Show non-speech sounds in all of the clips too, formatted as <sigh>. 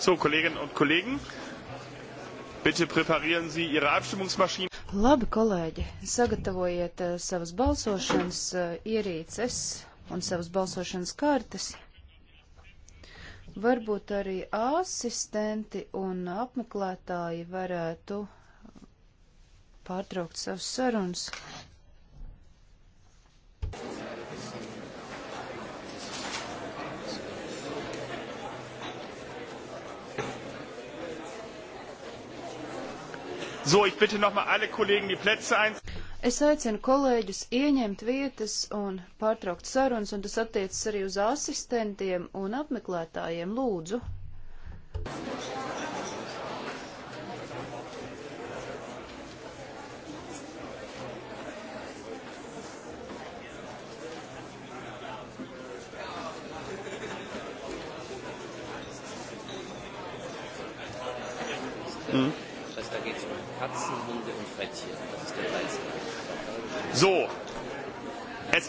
So, Kolleginnen und Kollegen, bitte präparieren Sie Ihre Abstimmungsmaschinen. Labi, kolēģi, sagatavojiet uh, savas balsošanas uh, ierīces un savas balsošanas kartes. Varbūt arī asistenti un apmeklētāji varētu pārtraukt savus sarunas. So, ich bitte nochmal alle Kollegen, die Plätze einzunehmen. Es aicinu kolēģus ieņemt vietas un pārtraukt sarunas, un tas attiecas arī uz asistentiem un apmeklētājiem. Lūdzu!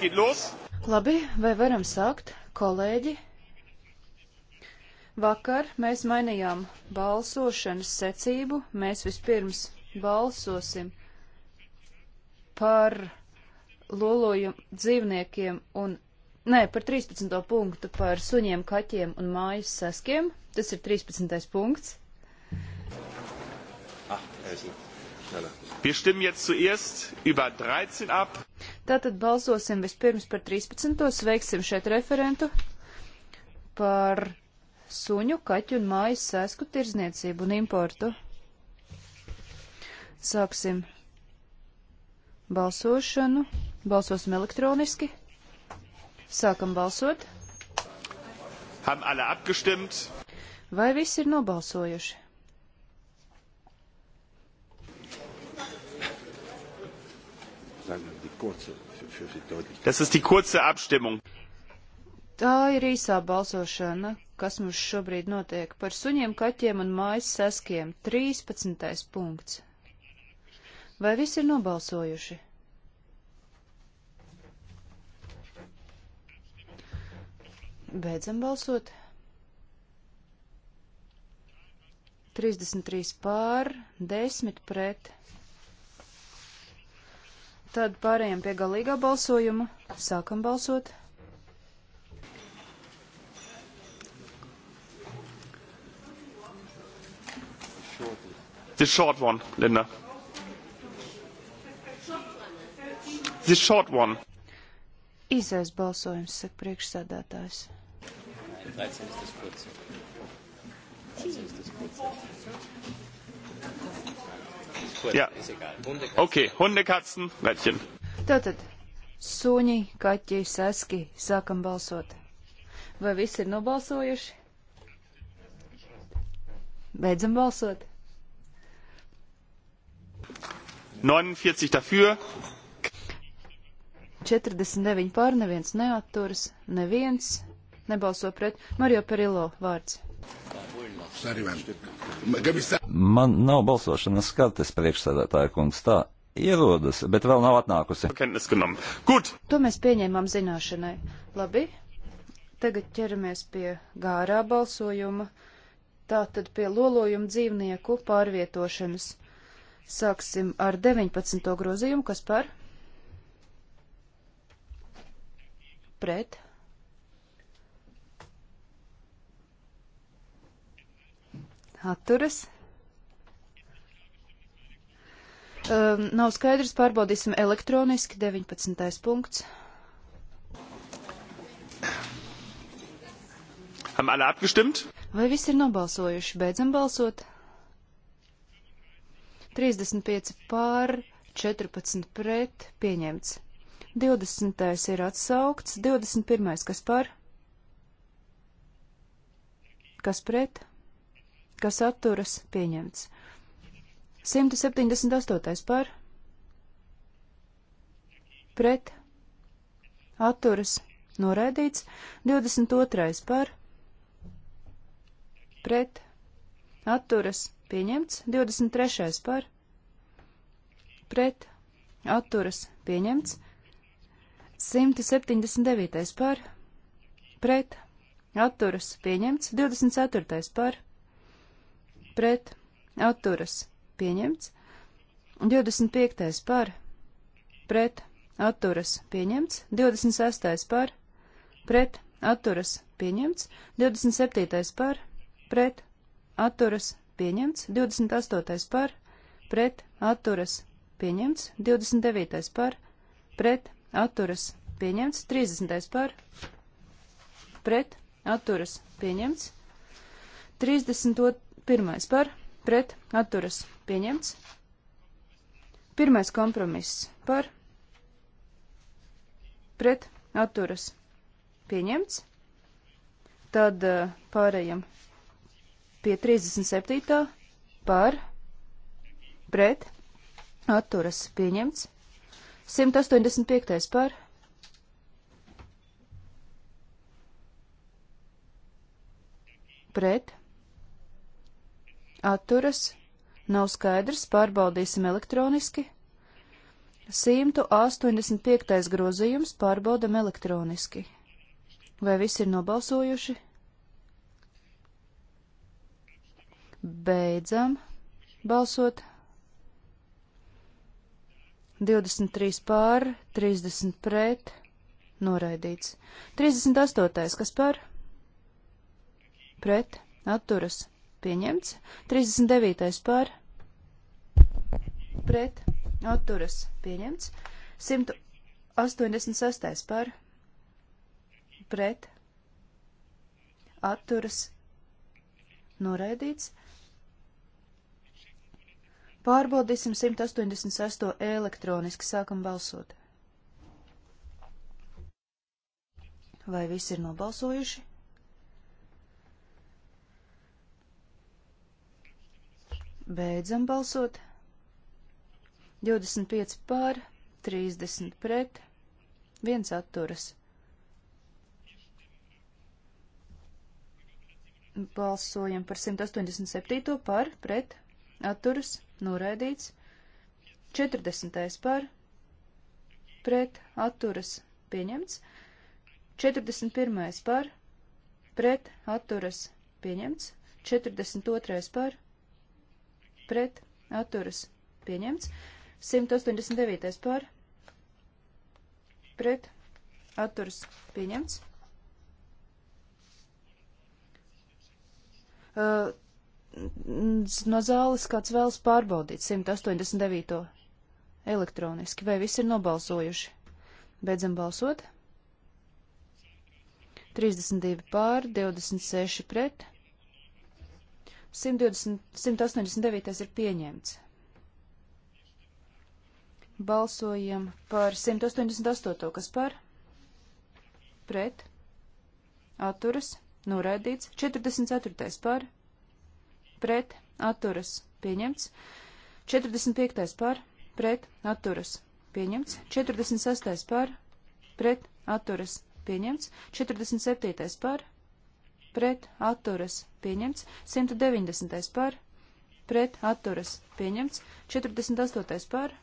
geht los. Labi, vai varam sākt, kolēģi? Vakar mēs mainījām balsošanas secību. Mēs vispirms balsosim par lolojumu dzīvniekiem un, nē, par 13. punktu par suņiem, kaķiem un mājas saskiem. Tas ir 13. punkts. Ah, es... Wir stimmen jetzt zuerst über 13 ab. Tātad balsosim vispirms par 13. Sveiksim šeit referentu par suņu, kaķu un mājas sēsku tirzniecību un importu. Sāksim balsošanu. Balsosim elektroniski. Sākam balsot. Haben alle abgestimmt? Vai visi ir nobalsojuši? sagen, die kurze, für, für deutlich. Das ist die kurze Abstimmung. Tā ir īsā balsošana, kas mums šobrīd notiek par suņiem, kaķiem un mājas saskiem. 13. punkts. Vai visi ir nobalsojuši? Beidzam balsot. 33 pār, 10 pret. Tad pārējām pie galīgā balsojuma. Sākam balsot. This short one, Linda. This short one. Īsais balsojums, saka priekšsādātājs. Team. Ja. Ok, hunde, katzen, reķin. Tātad, suņi, kaķi, seski, sākam balsot. Vai visi ir nobalsojuši? Beidzam balsot. 49 dafür. 49 pār, neviens neatturas, neviens nebalso pret. Mario Perillo vārds. Man nav balsošanas skates priekšsēdētāja kungs tā ierodas, bet vēl nav atnākusi. To mēs pieņēmām zināšanai. Labi, tagad ķeramies pie gārā balsojuma, tātad pie lolojuma dzīvnieku pārvietošanas. Sāksim ar 19. grozījumu, kas par? Pret atturas. Um, nav skaidrs, pārbaudīsim elektroniski 19. punkts. Haben alle abgestimmt? Vai visi ir nobalsojuši? Beidzam balsot. 35 pār, 14 pret, pieņemts. 20. ir atsaukts, 21. kas par? Kas pret? kas atturas pieņemts. 178. par pret atturas noraidīts, 22. par pret atturas pieņemts, 23. par pret atturas pieņemts, 179. par pret atturas pieņemts, 24. par pret pret, atturas, pieņemts. 25. par, pret, atturas, pieņemts. 26. par, pret, atturas, pieņemts. 27. par, pret, atturas, pieņemts. 28. par, pret, atturas, pieņemts. 29. par, pret, atturas, pieņemts. 30. par, pret, atturas, pieņemts. 32. Pirmais par, pret, atturas, pieņemts. Pirmais kompromiss par, pret, atturas, pieņemts. Tad uh, pārējam pie 37. par, pret, atturas, pieņemts. 185. par, pret, atturas, nav skaidrs, pārbaudīsim elektroniski. 185. grozījums pārbaudam elektroniski. Vai visi ir nobalsojuši? Beidzam balsot. 23 pār, 30 pret, noraidīts. 38. kas par? Pret, atturas, pieņemts. 39. par pret atturas pieņemts. 186. par pret atturas noraidīts. Pārbaudīsim 186. elektroniski sākam balsot. Vai visi ir nobalsojuši? Beidzam balsot. 25 pār, 30 pret, 1 atturas. Balsojam par 187. par, pret, atturas, noraidīts. 40. par, pret, atturas, pieņemts. 41. par, pret, atturas, pieņemts. 42. par, pret atturas pieņemts. 189. par pret atturas pieņemts. Uh, no zāles kāds vēlas pārbaudīt 189. elektroniski, vai visi ir nobalsojuši. Beidzam balsot. 32 pār, 26 pret. 120, 189. ir pieņemts. Balsojam par 188. kas par? Pret. Atturas. Noraidīts. 44. par? Pret. Atturas. Pieņemts. 45. par? Pret. Atturas. Pieņemts. 46. par? Pret. Atturas. Pieņemts. 47. par? pret atturas pieņemts, 190. par, pret atturas pieņemts, 48. par,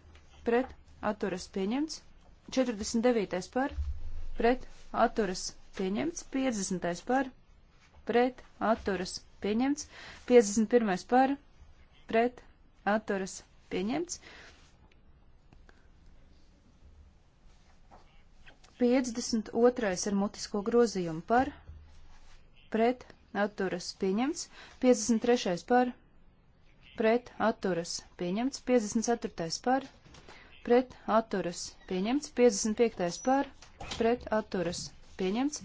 pret atturas pieņemts, 49. par, pret atturas pieņemts, 50. par, pret atturas pieņemts, 51. par, pret atturas pieņemts, 52. ar mutisko grozījumu par, pret atturas pieņemts, 53. par pret atturas pieņemts, 54. par pret atturas pieņemts, 55. par pret atturas pieņemts,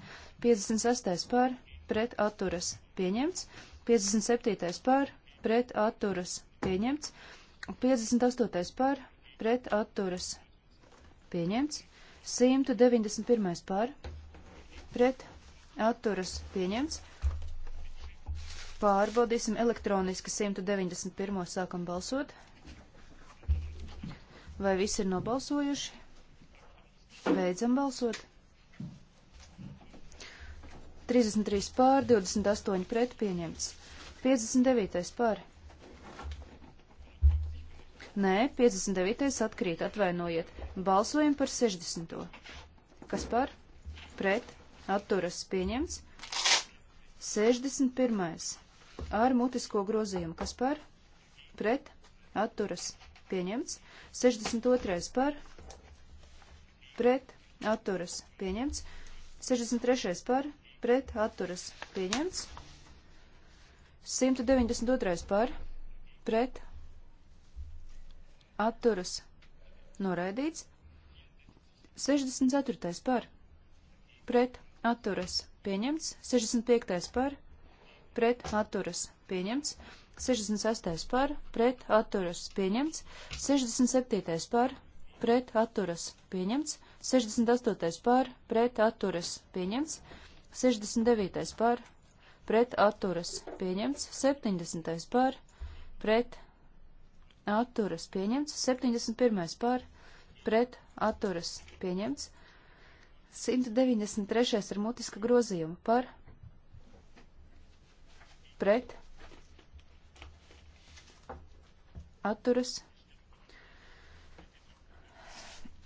56. par pret atturas pieņemts, 57. par pret atturas pieņemts, 58. par pret atturas pieņemts, 191. par pret atturas pieņemts. Pārbaudīsim elektroniski 191. sākam balsot. Vai visi ir nobalsojuši? Beidzam balsot. 33 pār, 28 pret pieņemts. 59. pār. Nē, 59. atkrīt, atvainojiet. Balsojam par 60. Kas par? Pret? atturas pieņemts. 61. ar mutisko grozījumu, kas par, pret, atturas pieņemts. 62. par, pret, atturas pieņemts. 63. par, pret, atturas pieņemts. 192. par, pret, atturas noraidīts. 64. par, pret, atturas pieņemts atturas pieņemts, 65. par pret atturas pieņemts, 66. par pret atturas pieņemts, 67. par pret atturas pieņemts, 68. par pret atturas pieņemts, 69. par pret atturas pieņemts, 70. par pret atturas pieņemts, 71. par pret atturas pieņemts, 193. ar mutiska grozījumu par pret atturas.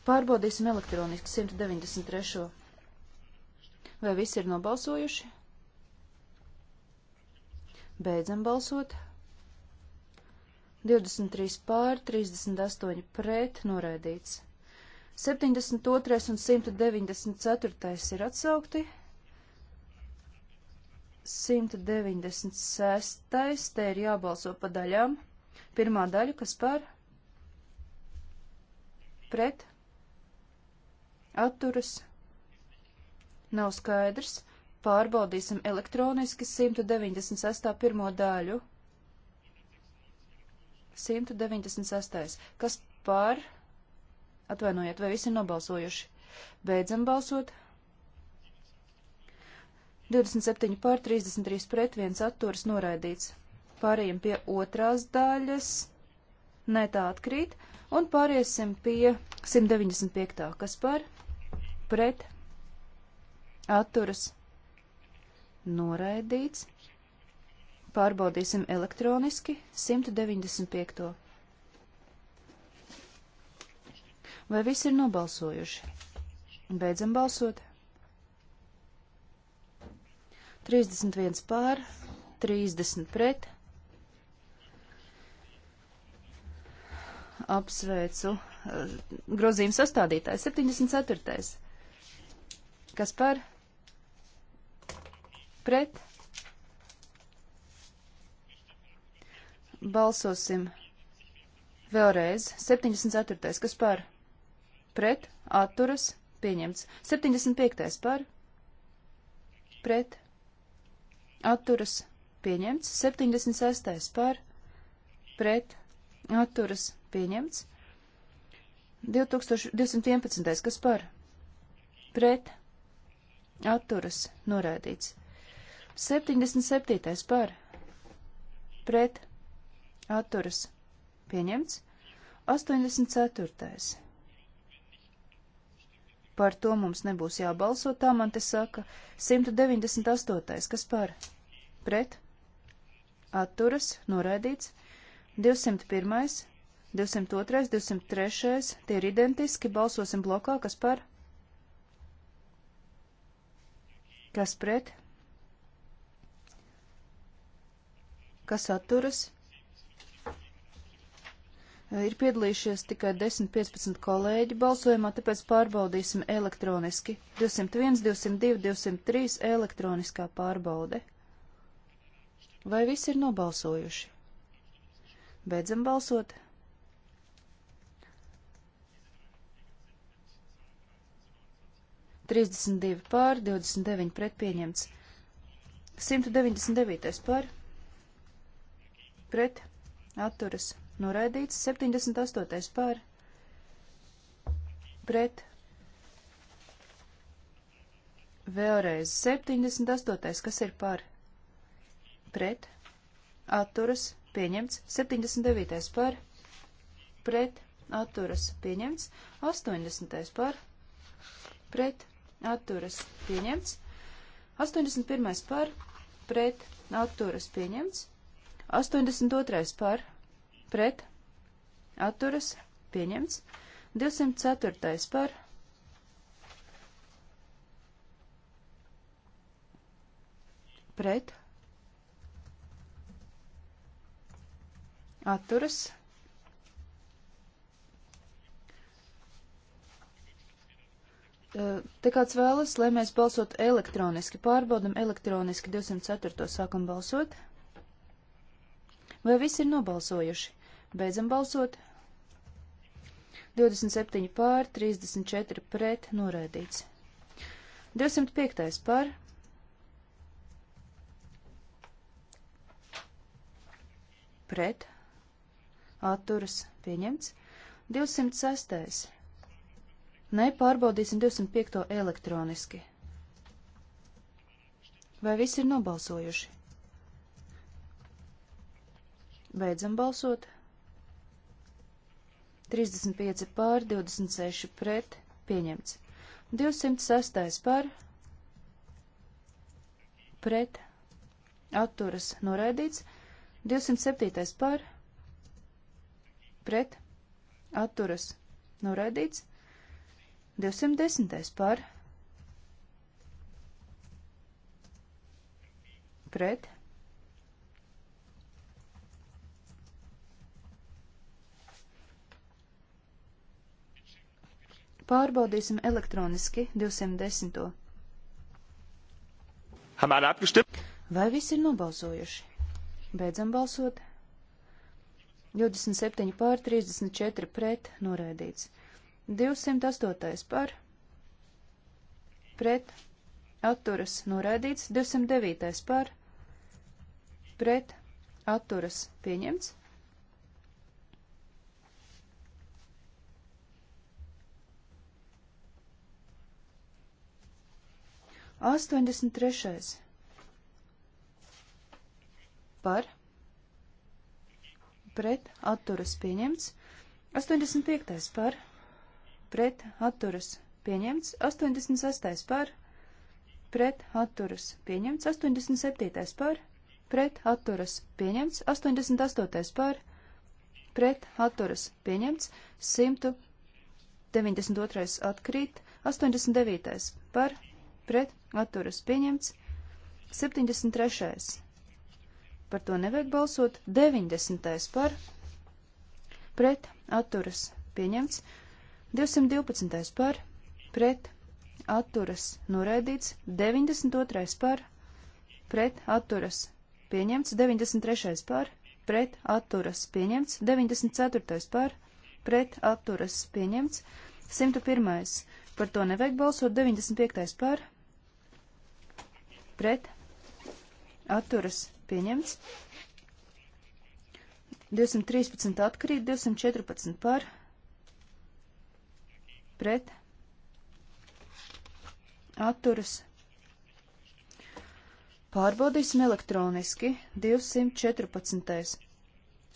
Pārbaudīsim elektroniski 193. Vai visi ir nobalsojuši? Beidzam balsot. 23 pār, 38 pret, noraidīts. 72. un 194. ir atsaukti. 196. te ir jābalso pa daļām. Pirmā daļa, kas par pret atturas nav skaidrs. Pārbaudīsim elektroniski 196. pirmo daļu. 196. kas par pret Atvainojiet, vai visi ir nobalsojuši? Beidzam balsot. 27 pār 33 pret 1 atturas noraidīts. Pārējiem pie otrās daļas. Nē, tā atkrīt. Un pāriesim pie 195. Kas par? Pret. Atturas. Noraidīts. Pārbaudīsim elektroniski 195. Vai visi ir nobalsojuši? Beidzam balsot. 31 pār, 30 pret. Apsveicu eh, grozījumu sastādītāju 74. Kas par? Pret. Balsosim vēlreiz. 74. Kas par? pret, atturas, pieņemts. 75. par, pret, atturas, pieņemts. 76. par, pret, atturas, pieņemts. 2211. kas par, pret, atturas, norēdīts. 77. par, pret, atturas, pieņemts. 84. Par to mums nebūs jābalso, tā man te saka. 198. Kas par? Pret? Atturas? Noraidīts. 201. 202. 203. Tie ir identiski. Balsosim blokā. Kas par? Kas pret? Kas atturas? Ir piedalījušies tikai 10-15 kolēģi balsojumā, tāpēc pārbaudīsim elektroniski. 201, 202, 203 elektroniskā pārbaude. Vai visi ir nobalsojuši? Beidzam balsot. Trīsdesmit divi pār, divdesmit deviņi pret pieņemts. Simt deviņdesmit devītais pār, pret, atturas, noraidīts, 78. par, pret, vēlreiz 78. kas ir par, pret, atturas, pieņemts, 79. par, pret, atturas, pieņemts, 80. par, pret, atturas, pieņemts, 81. par, pret, atturas, pieņemts, 82. par, pret, atturas, pieņemts. 204. par. Pret. Atturas. Te kāds vēlas, lai mēs balsot elektroniski, pārbaudam elektroniski 204. sākam balsot. Vai visi ir nobalsojuši? Beidzam balsot. 27 pār, 34 pret, noraidīts. 205 pār. Pret. Atturas pieņemts. 206. Nē, pārbaudīsim 205 elektroniski. Vai visi ir nobalsojuši? Beidzam balsot. 35 pār, 26 pret, pieņemts. 206 pār, pret, atturas, noraidīts. 207 pār, pret, atturas, noraidīts. 210 pār, pret, Pārbaudīsim elektroniski 210. Vai visi ir nobalsojuši? Beidzam balsot. 27 pār 34 pret noraidīts. 208 par pret atturas noraidīts. 209 par pret atturas pieņemts. 83. Par. Pret atturas pieņemts. 85. Par. Pret atturas pieņemts. 86. Par. Pret atturas pieņemts. 87. Par. Pret atturas pieņemts. 88. Par. Pret atturas pieņemts. 100. 92. atkrīt, 89. par pret atturas pieņemts. 73. Par to nevajag balsot. 90. par pret atturas pieņemts. 212. par pret atturas noraidīts. 92. par pret atturas pieņemts. 93. par pret atturas pieņemts. 94. par pret atturas pieņemts. 101. Par to nevajag balsot 95. par, pret atturas pieņemts. 213 atkrīt, 214 par pret atturas. Pārbaudīsim elektroniski 214.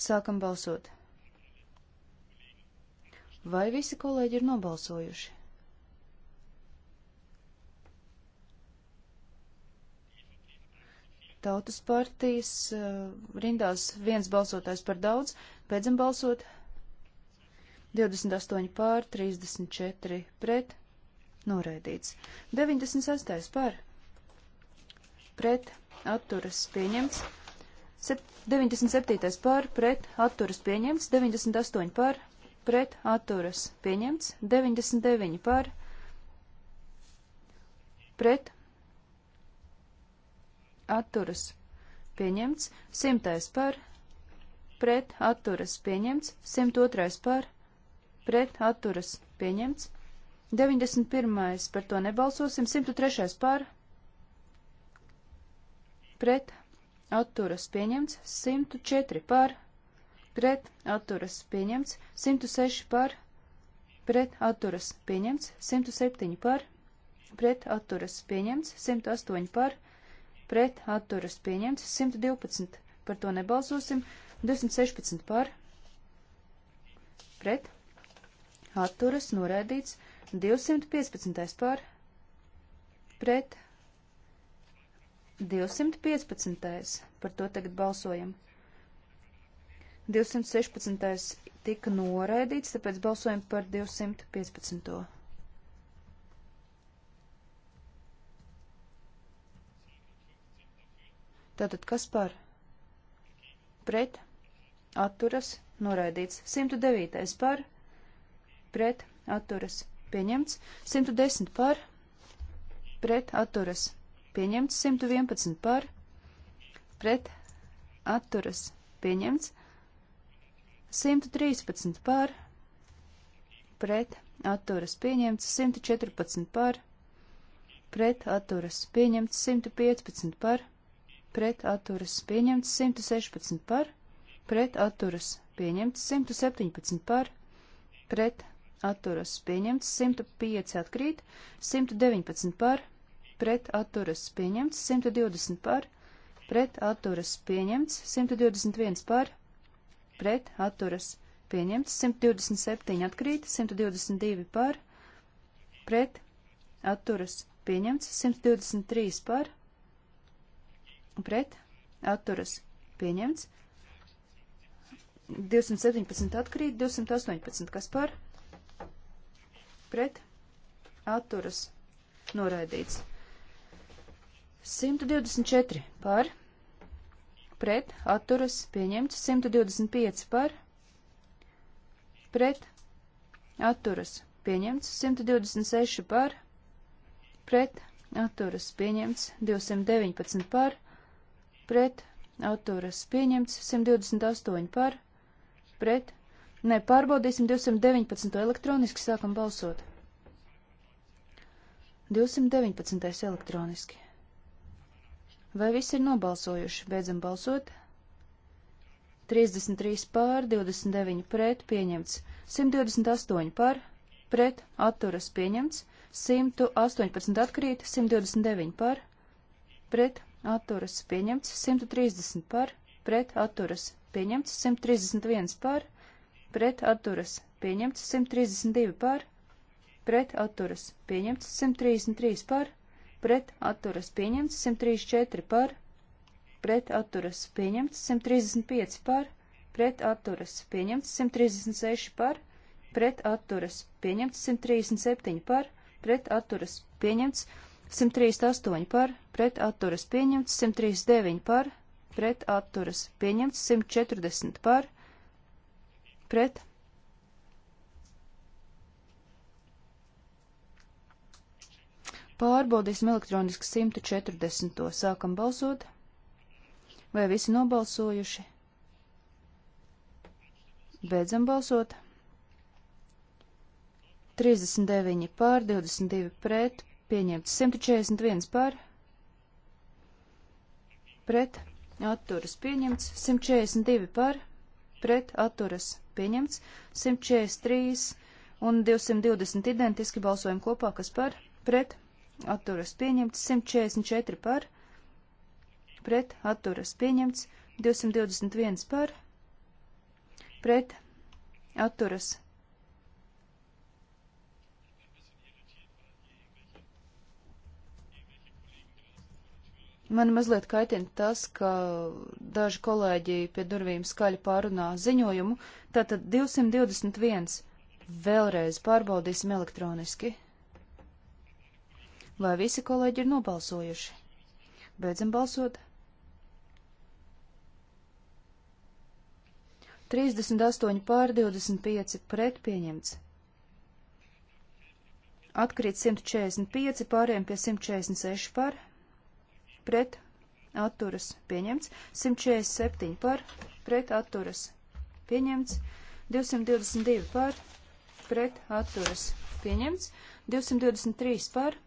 Sākam balsot. Vai visi kolēģi ir nobalsojuši? Tautas partijas eh, rindās viens balsotājs par daudz, beidzam balsot 28 pār, 34 pret, noraidīts. 96 par, pret, atturas pieņemts. 97 par, pret, atturas pieņemts. 98 par, pret, atturas pieņemts. 99 par, pret, atturas pieņemts, 100. par pret atturas pieņemts, 102. par pret atturas pieņemts, 91. par to nebalsosim, 103. par pret atturas pieņemts, 104. par pret atturas pieņemts, 106. par pret atturas pieņemts, 107. par pret atturas pieņemts, 108. par pret pret atturas pieņemts, 112 par to nebalsosim, 216 par pret atturas noraidīts, 215 par pret 215. par to tagad balsojam. 216. tika noraidīts, tāpēc balsojam par 215. Tātad kas par? Pret. Atturas. Noraidīts. 109. par. Pret. Atturas. Pieņemts. 110 par. Pret. Atturas. Pieņemts. 111 par. Pret. Atturas. Pieņemts. 113 par. Pret. Atturas. Pieņemts. 114 par. Pret. Atturas. Pieņemts. 115 par. Pret, pret atturas pieņemts 116 par, pret atturas pieņemts 117 par, pret atturas pieņemts 105 atkrīt, 119 par, pret atturas pieņemts 120 par, pret atturas pieņemts 121 par, pret atturas pieņemts 127 atkrīt, 122 par, pret atturas pieņemts 123 par, pret atturas pieņemts. 217 atkrīt, 218 kas par pret atturas noraidīts. 124 par pret atturas pieņemts, 125 par pret atturas pieņemts, 126 par pret atturas pieņemts, 219 par pret pret, atturas pieņemts, 128 par, pret, ne, pārbaudīsim 219 elektroniski, sākam balsot. 219 elektroniski. Vai visi ir nobalsojuši? Beidzam balsot. 33 pār, 29 pret, pieņemts. 128 par, pret, atturas pieņemts. 118 atkrīt, 129 par, pret, atturas pieņemts 130 par, pret atturas pieņemts 131 par, pret atturas pieņemts 132 par, pret atturas pieņemts 133 par, pret atturas pieņemts 134 par, pret atturas pieņemts 135 par, pret atturas pieņemts 136 par, pret atturas pieņemts 137 par, pret atturas pieņemts 136 par, 138 par, pret atturas pieņemts, 139 par, pret atturas pieņemts, 140 par, pret. Pārbaudīsim elektroniski 140. Sākam balsot. Vai visi nobalsojuši? Beidzam balsot. 39 pār, 22 pret, pieņemts. 141 par, pret, atturas pieņemts. 142 par, pret, atturas pieņemts. 143 un 220 identiski balsojumi kopā, kas par, pret, atturas pieņemts. 144 par, pret, atturas pieņemts. 221 par, pret, atturas pieņemts Man mazliet kaitina tas, ka daži kolēģi pie durvīm skaļi pārunā ziņojumu. Tātad 221. Vēlreiz pārbaudīsim elektroniski. Vai visi kolēģi ir nobalsojuši? Beidzam balsot. 38 pār 25 pret pieņemts. Atkrīt 145, pārējiem pie 146 par pret atturas pieņemts, 147 par pret atturas pieņemts, 222 par pret atturas pieņemts, 223 par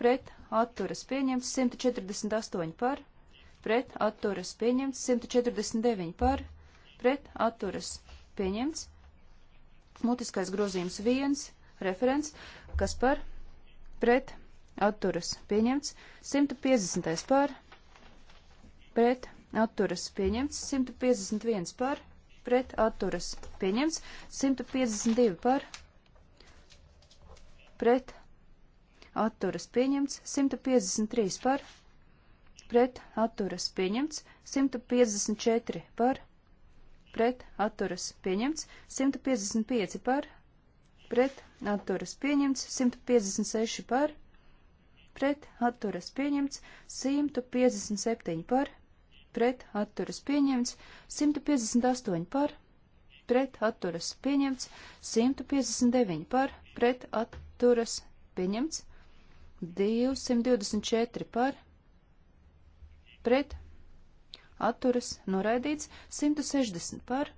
pret atturas pieņemts, 148 par pret atturas pieņemts, 149 par pret atturas pieņemts, mutiskais grozījums 1 referents, kas par pret atturas atturas pieņemts, 150. par, pret, atturas pieņemts, 151 par, pret, atturas pieņemts, 152 par, pret, atturas pieņemts, 153 par, pret, atturas pieņemts, 154 par, pret, atturas pieņemts, 155 par, pret, atturas pieņemts, 156 par, pret, pret atturas pieņemts 157 par, pret atturas pieņemts 158 par, pret atturas pieņemts 159 par, pret atturas pieņemts 224 par, pret atturas noraidīts 160 par,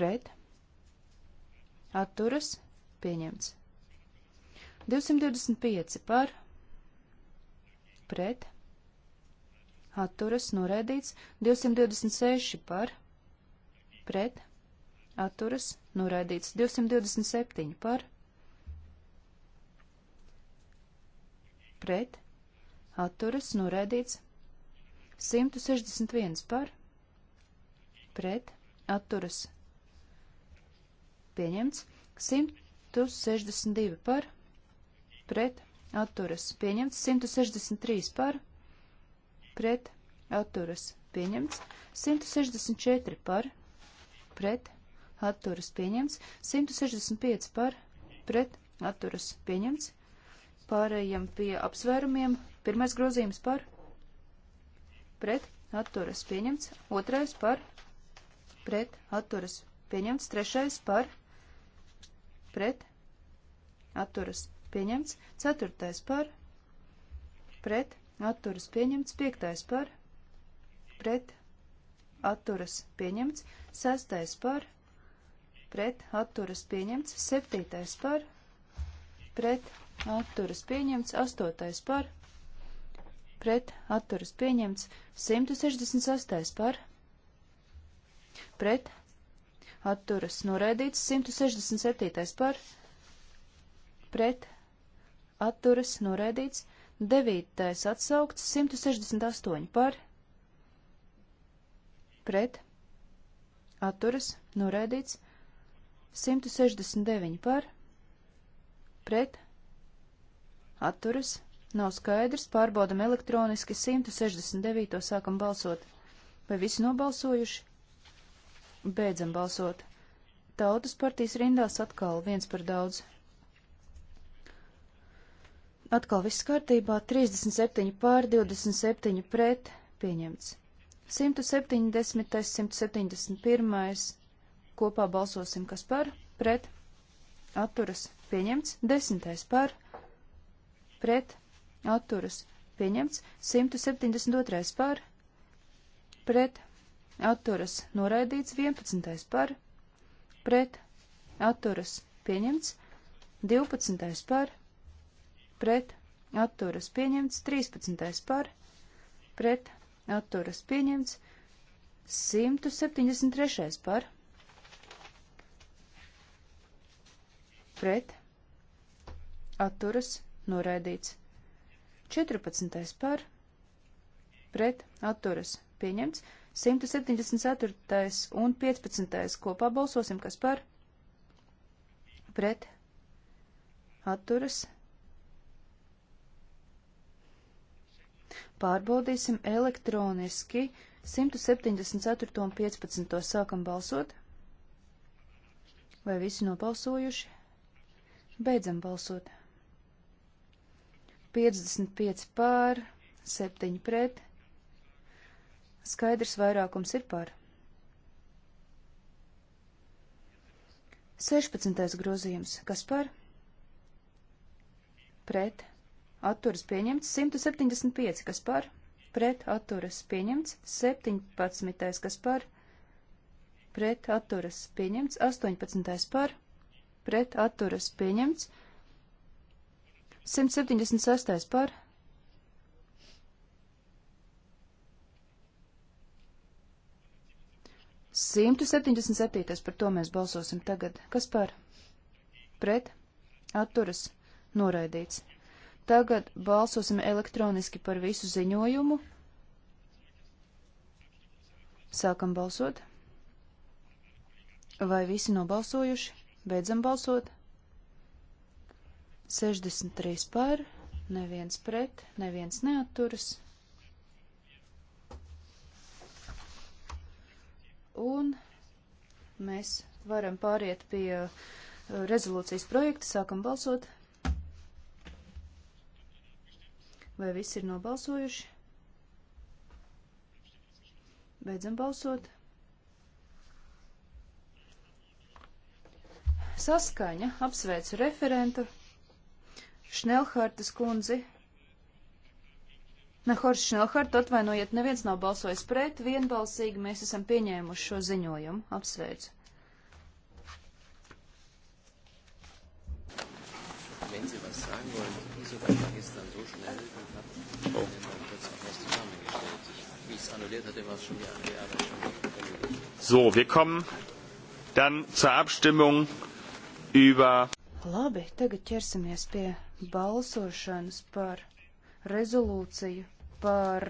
pret atturas pieņemts 225 par pret atturas norēdīts, 226 par pret atturas norēdīts, 227 par pret atturas norēdīts, 161 par pret atturas pieņemts, 162 par pret pret atturas pieņemts 163 par pret atturas pieņemts 164 par pret atturas pieņemts 165 par pret atturas pieņemts. Pārējiem pie apsvērumiem. Pirmais grozījums par pret atturas pieņemts, otrais par pret atturas pieņemts, trešais par pret atturas pieņemts pieņemts, 4. par, pret, atturas pieņemts, 5. par, pret, atturas pieņemts, 6. par, pret, atturas pieņemts, 7. par, pret, atturas pieņemts, 8. par, pret, atturas pieņemts, 168. par, pret, atturas noraidīts, 167. par, pret, atturas noraidīts, 9. atsaukts, 168 par, pret, atturas noraidīts, 169 par, pret, atturas, nav skaidrs, pārbaudam elektroniski, 169. sākam balsot. Vai visi nobalsojuši? Beidzam balsot. Tautas partijas rindās atkal viens par daudz. Atkal viss kārtībā, 37 pār 27 pret pieņemts. 170, 171 kopā balsosim, kas par, pret, atturas, pieņemts, 10 par, pret, atturas, pieņemts, 172 par, pret, atturas, noraidīts, 11 par, pret, atturas, pieņemts, 12 par, pret atturas pieņemts, 13. par pret atturas pieņemts, 173. par pret atturas noraidīts, 14. par pret atturas pieņemts, 174. un 15. kopā balsosim, kas par pret atturas pieņemts Pārbaudīsim elektroniski 174. un 15. sākam balsot. Vai visi nobalsojuši? Beidzam balsot. 55 pār, 7 pret. Skaidrs vairākums ir pār. 16. grozījums. Kas par? Pret atturas pieņemts, 175, kas par, pret atturas pieņemts, 17, kas par, pret atturas pieņemts, 18 par, pret atturas pieņemts, 176 par, Simtu septiņdesmit septītais, par to mēs balsosim tagad. Kas par? Pret? Atturas? Noraidīts. Tagad balsosim elektroniski par visu ziņojumu. Sākam balsot. Vai visi nobalsojuši? Beidzam balsot. 63 par, neviens pret, neviens neaturas. Un mēs varam pāriet pie uh, rezolūcijas projekta, sākam balsot Vai viss ir nobalsojuši? Beidzam balsot. Saskaņa apsveicu referentu Šnelhārtas kundzi. Nahors Šnelhārt, atvainojiet, neviens nav balsojis pret, vienbalsīgi mēs esam pieņēmuši šo ziņojumu. Apsveicu. Oh. So, wir kommen dann zur Abstimmung über. Labi, tagad ķersimies pie balsošanas par rezolūciju par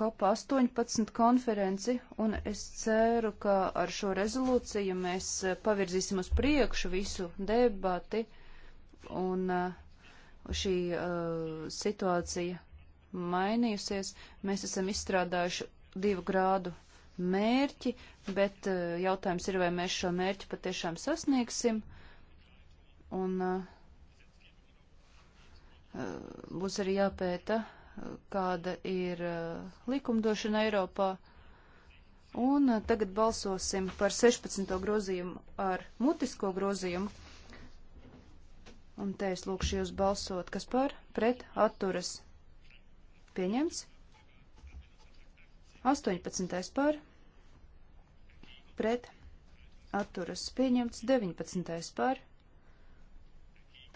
COP18 mm, konferenci, un es ceru, ka ar šo rezolūciju mēs pavirzīsim uz priekšu visu debati un uh, šī uh, situācija mainījusies. Mēs esam izstrādājuši divu grādu mērķi, bet uh, jautājums ir, vai mēs šo mērķi patiešām sasniegsim. Un uh, uh būs arī jāpēta, uh, kāda ir uh, likumdošana Eiropā. Un uh, tagad balsosim par 16. grozījumu ar mutisko grozījumu. Un te es lūkšu jūs balsot, kas par pret atturas pieņemts. 18. par pret atturas pieņemts. 19. par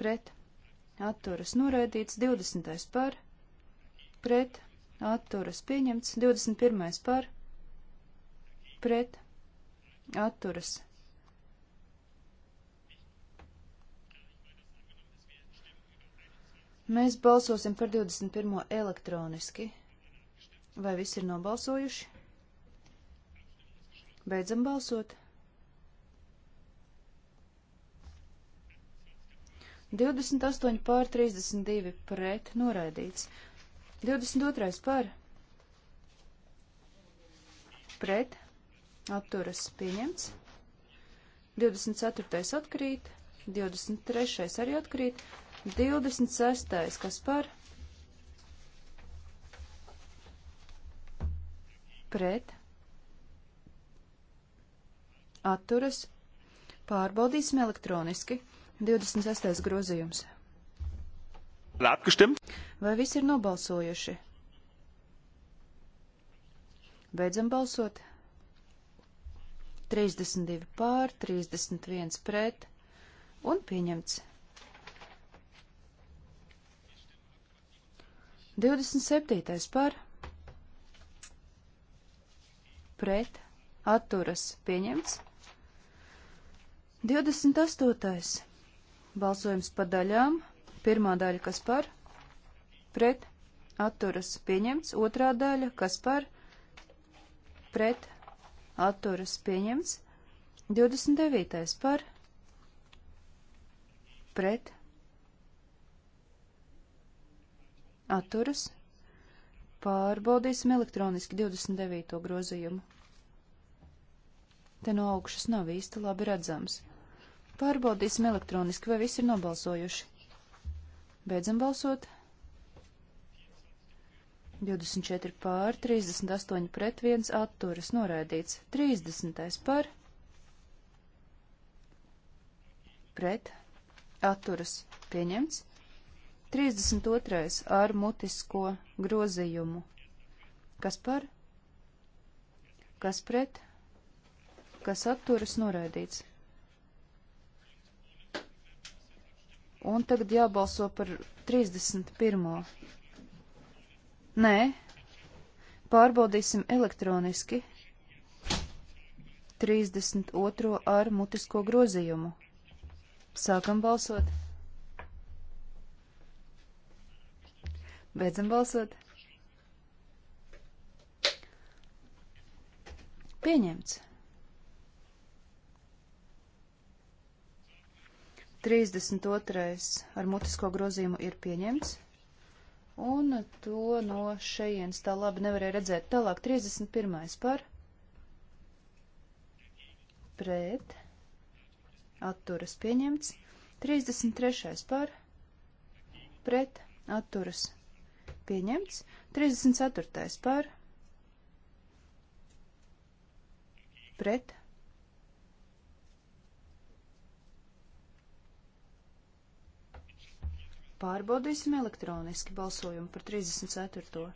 pret atturas noraidīts. 20. par pret atturas pieņemts. 21. par pret atturas pieņemts Mēs balsosim par 21. elektroniski. Vai visi ir nobalsojuši? Beidzam balsot. 28 pār 32 pret noraidīts. 22 pār pret apturas pieņemts. 24 atkrīt. 23 arī atkrīt. 26. kas par? Pret. Atturas. Pārbaudīsim elektroniski. 26. grozījums. Vai visi ir nobalsojuši? Beidzam balsot. 32 pār, 31 pret un pieņemts. 27. par pret atturas pieņemts. 28. balsojums pa daļām. Pirmā daļa, kas par pret atturas pieņemts. Otrā daļa, kas par pret atturas pieņemts. 29. par pret atturas. Pārbaudīsim elektroniski 29. grozījumu. Te no augšas nav īsti labi redzams. Pārbaudīsim elektroniski, vai visi ir nobalsojuši. Beidzam balsot. 24 pār, 38 pret 1 atturas noraidīts. 30 par, pret, atturas pieņemts. 32. ar mutisko grozījumu. Kas par? Kas pret? Kas atturas noraidīts? Un tagad jābalso par 31. Nē, pārbaudīsim elektroniski 32. ar mutisko grozījumu. Sākam balsot! Beidzam balsot. Pieņemts. 32. ar mutisko grozījumu ir pieņemts. Un to no šejienes tā labi nevarēja redzēt. Tālāk 31. par pret atturas pieņemts. 33. par pret atturas pieņemts pieņemts. 34. par pret pārbaudīsim elektroniski balsojumu par 34.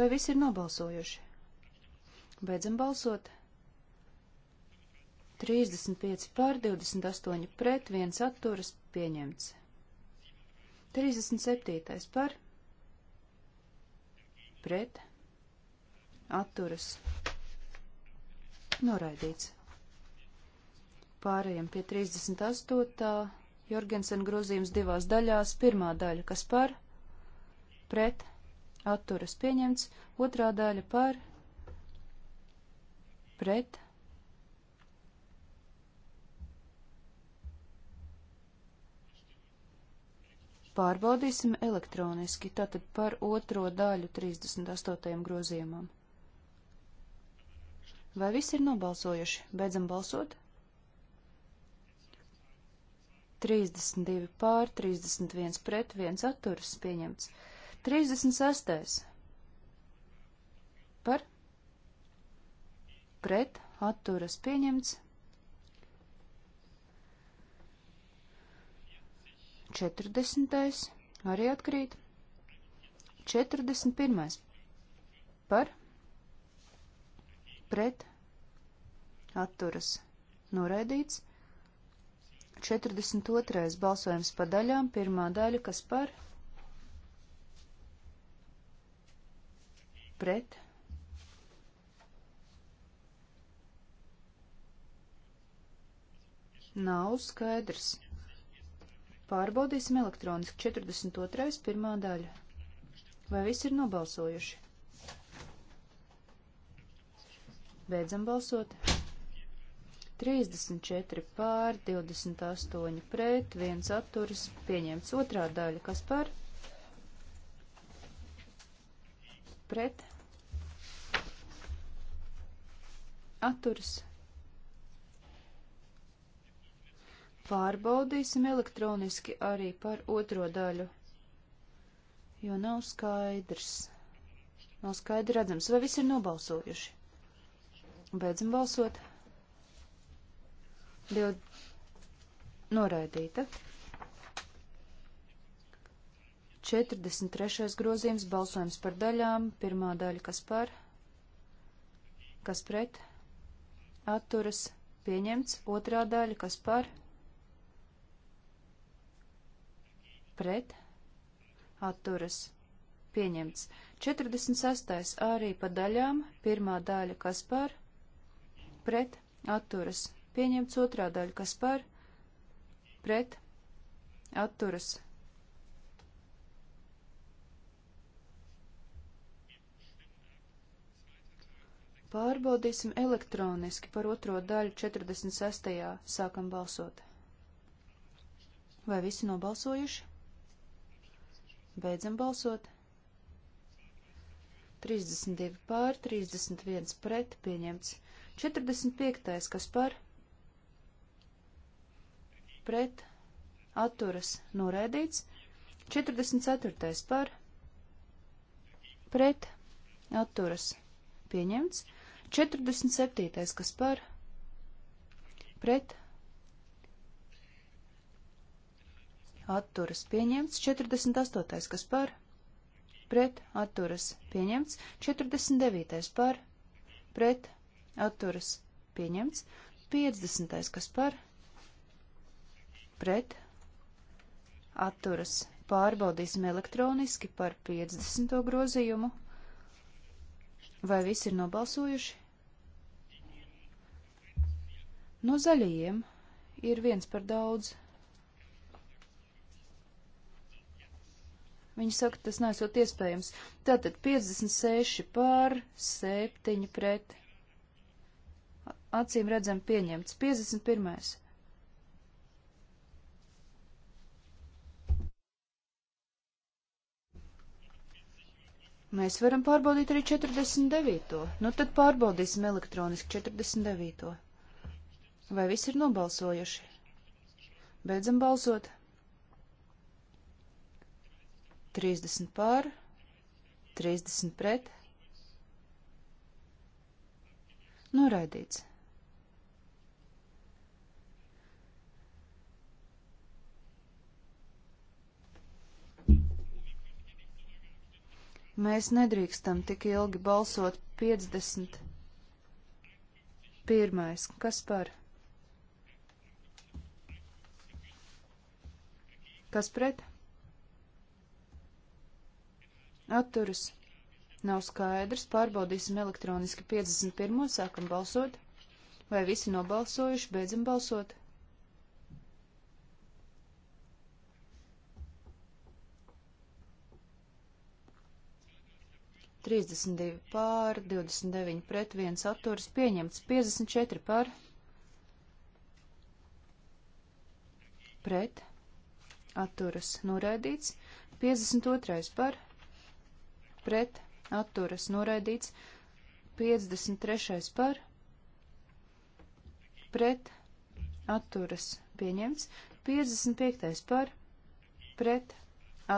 Vai visi ir nobalsojuši? Beidzam balsot. 35 pār 28 pret 1 atturas pieņemts. 37. par pret atturas noraidīts. Pārējiem pie 38. Jorgensen grozījums divās daļās. Pirmā daļa, kas par pret atturas pieņemts, otrā daļa par pret atturas pārbaudīsim elektroniski, tātad par otro daļu 38. grozījumam. Vai visi ir nobalsojuši? Beidzam balsot. 32 pār, 31 pret, 1 atturas pieņemts. 36. Par? Pret, atturas pieņemts. 40. arī atkrīt. 41. par pret atturas noraidīts. 42. balsojums pa daļām, pirmā daļa, kas par pret nav skaidrs. Pārbaudīsim elektroniski 42. pirmā daļa. Vai visi ir nobalsojuši? Beidzam balsot. 34 pār, 28 pret, 1 atturas, pieņemts otrā daļa, kas par? Pret. Atturas. Pārbaudīsim elektroniski arī par otro daļu, jo nav skaidrs. Nav skaidri redzams, vai visi ir nobalsojuši. Beidzam balsot. Dieva noraidīta. 43. grozījums balsojums par daļām. Pirmā daļa, kas par, kas pret, atturas, pieņemts. Otrā daļa, kas par, pret pret atturas pieņemts. 46. arī pa daļām, pirmā daļa kas par, pret atturas pieņemts, otrā daļa kas par, pret atturas. Pārbaudīsim elektroniski par otro daļu 46. sākam balsot. Vai visi nobalsojuši? Beidzam balsot. 32 pār, 31 pret, pieņemts. 45. kas par? Pret, atturas, noraidīts. 44. par? Pret, atturas, pieņemts. 47. kas par? Pret, atturas pieņemts, 48. kas par, pret, atturas pieņemts, 49. par, pret, atturas pieņemts, 50. kas par, pret, atturas pārbaudīsim elektroniski par 50. grozījumu. Vai visi ir nobalsojuši? No zaļajiem ir viens par daudz. Viņi saka, tas nesot iespējams. Tātad 56 pār 7 pret. Acīm redzam pieņemts. 51. Mēs varam pārbaudīt arī 49. Nu tad pārbaudīsim elektroniski 49. Vai visi ir nobalsojuši? Beidzam balsot. 30 pār, 30 pret. Noraidīts. Mēs nedrīkstam tik ilgi balsot 50. Pirmais, kas par? Kas pret? atturas nav skaidrs. Pārbaudīsim elektroniski 51. sākam balsot. Vai visi nobalsojuši? Beidzam balsot. Trīsdesmit divi pār, divdesmit deviņi pret, viens atturas pieņemts, piecdesmit četri pār, pret, atturas noraidīts, piecdesmit otrais pār, pret, atturas noraidīts, 53. par, pret, atturas pieņemts, 55. par, pret,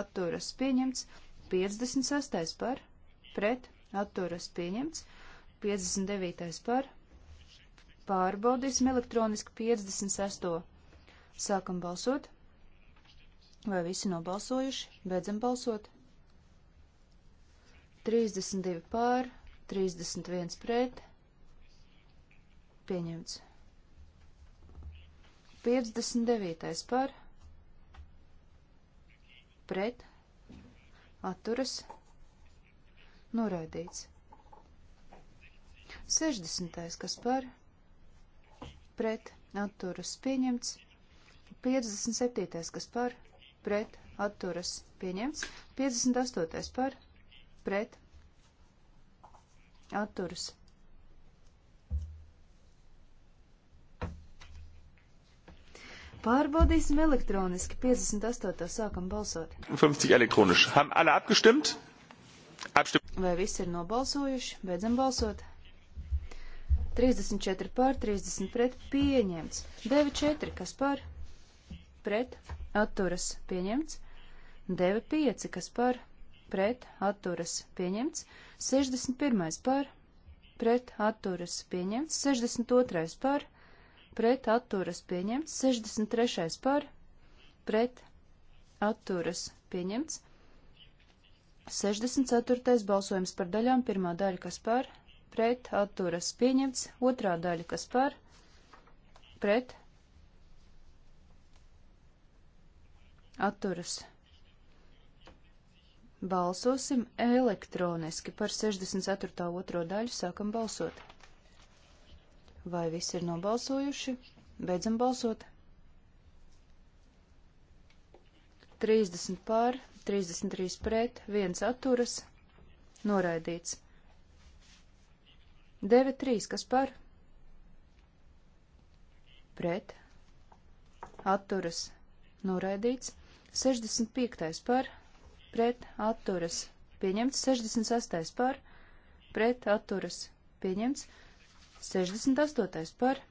atturas pieņemts, 56. par, pret, atturas pieņemts, 59. par, pārbaudīsim elektroniski 56. Sākam balsot. Vai visi nobalsojuši? Beidzam balsot. 32 pār, 31 pret. Pieņemts. 59 pār. Pret. Atturas. Noraidīts. 60. kas par. Pret. Atturas. Pieņemts. 57. kas par. Pret. Atturas. Pieņemts. 58. par. Pret pret atturas. Pārbaudīsim elektroniski. 58. sākam balsot. 50 elektroniski. Haben alle abgestimmt? Abstim Vai visi ir nobalsojuši? Beidzam balsot. 34 pār, 30 pret, pieņemts. 9-4, kas par? Pret, atturas, pieņemts. 9-5, kas par? pret atturas pieņemts, 61. par pret atturas pieņemts, 62. par pret atturas pieņemts, 63. par pret atturas pieņemts, 64. balsojums par daļām, pirmā daļa, kas par pret atturas pieņemts, otrā daļa, kas par pret atturas pieņemts. Atturas. Balsosim elektroniski par 64. otro daļu, sākam balsot. Vai visi ir nobalsojuši? Beidzam balsot. 30 pār, 33 pret, 1 atturas, noraidīts. 9-3, kas par? Pret, atturas, noraidīts. 65 par pret atturas pieņemts, 68. par pret atturas pieņemts, 68. par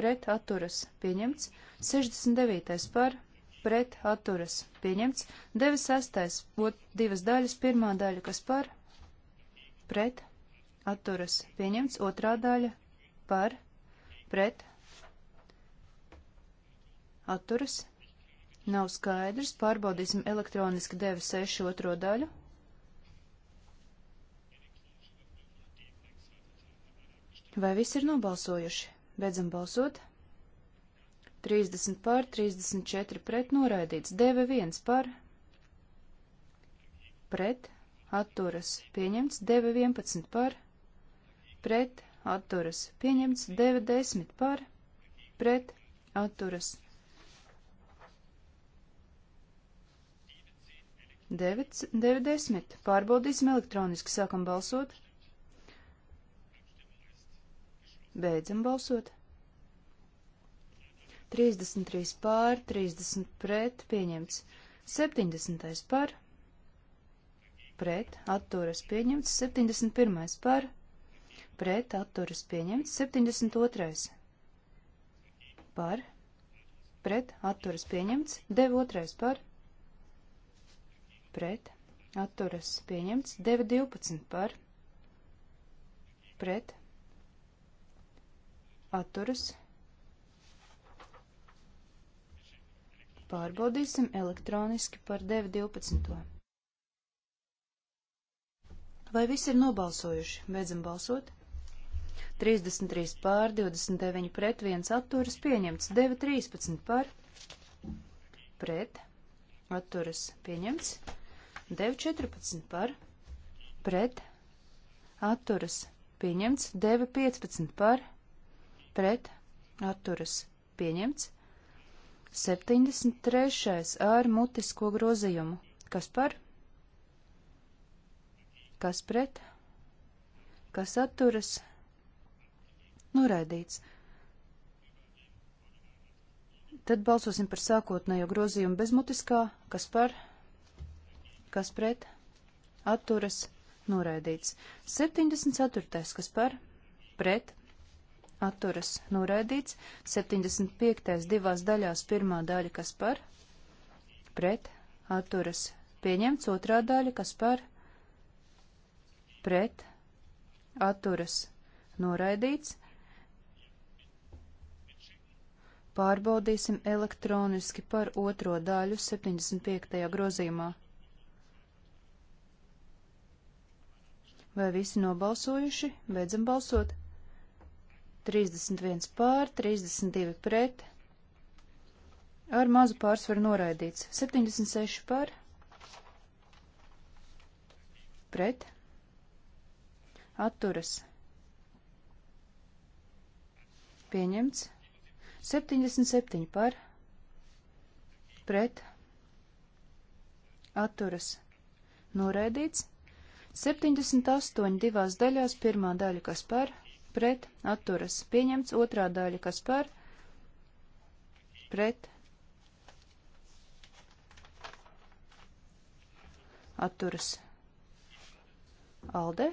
pret atturas pieņemts, 69. par pret atturas pieņemts, 96. divas daļas, pirmā daļa, kas par pret atturas pieņemts, otrā daļa par pret atturas Nav skaidrs. Pārbaudīsim elektroniski 96 otro daļu. Vai visi ir nobalsojuši? Beidzam balsot. 30 pār, 34 pret noraidīts, 9-1 par, pret, atturas, pieņemts, 9-11 par, pret, atturas, pieņemts, 9-10 par, pret, atturas, 9.10. Pārbaudīsim elektroniski. Sākam balsot. Beidzam balsot. 33 pār, 30 pret, pieņemts. 70. par, pret, atturas pieņemts. 71. par, pret, atturas pieņemts. 72. par, pret, atturas pieņemts. 9. par, pret, atturas pieņemts, 912 par, pret, atturas. Pārbaudīsim elektroniski par 912. Vai visi ir nobalsojuši? Beidzam balsot. 33 pār, 29 pret, 1 atturas pieņemts, 913 par, pret, atturas pieņemts. Dev 14 par, pret, atturas, pieņemts. Dev 15 par, pret, atturas, pieņemts. 73. ar mutisko grozījumu. Kas par? Kas pret? Kas atturas? Noraidīts. Tad balsosim par sākotnējo grozījumu bez mutiskā. Kas par? kas pret, atturas, noraidīts. 74. kas par, pret, atturas, noraidīts. 75. divās daļās pirmā daļa, kas par, pret, atturas, pieņemts. Otrā daļa, kas par, pret, atturas, noraidīts. Pārbaudīsim elektroniski par otro daļu 75. grozījumā. Vai visi nobalsojuši? Beidzam balsot. 31 pār, 32 pret. Ar mazu pārsvaru noraidīts. 76 pār. Pret. Atturas. Pieņemts. 77 par. Pret. Atturas. Noraidīts. 78 divās daļās, pirmā daļa, kas par, pret, atturas, pieņemts, otrā daļa, kas par, pret, atturas. Alde?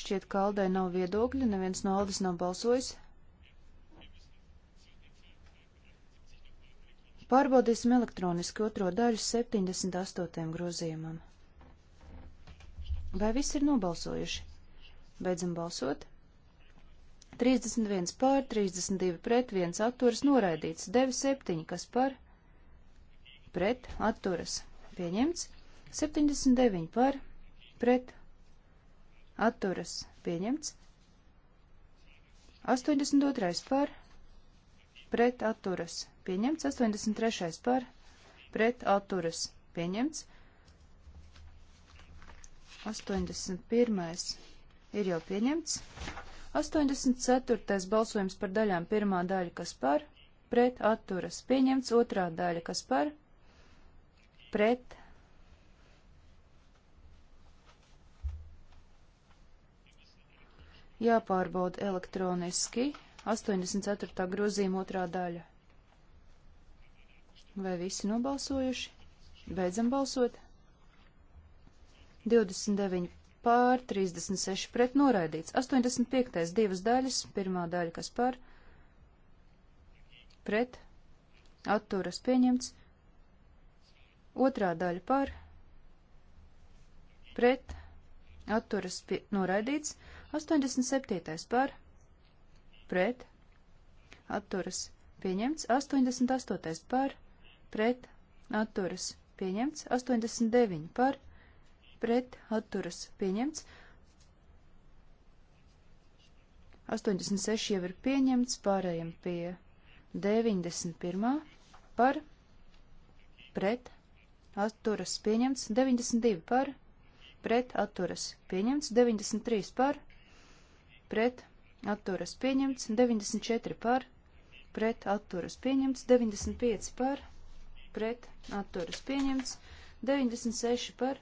Šķiet, ka Aldei nav viedokļa, neviens no Aldes nav balsojis. Pārbaudīsim elektroniski otro daļu 78. grozījumam. Vai visi ir nobalsojuši? Beidzam balsot. 31 pār, 32 pret, 1 atturas noraidīts, 97, kas par, pret, atturas, pieņemts, 79 par, pret, atturas, pieņemts, 82 par, pret, atturas, pieņemts. 83. par pret atturas pieņemts. 81. ir jau pieņemts. 84. balsojums par daļām pirmā daļa, kas par pret atturas pieņemts. Otrā daļa, kas par pret jāpārbauda elektroniski 84. grozījuma otrā daļa. Vai visi nobalsojuši? Beidzam balsot. 29 pār, 36 pret noraidīts. 85. divas daļas, pirmā daļa, kas pār, pret, atturas pieņemts, otrā daļa pār, pret, atturas pie, noraidīts, 87. pār, pret, atturas pieņemts, 88. pār, pret atturas pieņemts, 89 par pret atturas pieņemts, 86 jau ir pieņemts, pārējiem pie 91 par pret atturas pieņemts, 92 par pret atturas pieņemts, 93 par pret atturas pieņemts, 94 par pret atturas pieņemts, 95 par pret pret atturas pieņemts, 96 par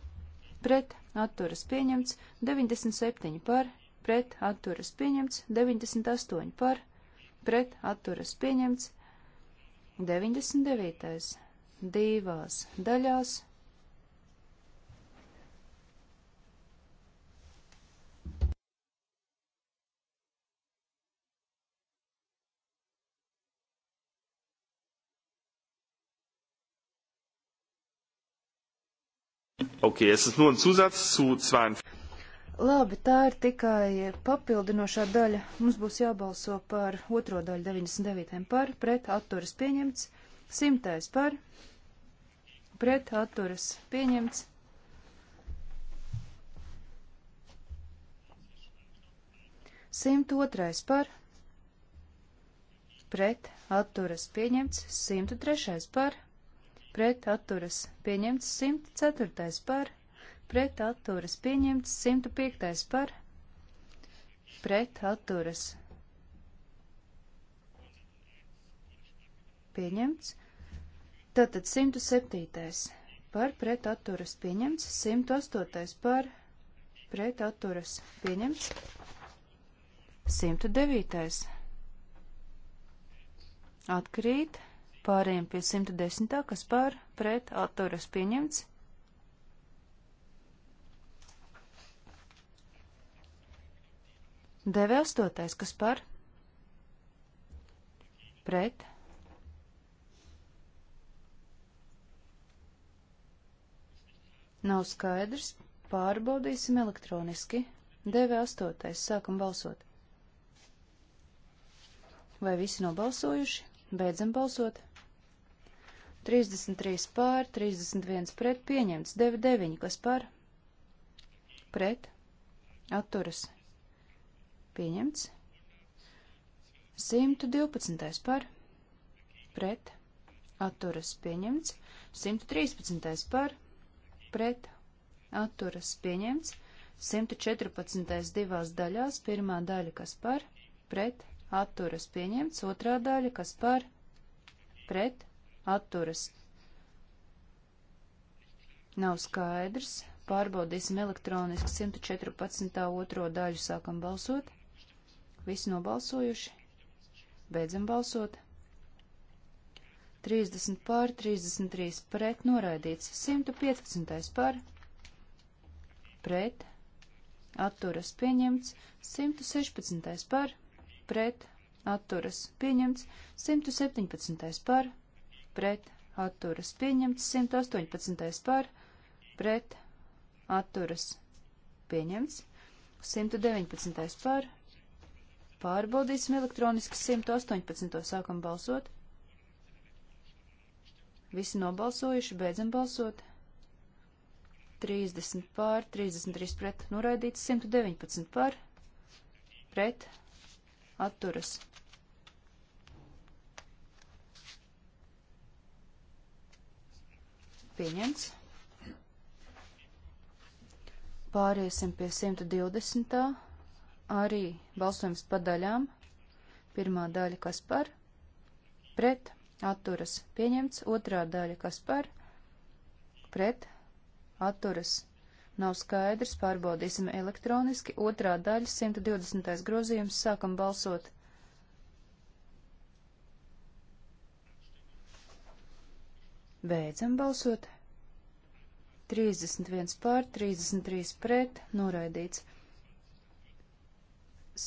pret atturas pieņemts, 97 par pret atturas pieņemts, 98 par pret atturas pieņemts, 99. divās daļās Okay, es esmu un Suzats Sūcvēn. Labi, tā ir tikai papildinošā daļa. Mums būs jābalso par otro daļu 99. par, pret atturas pieņemts, simtais par, pret atturas pieņemts. Simt otrais par, pret atturas pieņemts, simt trešais par, pret atturas pieņemts 104. par, pret atturas pieņemts 105. par, pret atturas pieņemts, tātad 107. par, pret atturas pieņemts, 108. par, pret atturas pieņemts, 109. atkrīt, 109. Pārējiem pie 110. kas par pret atturas pieņemts. Deve astotais, kas par pret. Nav skaidrs, pārbaudīsim elektroniski. Deve astotais, sākam balsot. Vai visi nobalsojuši? Beidzam balsot. 33 pār, 31 pret, pieņemts 99, kas par, pret, atturas, pieņemts 112 par, pret, atturas, pieņemts 113 par, pret, atturas, pieņemts 114 divās daļās, pirmā daļa, kas par, pret, atturas, pieņemts otrā daļa, kas par, pret, atturas, atturas. Nav skaidrs. Pārbaudīsim elektroniski 114. otro daļu sākam balsot. Visi nobalsojuši. Beidzam balsot. 30 pār, 33 pret, noraidīts 115 pār, pret, atturas pieņemts, 116 pār, pret, atturas pieņemts, 117 pār, pret atturas pieņemts 118. par pret atturas pieņemts 119. par pārbaudīsim elektroniski 118. sākam balsot. Visi nobalsojuši, beidzam balsot. 30 pār, 33 pret, noraidīts 119 pār, pret, atturas pieņemts. Pāriesim pie 120. Arī balsojums pa daļām. Pirmā daļa, kas par, pret, atturas, pieņemts. Otrā daļa, kas par, pret, atturas, nav skaidrs, pārbaudīsim elektroniski. Otrā daļa, 120. grozījums, sākam balsot. Beidzam balsot. 31 pār, 33 pret, noraidīts.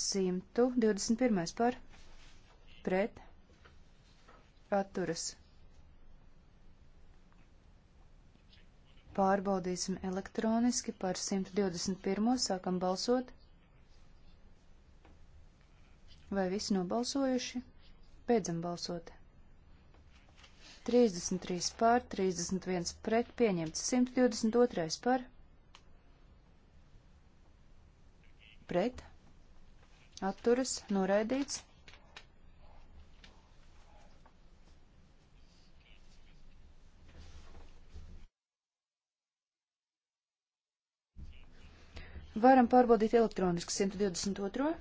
121 pār, pret, atturas. Pārbaudīsim elektroniski par 121. sākam balsot. Vai visi nobalsojuši? Beidzam balsot. 33 pār, 31 pret, pieņemts 122 par, pret, atturas, noraidīts. Varam pārbaudīt elektroniski 122.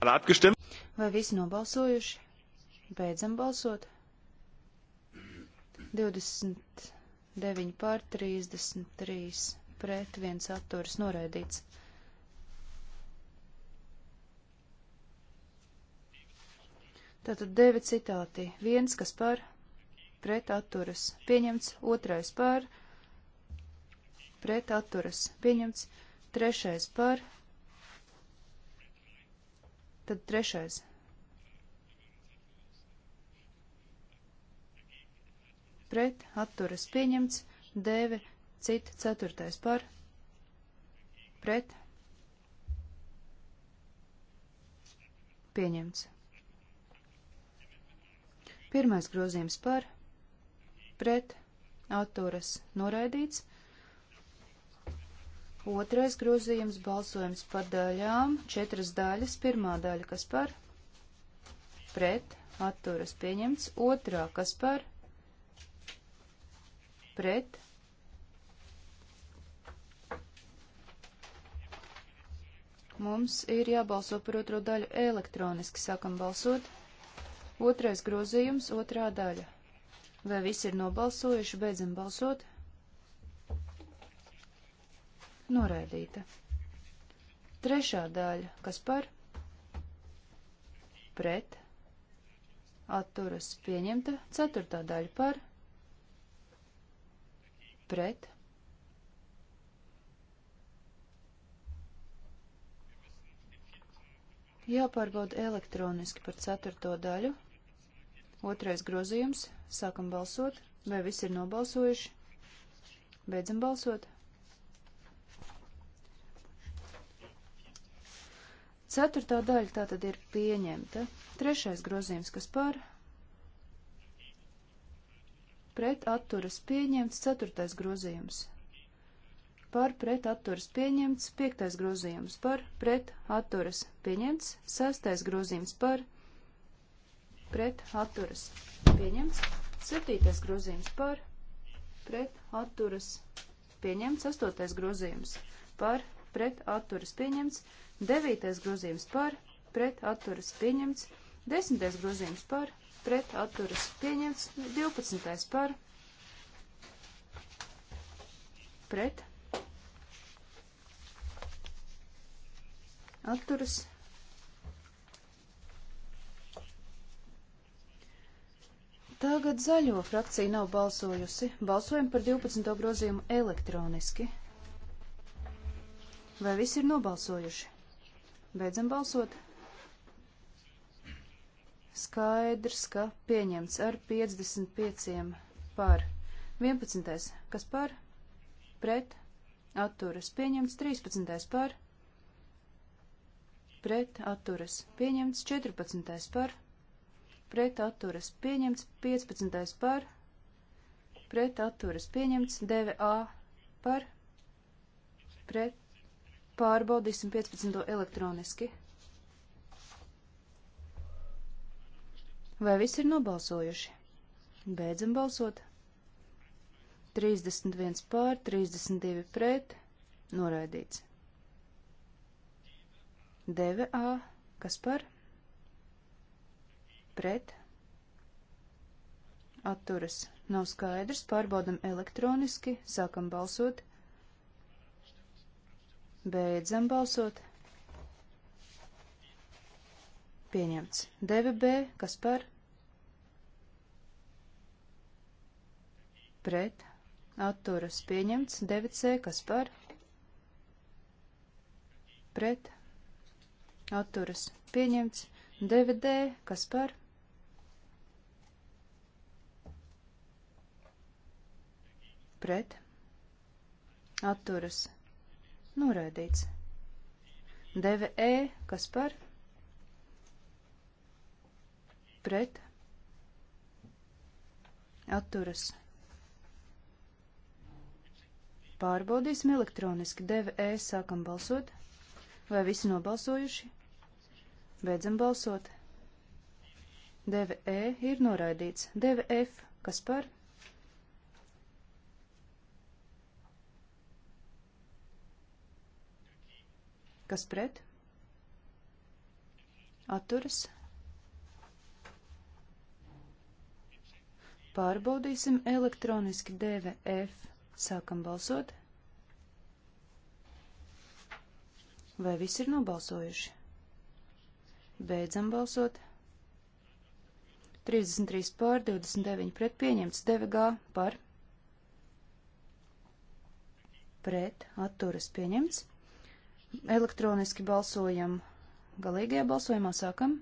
Vai visi nobalsojuši? Beidzam balsot. 29 pār 33 pret 1 atturis noraidīts. Tātad divi citāti. Viens, kas par pret atturas pieņemts, otrais par pret atturas pieņemts, trešais par pret Tad trešais. Pret atturas pieņemts. Dēve cita ceturtais par. Pret. Pieņemts. Pirmais grozījums par. Pret. Atturas noraidīts. Otrais grozījums balsojums par daļām, četras daļas, pirmā daļa, kas par, pret, atturas pieņemts, otrā, kas par, pret, mums ir jābalso par otro daļu elektroniski, sākam balsot, otrais grozījums, otrā daļa. Vai visi ir nobalsojuši, beidzam balsot? Noraidīta. Trešā daļa, kas par pret atturas pieņemta. Ceturtā daļa par pret. Jāpārbauda elektroniski par ceturto daļu. Otrais grozījums. Sākam balsot. Vai visi ir nobalsojuši? Beidzam balsot. Ceturtā daļa tā tad ir pieņemta. Trešais grozījums, kas par pret atturas pieņemts. Ceturtais grozījums par pret atturas pieņemts, piektais grozījums par pret atturas pieņemts, sastais grozījums par pret atturas pieņemts, septītais grozījums par pret atturas pieņemts, astotais grozījums par pret atturas pieņemts, Devītais grozījums par, pret atturas pieņemts. Desmitais grozījums par, pret atturas pieņemts. Divpadsmitais par, pret atturas pieņemts. Tagad zaļo frakcija nav balsojusi. Balsojam par 12. grozījumu elektroniski. Vai visi ir nobalsojuši? Beidzam balsot. Skaidrs, ka pieņemts ar 55 par. 11. kas par? Pret. Atturas. Pieņemts 13. par. Pret. Atturas. Pieņemts 14. par. Pret. Atturas. Pieņemts 15. par. Pret. Atturas. Pieņemts 9a par. Pret Pārbaudīsim 15. elektroniski. Vai visi ir nobalsojuši? Beidzam balsot. 31 pār, 32 pret, noraidīts. 9a, kas par? Pret. Atturas. Nav skaidrs, pārbaudam elektroniski, sākam balsot. 9a. Beidzam balsot. Pieņemts. 9B, kas par? Pret. Atturas pieņemts. 9C, kas par? Pret. Atturas pieņemts. 9D, kas par? Pret. Atturas Noraidīts. Deve E, kas par? Pret. Atturas. Pārbaudīsim elektroniski. Deve E, sākam balsot. Vai visi nobalsojuši? Beidzam balsot. Deve E ir noraidīts. Deve F, kas par? Kas pret? Atturas. Pārbaudīsim elektroniski DVF. Sākam balsot. Vai visi ir nobalsojuši? Beidzam balsot. 33 pār 29 pret pieņemts DVG par. Pret atturas pieņemts. Elektroniski balsojam. Galīgajā balsojumā sākam.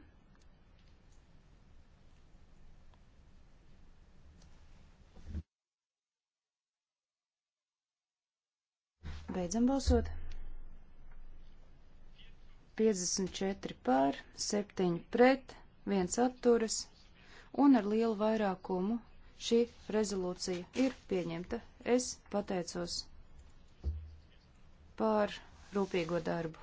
Beidzam balsot. 54 pār, 7 pret, 1 atturas, un ar lielu vairākumu šī rezolūcija ir pieņemta. Es pateicos par rūpīgo darbu.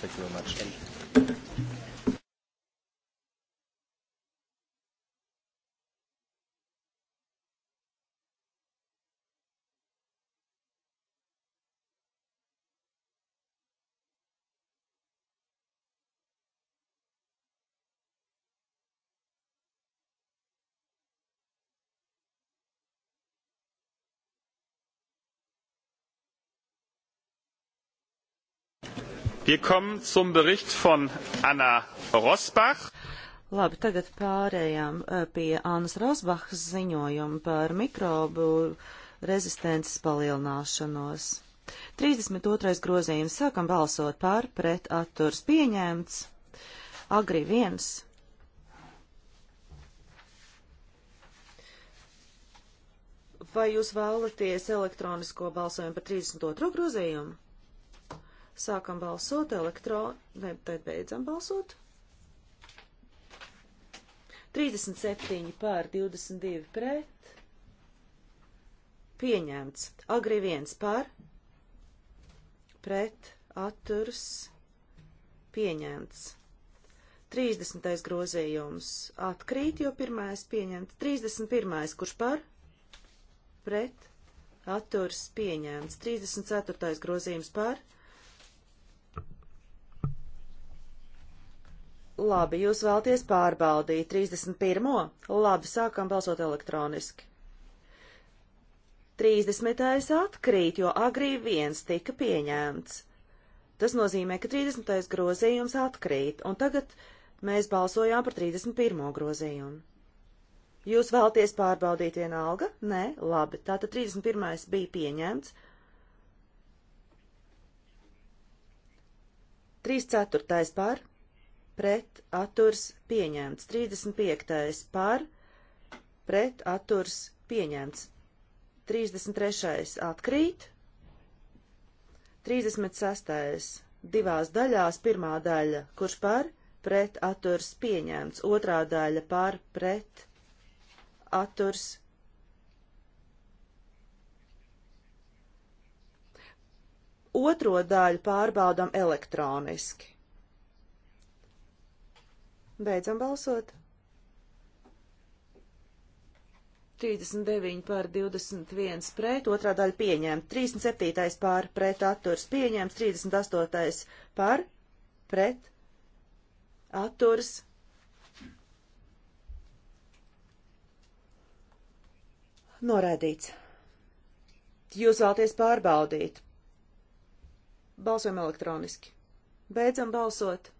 Thank you very much. Wir kommen zum Bericht von Anna Rosbach. Labi, tagad pārējām pie Annas Rosbachas ziņojuma par mikrobu rezistences palielināšanos. 32. grozījums sākam balsot par pret atturs pieņemts. Agri 1. Vai jūs vēlaties elektronisko balsojumu par 32. grozījumu? Sākam balsot elektro, ne, tad beidzam balsot. 37 pār 22 pret. Pieņemts. Agri viens pār. Pret. Atturs. Pieņemts. 30. grozījums atkrīt, jo pirmais pieņemts. 31. kurš par? Pret. Atturs pieņemts. 34. grozījums par? Pret Labi, jūs vēlties pārbaudīt 31. Labi, sākam balsot elektroniski. 30. atkrīt, jo agrī viens tika pieņemts. Tas nozīmē, ka 30. grozījums atkrīt, un tagad mēs balsojām par 31. grozījumu. Jūs vēlties pārbaudīt vienalga? Nē, labi, tātad 31. bija pieņemts. 3 ceturtais par, pret atturs pieņemts. 35. par pret atturs pieņemts. 33. atkrīt. 36. divās daļās pirmā daļa, kurš par pret atturs pieņemts, otrā daļa par pret atturs Otro daļu pārbaudam elektroniski. Beidzam balsot. 39 pār 21 pret, otrā daļa pieņēma, 37 pār pret atturs pieņēma, 38 pār pret atturs. Norādīts. Jūs vēlties pārbaudīt. Balsojam elektroniski. Beidzam balsot.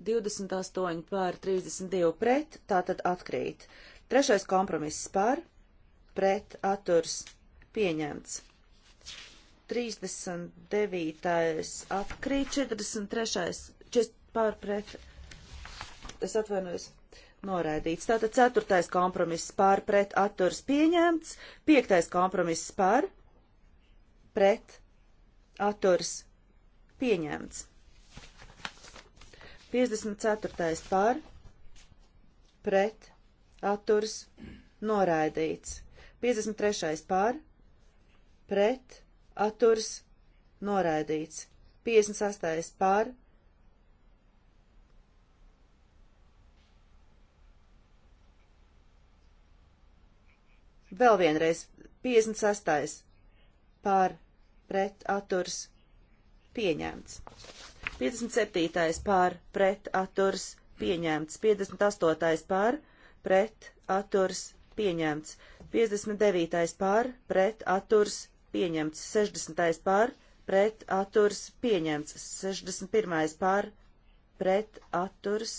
28 pār 32 pret, tātad atkrīt. Trešais kompromiss par, pret, atturs, pieņemts. 39. atkrīt, 43. pār pret, es atvainojos, noraidīts. Tātad ceturtais kompromiss par, pret, atturs, pieņemts. Piektais kompromiss par, pret, atturs, pieņemts. 54. par, pret, atturs, noraidīts. 53. par, pret, atturs, noraidīts. 56. par, Vēl vienreiz 56. par, pret, atturs, pieņemts. 57. pār pret atturs pieņemts, 58. pār pret atturs pieņemts, 59. pār pret atturs pieņemts, 60. pār pret atturs pieņemts, 61. pār pret atturs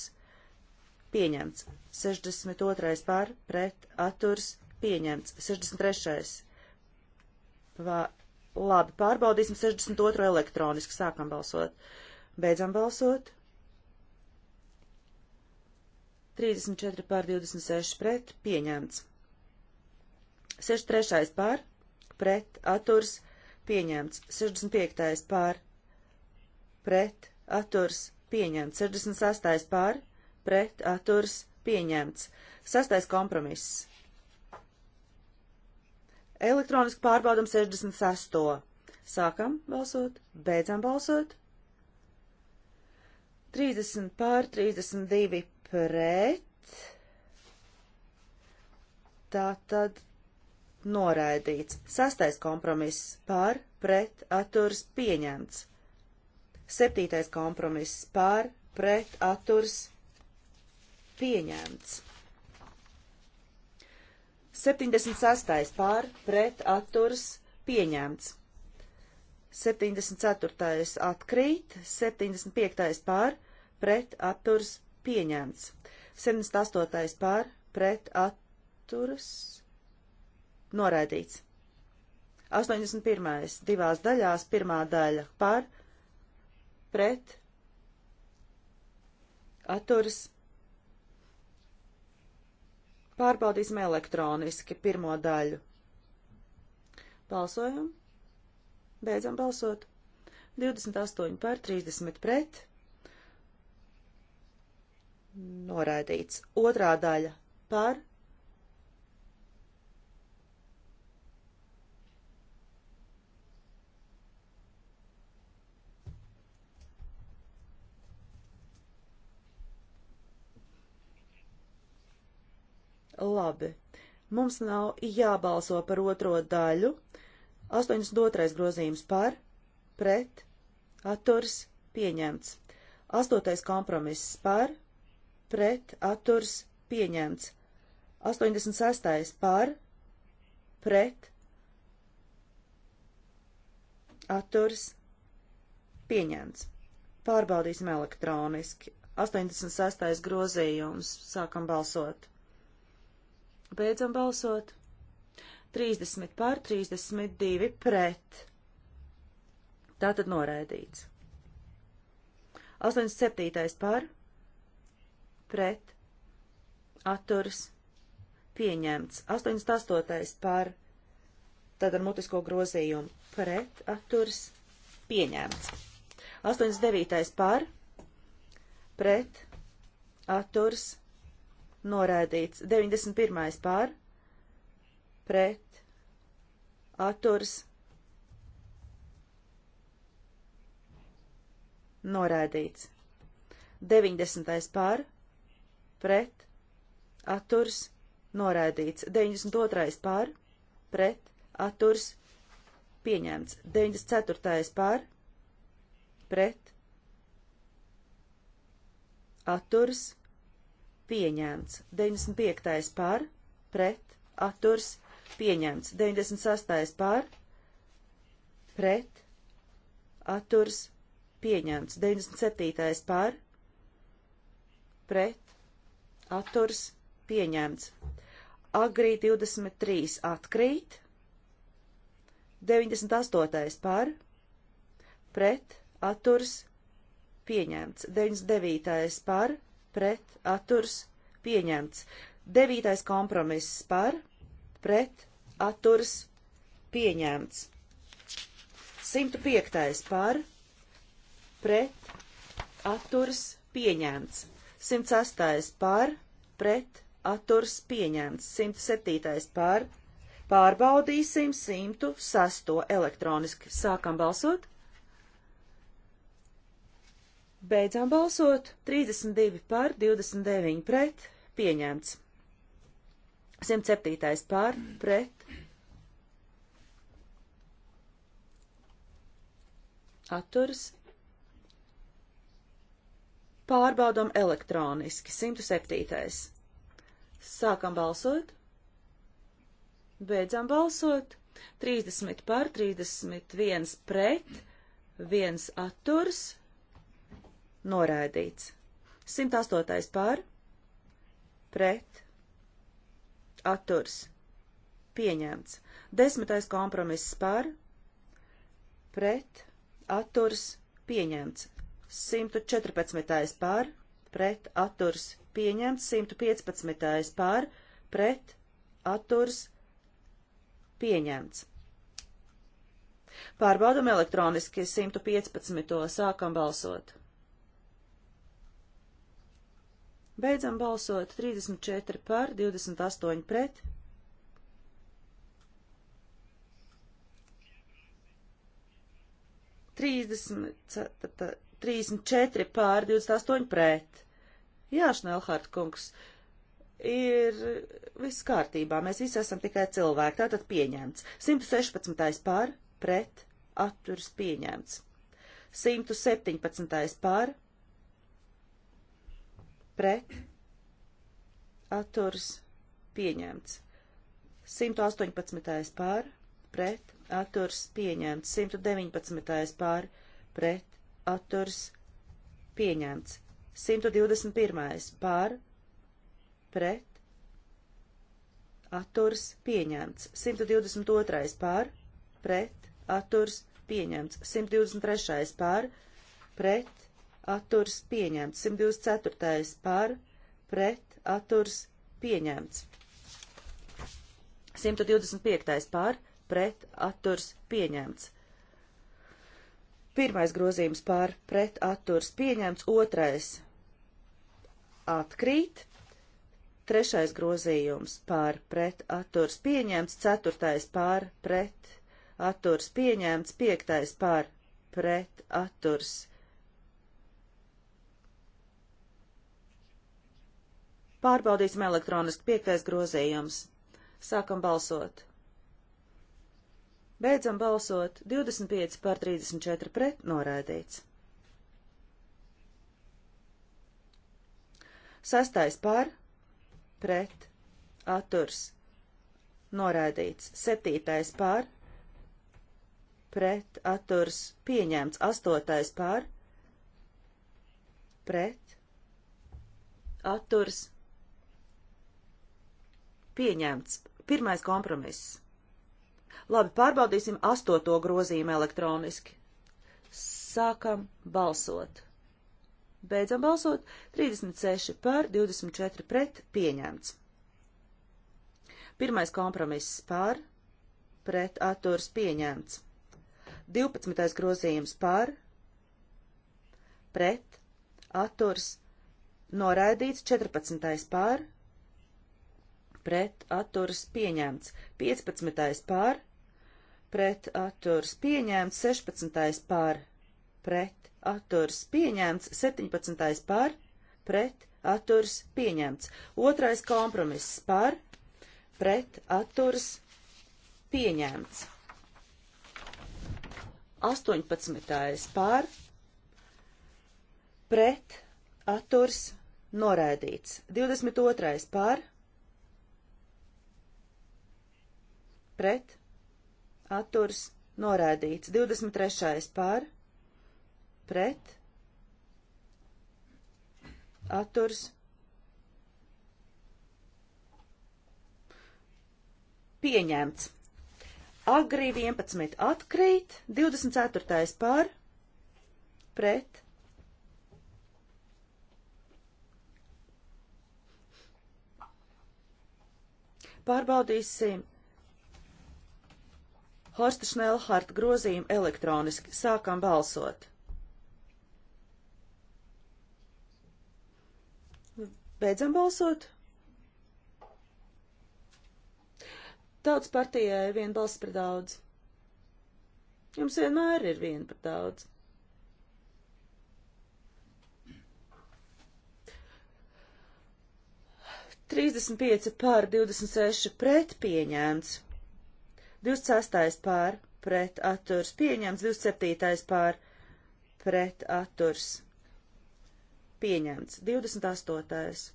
pieņemts, 62. pār pret atturs pieņemts, 63. Pā, labi, pārbaudīsim 62. elektroniski, sākam balsot. Uh, Beidzam balsot. 34 pār 26 pret pieņemts. 63 pār pret atturs pieņemts. 65 pār pret atturs pieņemts. 68 pār pret atturs pieņemts. 6. kompromiss. Elektroniski pārbaudam 66. Sākam balsot, beidzam balsot. 30 pār 32 pret. Tā tad noraidīts. Sastais kompromiss pār pret atturs pieņemts. Septītais kompromiss pār pret atturs pieņemts. 76. pār pret atturs pieņemts. 74. atkrīt, 75. pār, pret atturs pieņemts, 78. pār, pret atturs noraidīts. 81. divās daļās, pirmā daļa pār, pret atturs. Pārbaudīsim elektroniski pirmo daļu. Balsojam! Beidzam balsot. 28 pār 30 pret. Noraidīts. Otrā daļa pār. Labi. Mums nav jābalso par otro daļu, 82. grozījums par, pret, atturs, pieņemts. 8. kompromiss par, pret, atturs, pieņemts. 86. par, pret, atturs, pieņemts. Pārbaudīsim elektroniski. 86. grozījums. Sākam balsot. Beidzam balsot. 30 pār 32 pret. Tātad noraidīts. 87. pār pret atturs pieņemts. 88. pār tad ar mutisko grozījumu pret atturs pieņemts. 89. pār pret atturs noraidīts. 91. pār pret atturs noraidīts. 90. pār pret atturs noraidīts. 92. pār pret atturs pieņemts. 94. pār pret atturs pieņemts. 95. pār pret atturs pieņemts pieņemts. 96. pār, pret, atturs, pieņemts. 97. pār, pret, atturs, pieņemts. Agrī 23 atkrīt, 98. pār, pret, atturs, pieņemts. 99. par, pret, atturs, pieņemts. 9. kompromiss par, pret atturas pieņemts. 105. par pret atturas pieņemts. 108. par pret atturas pieņemts. 107. par pārbaudīsim 106. elektroniski. Sākam balsot. Beidzām balsot 32 par 29 pret pieņemts. 107. pār pret atturs. Pārbaudam elektroniski. 107. Sākam balsot. Beidzam balsot. 30 par, 31 pret, 1 atturs. Noraidīts. 108. par, pret, atturs pieņemts. Desmitais kompromiss par, pret, atturs pieņemts. 114. par, pret, atturs pieņemts. 115. par, pret, atturs pieņemts. Pārbaudam elektroniski 115. sākam balsot. Beidzam balsot 34 par, 28 pret. Trīsdesmit četri pār, divdesmit astoņi pret. Jā, Šnelhārt kungs, ir viss kārtībā, mēs visi esam tikai cilvēki, tātad pieņemts. 116. pār, pret, atturis pieņemts. 117. pār, pret atturs pieņemts. 118. pār pret atturs pieņemts. 119. pār pret atturs pieņemts. 121. pār pret atturs pieņemts. 122. pār pret atturs pieņemts. 123. pār pret atturs pieņemts. 124. par pret atturs pieņemts. 125. par pret atturs pieņemts. Pirmais grozījums par pret atturs pieņemts, otrais atkrīt, trešais grozījums par pret atturs pieņemts, ceturtais par pret atturs pieņemts, piektais par pret atturs pieņemts Pārbaudīsim elektroniski piektais grozījums. Sākam balsot. Beidzam balsot 25 pār 34 pret norādīts. Sastais pār, pret, atturs, norādīts. Septītais pār, pret, atturs, pieņemts. Astotais pār, pret, atturs, Pieņemts. Pirmais kompromiss. Labi, pārbaudīsim astoto grozījumu elektroniski. Sākam balsot. Beidzam balsot. 36 par, 24 pret, pieņemts. Pirmais kompromiss par, pret atturs pieņemts. 12. grozījums par, pret, atturs, noraidīts 14. par, pret atturas pieņemts. 15. pār pret atturas pieņemts. 16. pār pret atturas pieņemts. 17. pār pret atturas pieņemts. Otrais kompromiss par pret atturas pieņemts. 18. pār pret atturas pieņemts noraidīts. 22. pār pret, atturs, noraidīts. 23. par, pret, atturs, pieņemts. Agrī 11 atkrīt, 24. par, pret, pārbaudīsim Horsta Šnelharta grozījumu elektroniski. Sākam balsot. Beidzam balsot. Tautas partijai ir viena balss par daudz. Jums vienmēr ir viena par daudz. Trīsdesmit pieci pār divdesmit seši pret pieņēmts. 26. pār pret atturs pieņemts, 27. pār pret atturs pieņemts, 28.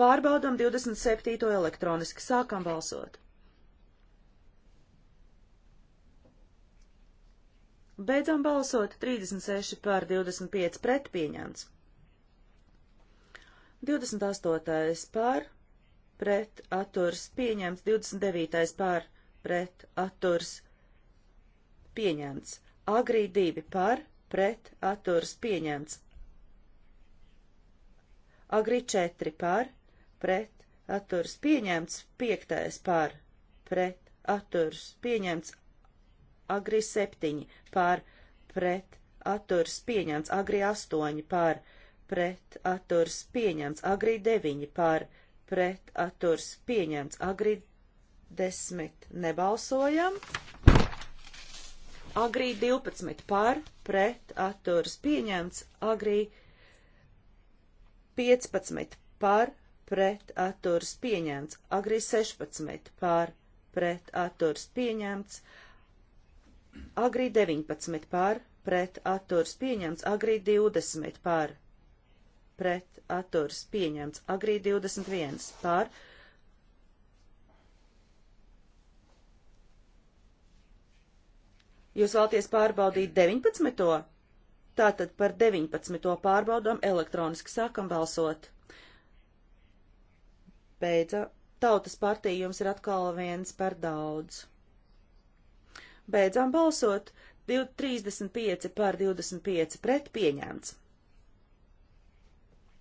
Pārbaudam 27. elektroniski, sākam balsot. Beidzam balsot 36 pār 25 pret pieņemts. 28. pār pret atturs pieņemts, 29. par pret atturs pieņemts, agrī 2 par pret atturs pieņemts, agrī 4 par pret atturs pieņemts, 5. par pret atturs pieņemts, agrī 7 par pret atturs pieņemts, agrī 8 par pret atturs pieņemts, agrī 9 par pret pret atturs pieņemts. Agri 10 nebalsojam. Agrī 12 par, pret atturs pieņemts. Agrī 15 par, pret atturs pieņemts. Agrī 16 par, pret atturs pieņemts. Agrī 19 par, pret atturs pieņemts. Agrī 20 par, pret atturas pieņemts. Agrī 21 par Jūs vēlties pārbaudīt 19. Tātad par 19. pārbaudām elektroniski sākam balsot. Beidza. Tautas partija jums ir atkal viens par daudz. Beidzām balsot. 35 pār 25 pret pieņemts.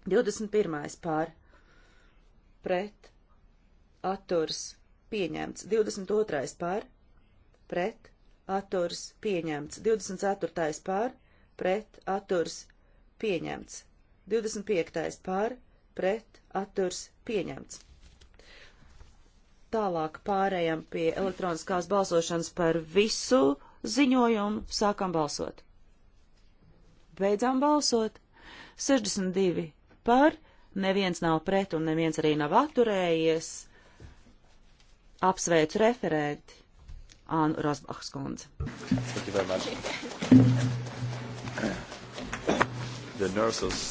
21. pār pret atturs pieņemts. 22. pār pret atturs pieņemts. 24. pār pret atturs pieņemts. 25. pār pret atturs pieņemts. Tālāk pārējām pie elektroniskās balsošanas par visu ziņojumu. Sākam balsot. Beidzām balsot. 62 par, neviens nav pret un neviens arī nav atturējies. Apsveicu referenti Ānu Rosbachs kundzi. The nurses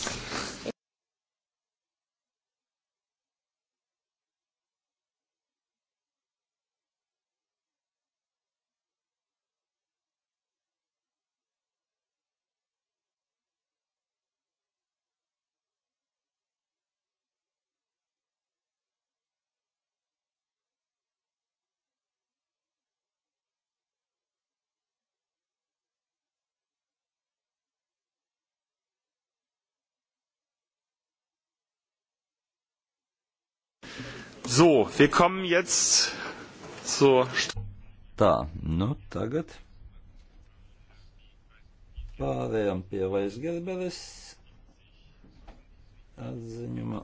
So, wir kommen jetzt zur. Tā, nu tagad pārējām pie Vaisgerberes atziņuma.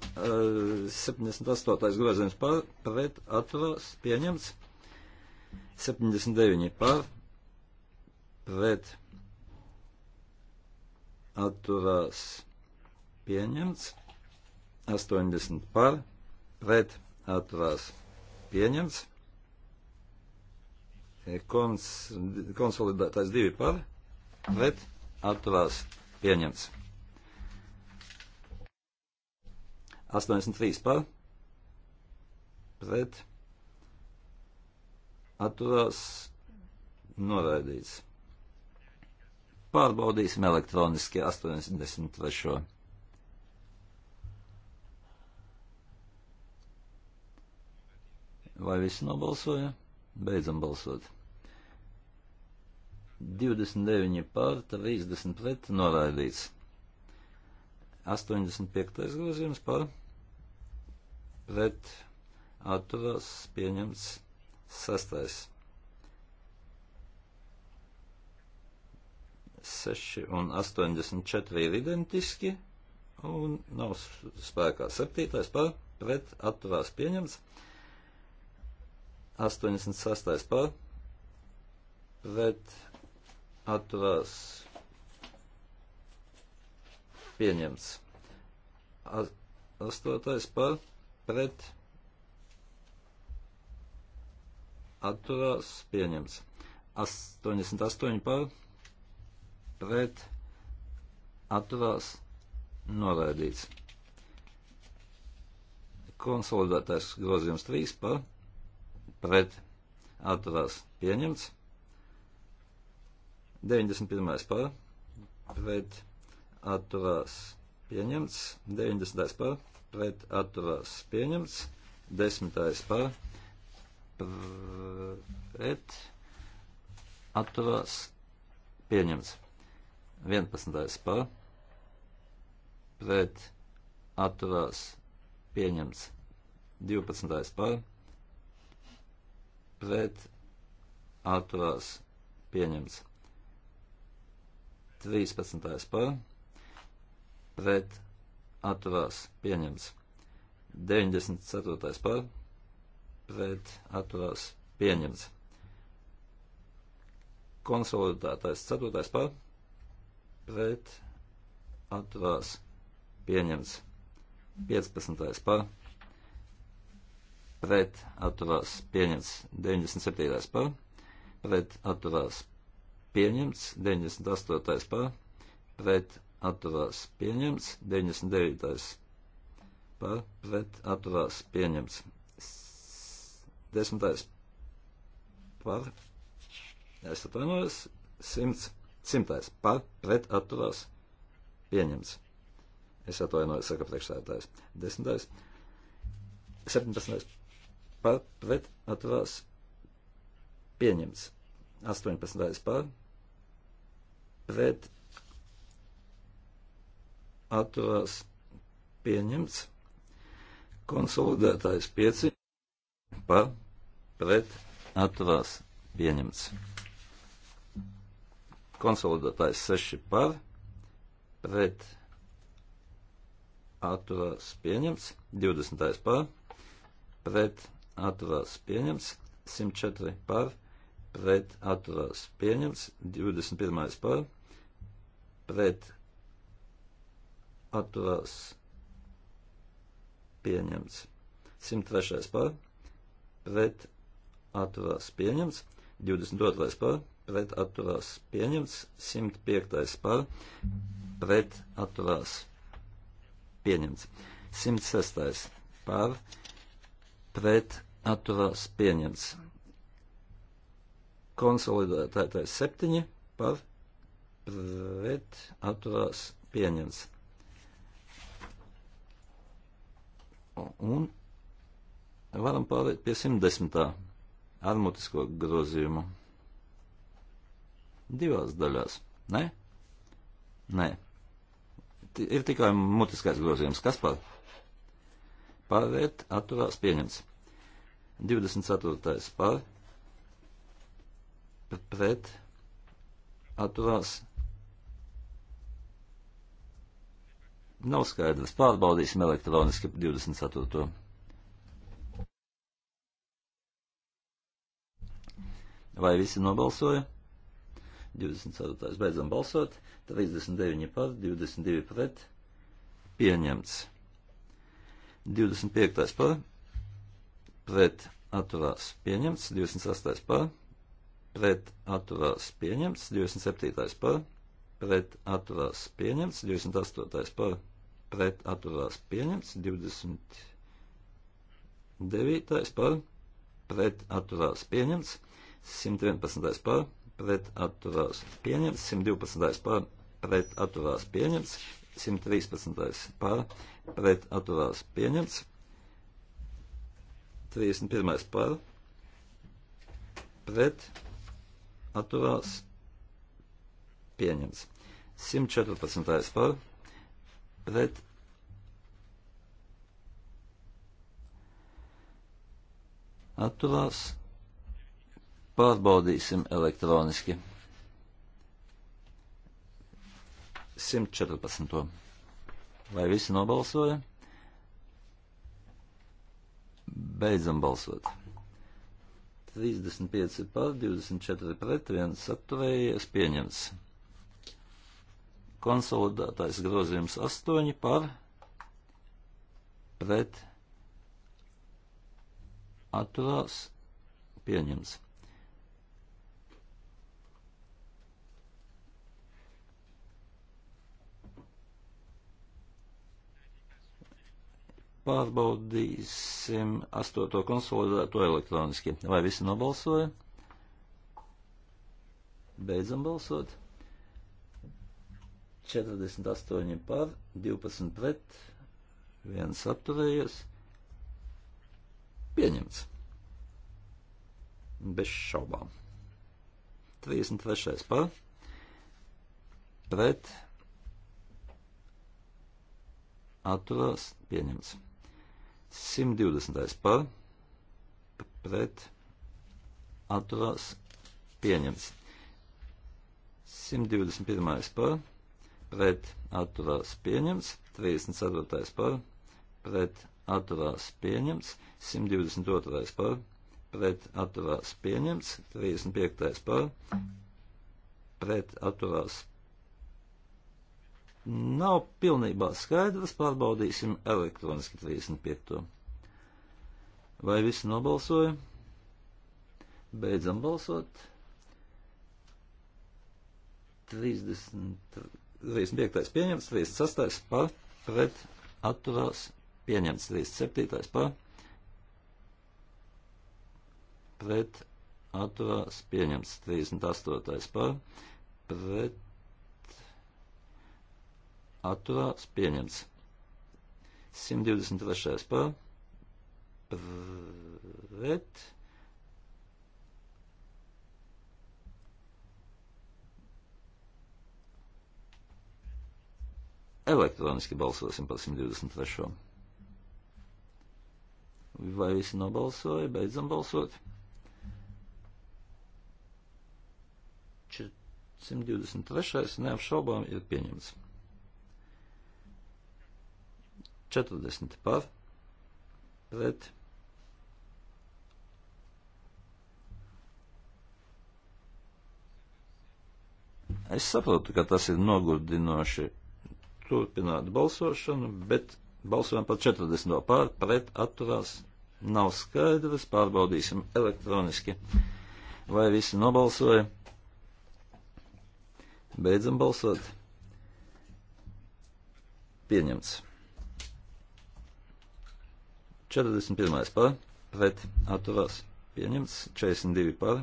78. Eh, grozījums pār, pret atturas pieņemts. 79 pār, pret atturas pieņemts. 80 pār, pret atturas pieņemts atturās pieņemts. E, kons, konsolidētājs divi par, pret atturās pieņemts. 83 par, pret atturās noraidīts. Pārbaudīsim elektroniski 83. Vai visi nobalsoja? Beidzam balsot. 29 pār, 30 pret, noraidīts. 85. grozījums par pret atturās pieņemts sastais. 6 un 84 ir identiski un nav spēkā 7. par pret atturās pieņemts. 86. pār, bet atturās pieņemts. 8. pār, pret atturās pieņemts. 88 pār, pret atturās noraidīts. Konsolidētais grozījums 3 pār pret atturās pieņemts. 91. par pret atturās pieņemts. 90. par pret atturās pieņemts. 10. par pret atturās pieņemts. 11. par pret atturās pieņemts. 12. par pret pret atturās pieņemts. 13. par pret atturās pieņemts. 94. par pret atturās pieņemts. Konsolidētais 4. par pret atturās pieņemts. 15. par pret pret atturās pieņemts 97. par, pret atturās pieņemts 98. par, pret atturās pieņemts 99. par, pret atturās pieņemts 10. par, es atvainojos, 100. 100. par, pret atturās pieņemts. Es atvainojos, saka priekšsēdētājs. 10. 17 par pret atturās pieņemts. 18. par pret atturās pieņemts. Konsolidētājs 5 par pret atturās pieņemts. Konsolidētājs 6 par pret atturās pieņemts. 20. par pret atturās pieņemts atturās pieņemts, 104 par, pret atturās pieņemts, 21 par, pret atturās pieņemts, 103 par, pret atturās pieņemts, 22 par, pret atturās pieņemts, 105 par, pret atturās pieņemts, 106 par, pret atturās pieņemts. Konsolidētais 7 par pret atturās pieņemts. Un varam pārēt pie 110. ar mutisko grozījumu. Divās daļās, ne? Nē. T ir tikai mutiskais grozījums. Kas par? pārvērt, atturās pieņemts. 24. pār, pret, atturās. Nav skaidrs, pārbaudīsim elektroniski 24. Vai visi nobalsoja? 24. beidzam balsot, 39 par, 22 pret, pieņemts. 25. par, pret atturās pieņemts, 28. par, pret atturās pieņemts, 27. par, pret atturās pieņemts, 28. par, pret atturās pieņemts, 29. par, pret atturās pieņemts, 111. par, pret atturās pieņemts, 112. par, pret atturās pieņemts, 113. par pret atturās pieņemts. 31. par pret atturās pieņemts. 114. par pret atturās pārbaudīsim elektroniski. 114. Vai visi nobalsoja? Beidzam balsot. 35 par, 24 pret, 1 atturējies, pieņemts. Konsolidētais grozījums 8 par, pret, atturās, pieņemts. Pārbaudīsim astoto konsolidēto elektroniski. Vai visi nobalsoja? Beidzam balsot. 48 par, 12 pret, 1 apturējies. Pieņemts. Bez šaubām. 33 par, pret, atturās, pieņemts. 120. par pret atturās pieņemts. 121. par pret atturās pieņemts. 34. par pret atturās pieņemts. 122. par pret atturās pieņemts. 35. par pret atturās pieņemts nav pilnībā skaidrs, pārbaudīsim elektroniski 35. Vai visi nobalsoja? Beidzam balsot. 30, 35. pieņemts, 36. par, pret, atturās, pieņemts, 37. par, pret, atturās, pieņemts, 38. par, pret, atturās pieņemts. 123. par pret. Elektroniski balsosim par 123. Vai visi nobalsoja? Beidzam balsot. 123. neapšaubām ir pieņemts. 40 par pret Es saprotu, ka tas ir nogurdinoši turpināt balsošanu, bet balsojam par 40 pār, pret atturās nav skaidrs, pārbaudīsim elektroniski. Vai visi nobalsoja? Beidzam balsot. Pieņemts. 41 par, pret atturās pieņemts, 42 par,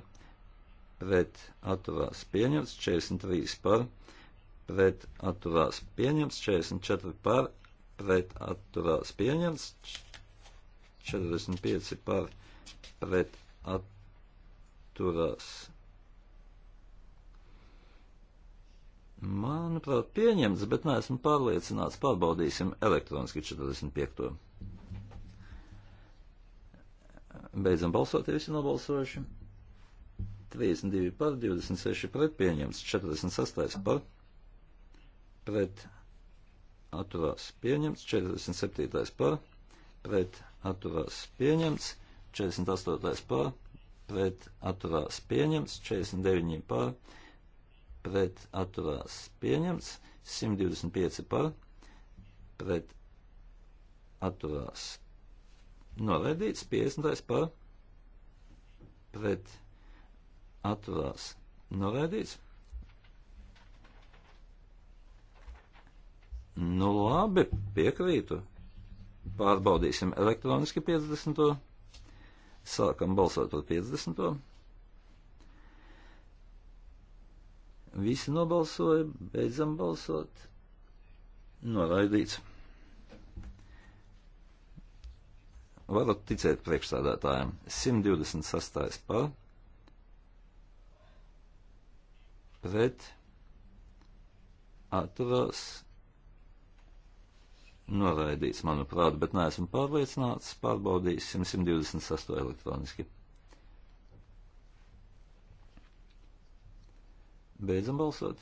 pret atturās pieņemts, 43 par, pret atturās pieņemts, 44 par, pret atturās pieņemts, 45 par, pret atturās. Manuprāt, pieņemts, bet neesmu pārliecināts. Pārbaudīsim elektroniski 45. Beidzam balsot, ja visi nobalsojuši. 32 par, 26 pret, pieņemts 46 par, pret atturās pieņemts 47 par, pret atturās pieņemts 48 par, pret atturās pieņemts 49 par, pret atturās pieņemts 125 par, pret atturās Noraidīts 50. par pret atturās. Noraidīts. Nu labi, piekrītu. Pārbaudīsim elektroniski 50. Sākam balsot par 50. Visi nobalsoja, beidzam balsot. Noraidīts. Varat ticēt priekšsādātājiem. 126. par. Pret. Atturās. Noraidīts, manuprāt, bet neesmu pārliecināts. Pārbaudīsim 128 elektroniski. Beidzam balsot.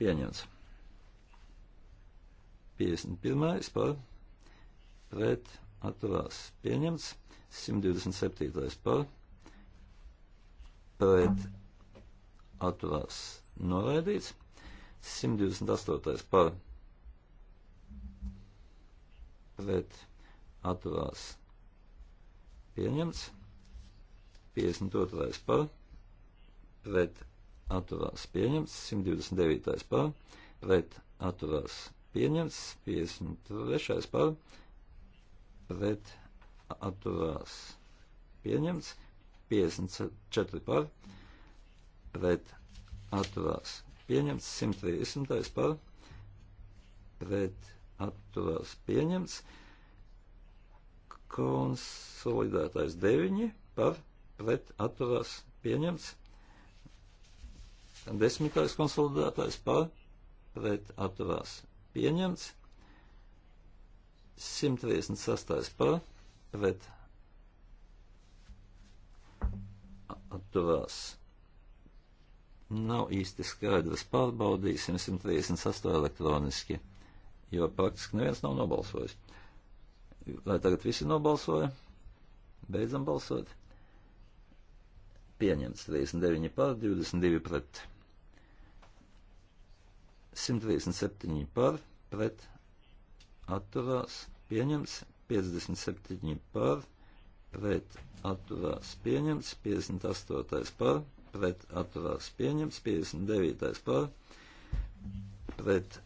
Pieņemts. 51. par pret atturās pieņemts. 127. par pret atturās noraidīts. 128. par pret atturās pieņemts. 52. par pret atturās pieņemts. 129. par pret atturās pieņemts. 53. par pret pret atturās pieņemts, 54 par pret atturās pieņemts, 130 par pret atturās pieņemts, konsolidētais 9 par pret atturās pieņemts, desmitais konsolidētais par pret atturās pieņemts, 136. par pret atturās. Nav īsti skaidrs. Pārbaudīsim 138 elektroniski, jo praktiski neviens nav nobalsojis. Vai tagad visi nobalsoja? Beidzam balsot. Pieņemts 39 pār 22 pret. 137 par pret atturās pieņemts 57 par, pret atturās pieņemts 58 par, pret atturās pieņemts 59 par, pret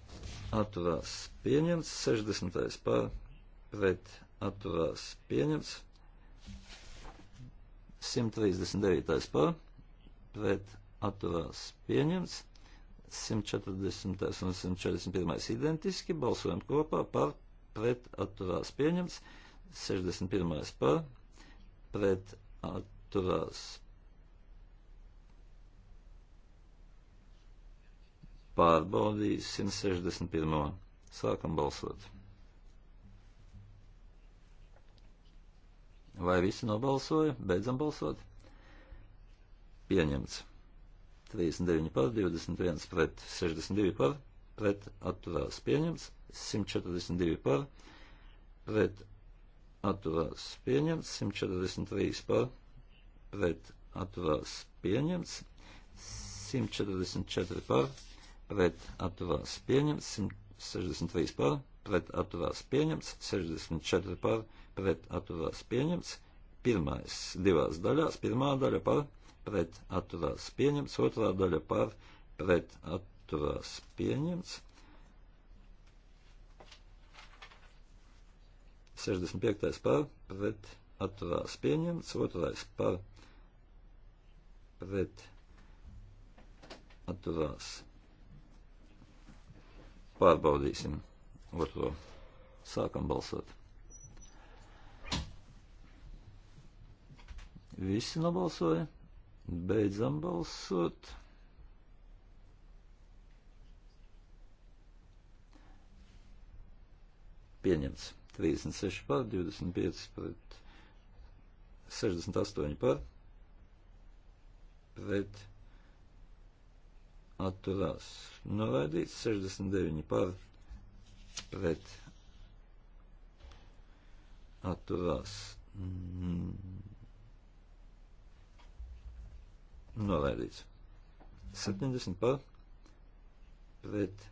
atturās pieņemts 60 par, pret atturās pieņemts 139 par, pret atturās pieņemts 140 un 141 identiski, balsojam kopā par pret atturās pieņemts, 61 par pret atturās pārbaudīs 161. Sākam balsot. Vai visi nobalsoja? Beidzam balsot. Pieņemts. 39 par, 21 pret, 62 par, pret atturās pieņemts, 142 par, pret atturās pieņemts, 143 par, pret atturās pieņemts, 144 par, pret atturās pieņemts, 163 par, pret atturās pieņemts, 64 par, pret atturās pieņemts, pirmais divās daļās, pirmā daļa par, pret pret atturās pieņemts, otrā daļa par pret atturās pieņemts. 65. par pret atturās pieņemts, otrais par pret atturās. Pārbaudīsim otro. Sākam balsot. Visi nobalsoja. Beidzam balsot. Pieņemts 36 par, 25 pret, 68 par, pret atturās. Noraidīts 69 par, pret atturās. Mm. Noraidīts. 70 par pret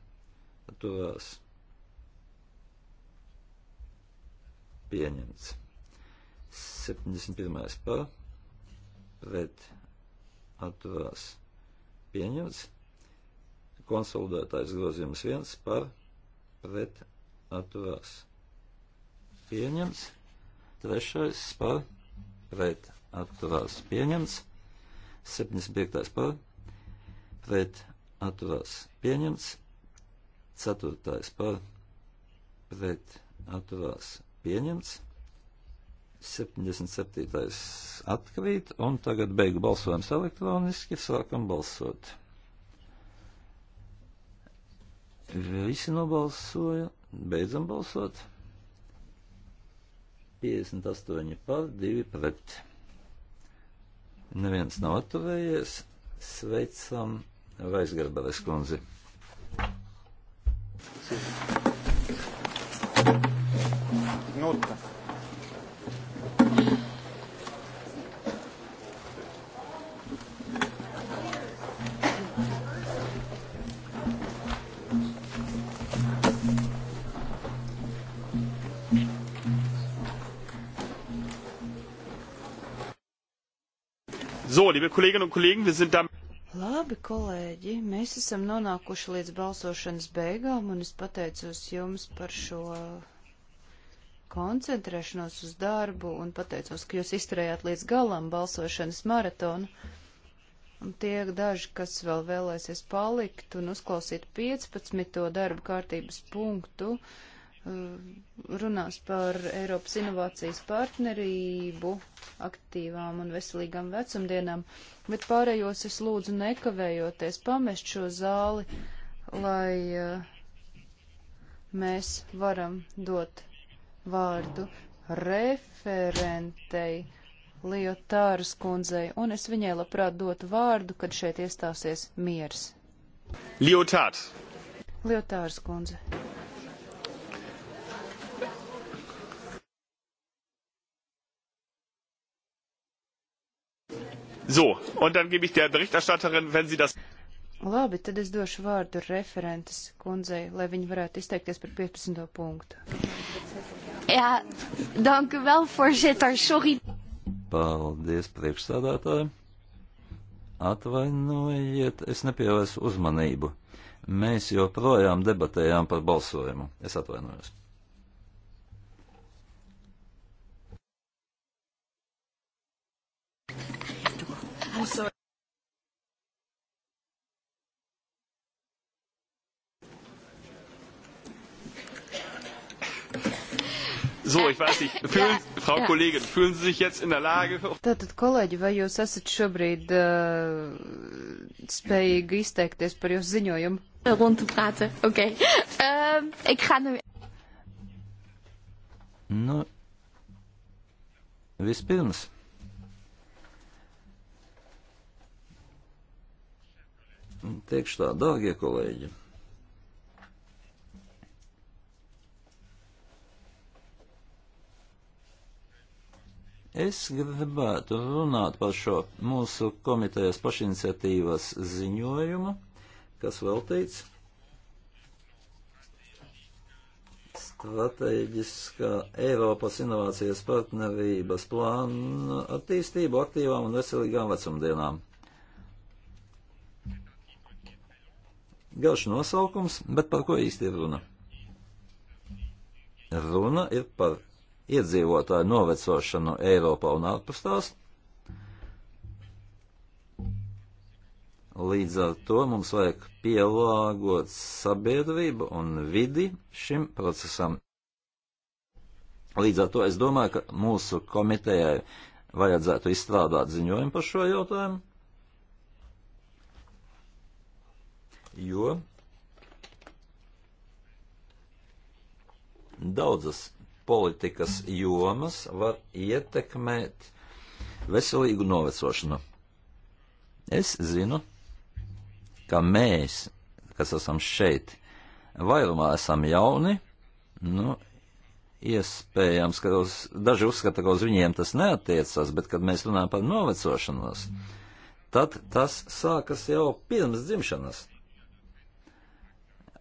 atturās pieņemts. 71 par pret atturās pieņemts. Konsolidētājs grozījums 1 par pret atturās pieņemts. Trešais par pret atturās pieņemts. 75. pār pret atturās pieņemts, 4. pār pret atturās pieņemts, 77. atkrīt, un tagad beigu balsojums elektroniski, sākam balsot. Visi nobalsoja, beidzam balsot. 58 par, 2 pret. Neviens nav attuvējies. Sveicam Vaisgarbeles kundzi. Nota. Nu, So, liebe Kolleginnen und Kollegen, wir sind damit. Labi, kolēģi, mēs esam nonākuši līdz balsošanas beigām, un es pateicos jums par šo koncentrēšanos uz darbu, un pateicos, ka jūs izturējāt līdz galam balsošanas maratonu. Un tie daži, kas vēl vēlēsies palikt un uzklausīt 15. darba kārtības punktu, uh, runās par Eiropas inovācijas partnerību, aktīvām un veselīgām vecumdienām, bet pārējos es lūdzu nekavējoties pamest šo zāli, lai eh, mēs varam dot vārdu referentei Liotāras kundzei, un es viņai labprāt dotu vārdu, kad šeit iestāsies miers. Liotārs. Liotārs kundze. So, un dann gebe ich der Berichterstatterin, wenn sie das. Labi, tad es došu vārdu referentes kundzei, lai viņa varētu izteikties par 15. punktu. Jā, dank u wel, voorzitter, sorry. Paldies, priekšsādātāji. Atvainojiet, es nepievērsu uzmanību. Mēs joprojām debatējām par balsojumu. Es atvainojos. puso So, ich weiß nicht, fühlen, jā, Frau jā. Kollegin, fühlen Sie sich jetzt in der Lage? Tātad, kolēģi, vai jūs esat šobrīd uh, spējīgi izteikties par jūsu ziņojumu? Rundu um prāte, ok. Um, ähm, ik ga nu... Nu, vispirms. Teikšu tā, dārgie kolēģi. Es gribētu runāt par šo mūsu komitejas pašiniciatīvas ziņojumu, kas veltīts strateģiskā Eiropas inovācijas partnerības plānu attīstību aktīvām un veselīgām vecumdienām. Garš nosaukums, bet par ko īsti ir runa? Runa ir par iedzīvotāju novecošanu Eiropā un ārpus tās. Līdz ar to mums vajag pielāgot sabiedrību un vidi šim procesam. Līdz ar to es domāju, ka mūsu komitejai vajadzētu izstrādāt ziņojumu par šo jautājumu. jo daudzas politikas jomas var ietekmēt veselīgu novecošanu. Es zinu, ka mēs, kas esam šeit, vairumā esam jauni, nu, iespējams, ka uz, daži uzskata, ka uz viņiem tas neatiecas, bet kad mēs runājam par novecošanos, tad tas sākas jau pirms dzimšanas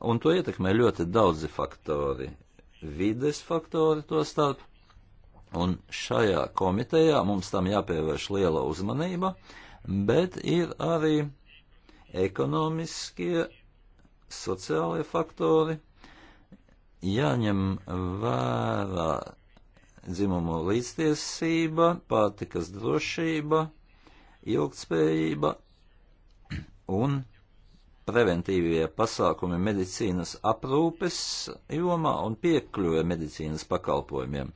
un to ietekmē ļoti daudzi faktori, vides faktori to starp, un šajā komitejā mums tam jāpievērš liela uzmanība, bet ir arī ekonomiskie, sociālie faktori, jāņem vērā dzimumu līdztiesība, pārtikas drošība, ilgtspējība un preventīvie pasākumi medicīnas aprūpes jomā un piekļuve medicīnas pakalpojumiem.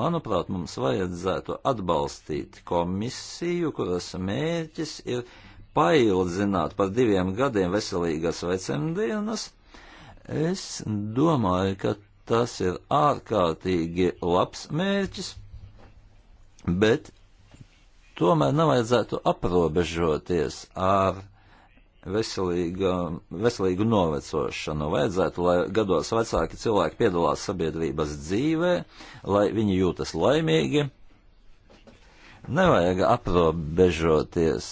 Manuprāt, mums vajadzētu atbalstīt komisiju, kuras mērķis ir paildzināt par diviem gadiem veselīgas vecumdienas. Es domāju, ka tas ir ārkārtīgi labs mērķis, bet tomēr nevajadzētu aprobežoties ar veselīga, veselīgu novecošanu. Vajadzētu, lai gados vecāki cilvēki piedalās sabiedrības dzīvē, lai viņi jūtas laimīgi. Nevajag aprobežoties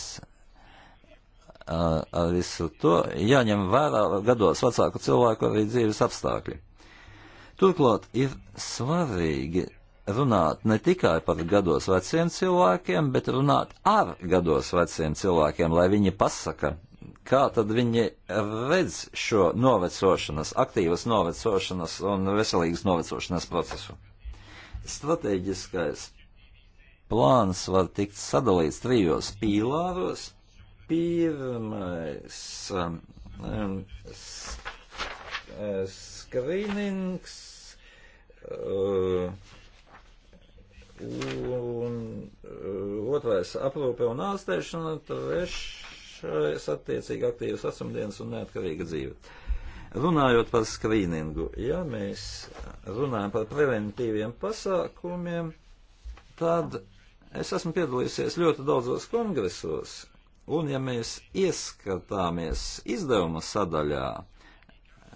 ar, ar visu to, jāņem vērā gados vecāku cilvēku arī dzīves apstākļi. Turklāt ir svarīgi runāt ne tikai par gados veciem cilvēkiem, bet runāt ar gados veciem cilvēkiem, lai viņi pasaka kā tad viņi redz šo novecošanas, aktīvas novecošanas un veselīgas novecošanas procesu. Strateģiskais plāns var tikt sadalīts trijos pīlāros. Pirmais um, um skrīnings uh, un uh, otrais aprūpe un ārstēšana, trešais es attiecīgi aktīvas asumdienas un neatkarīga dzīve. Runājot par skrīningu, ja mēs runājam par preventīviem pasākumiem, tad es esmu piedalījusies ļoti daudzos kongresos, un ja mēs ieskatāmies izdevuma sadaļā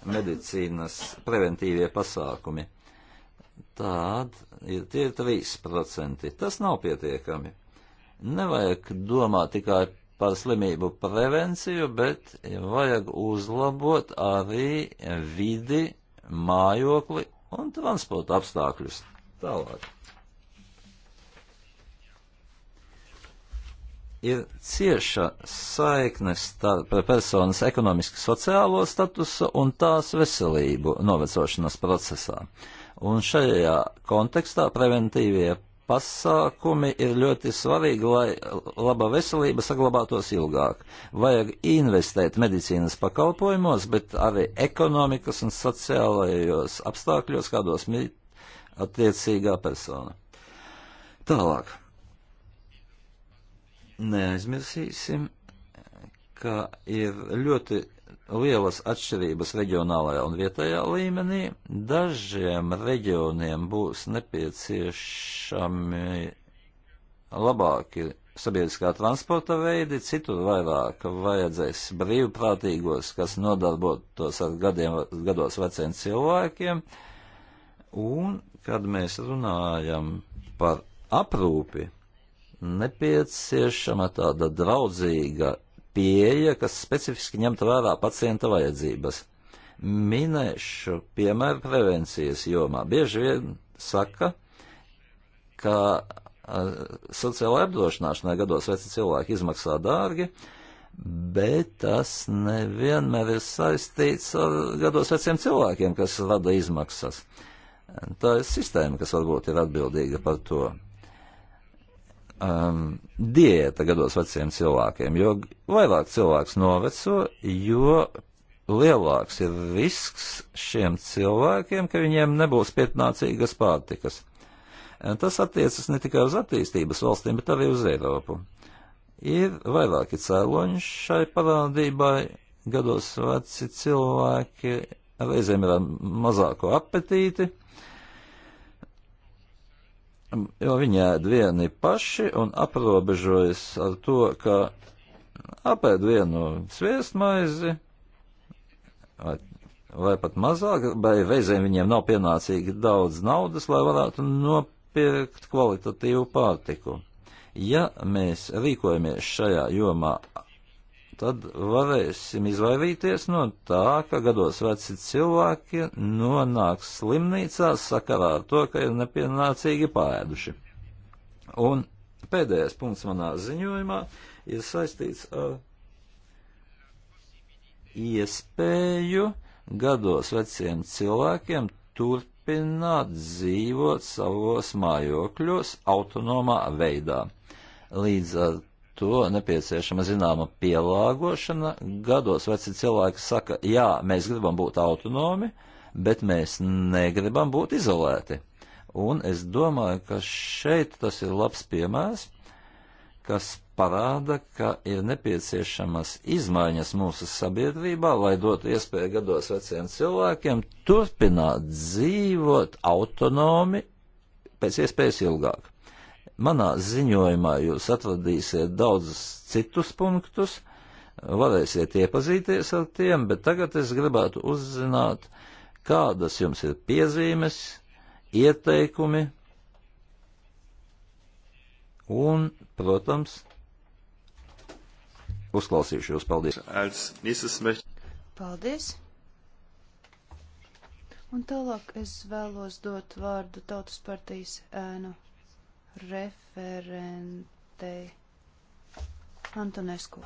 medicīnas preventīvie pasākumi, tad ir tie 3%. Tas nav pietiekami nevajag domāt tikai par slimību prevenciju, bet vajag uzlabot arī vidi, mājokli un transporta apstākļus. Tālāk. ir cieša saikne starp personas ekonomiski sociālo statusu un tās veselību novecošanas procesā. Un šajā kontekstā preventīvie pasākumi ir ļoti svarīgi, lai laba veselība saglabātos ilgāk. Vajag investēt medicīnas pakalpojumos, bet arī ekonomikas un sociālajos apstākļos, kādos mīt attiecīgā persona. Tālāk. Neaizmirsīsim, ka ir ļoti lielas atšķirības reģionālajā un vietējā līmenī. Dažiem reģioniem būs nepieciešami labāki sabiedriskā transporta veidi, citur vairāk vajadzēs brīvprātīgos, kas nodarbotos ar gadiem, gados veciem cilvēkiem. Un, kad mēs runājam par aprūpi, nepieciešama tāda draudzīga pieeja, kas specifiski ņemtu vērā pacienta vajadzības. Minēšu piemēru prevencijas jomā. Bieži vien saka, ka sociālā apdrošināšanā gados veci cilvēki izmaksā dārgi, bet tas nevienmēr ir saistīts ar gados veciem cilvēkiem, kas rada izmaksas. Tā ir sistēma, kas varbūt ir atbildīga par to um, diēta gados veciem cilvēkiem, jo vairāk cilvēks noveco, jo lielāks ir risks šiem cilvēkiem, ka viņiem nebūs pietnācīgas pārtikas. Eh, tas attiecas ne tikai uz attīstības valstīm, bet arī uz Eiropu. Ir vairāki cēloņi šai parādībai, gados veci cilvēki reizēm ir ar mazāko apetīti, uh, Um, jo viņi ēd vieni paši un aprobežojas ar to, ka apēd vienu sviestmaizi vai, vai pat mazāk, vai reizēm viņiem nav pienācīgi daudz naudas, lai varētu nopirkt kvalitatīvu pārtiku. Ja mēs rīkojamies šajā jomā tad varēsim izvairīties no tā, ka gados veci cilvēki nonāks slimnīcās sakarā ar to, ka ir nepienācīgi pāēduši. Un pēdējais punkts manā ziņojumā ir saistīts ar iespēju gados veciem cilvēkiem turpināt dzīvot savos mājokļos autonomā veidā. Līdz ar to nepieciešama zināma pielāgošana. Gados veci cilvēki saka, jā, mēs gribam būt autonomi, bet mēs negribam būt izolēti. Un es domāju, ka šeit tas ir labs piemērs, kas parāda, ka ir nepieciešamas izmaiņas mūsu sabiedrībā, lai dotu iespēju gados veciem cilvēkiem turpināt dzīvot autonomi pēc iespējas ilgāk. Manā ziņojumā jūs atradīsiet daudzus citus punktus, varēsiet iepazīties ar tiem, bet tagad es gribētu uzzināt, kādas jums ir piezīmes, ieteikumi un, protams, uzklausīšu jūs. Paldies! Paldies! Un tālāk es vēlos dot vārdu Tautas partijas ēnu referentei Antonescu.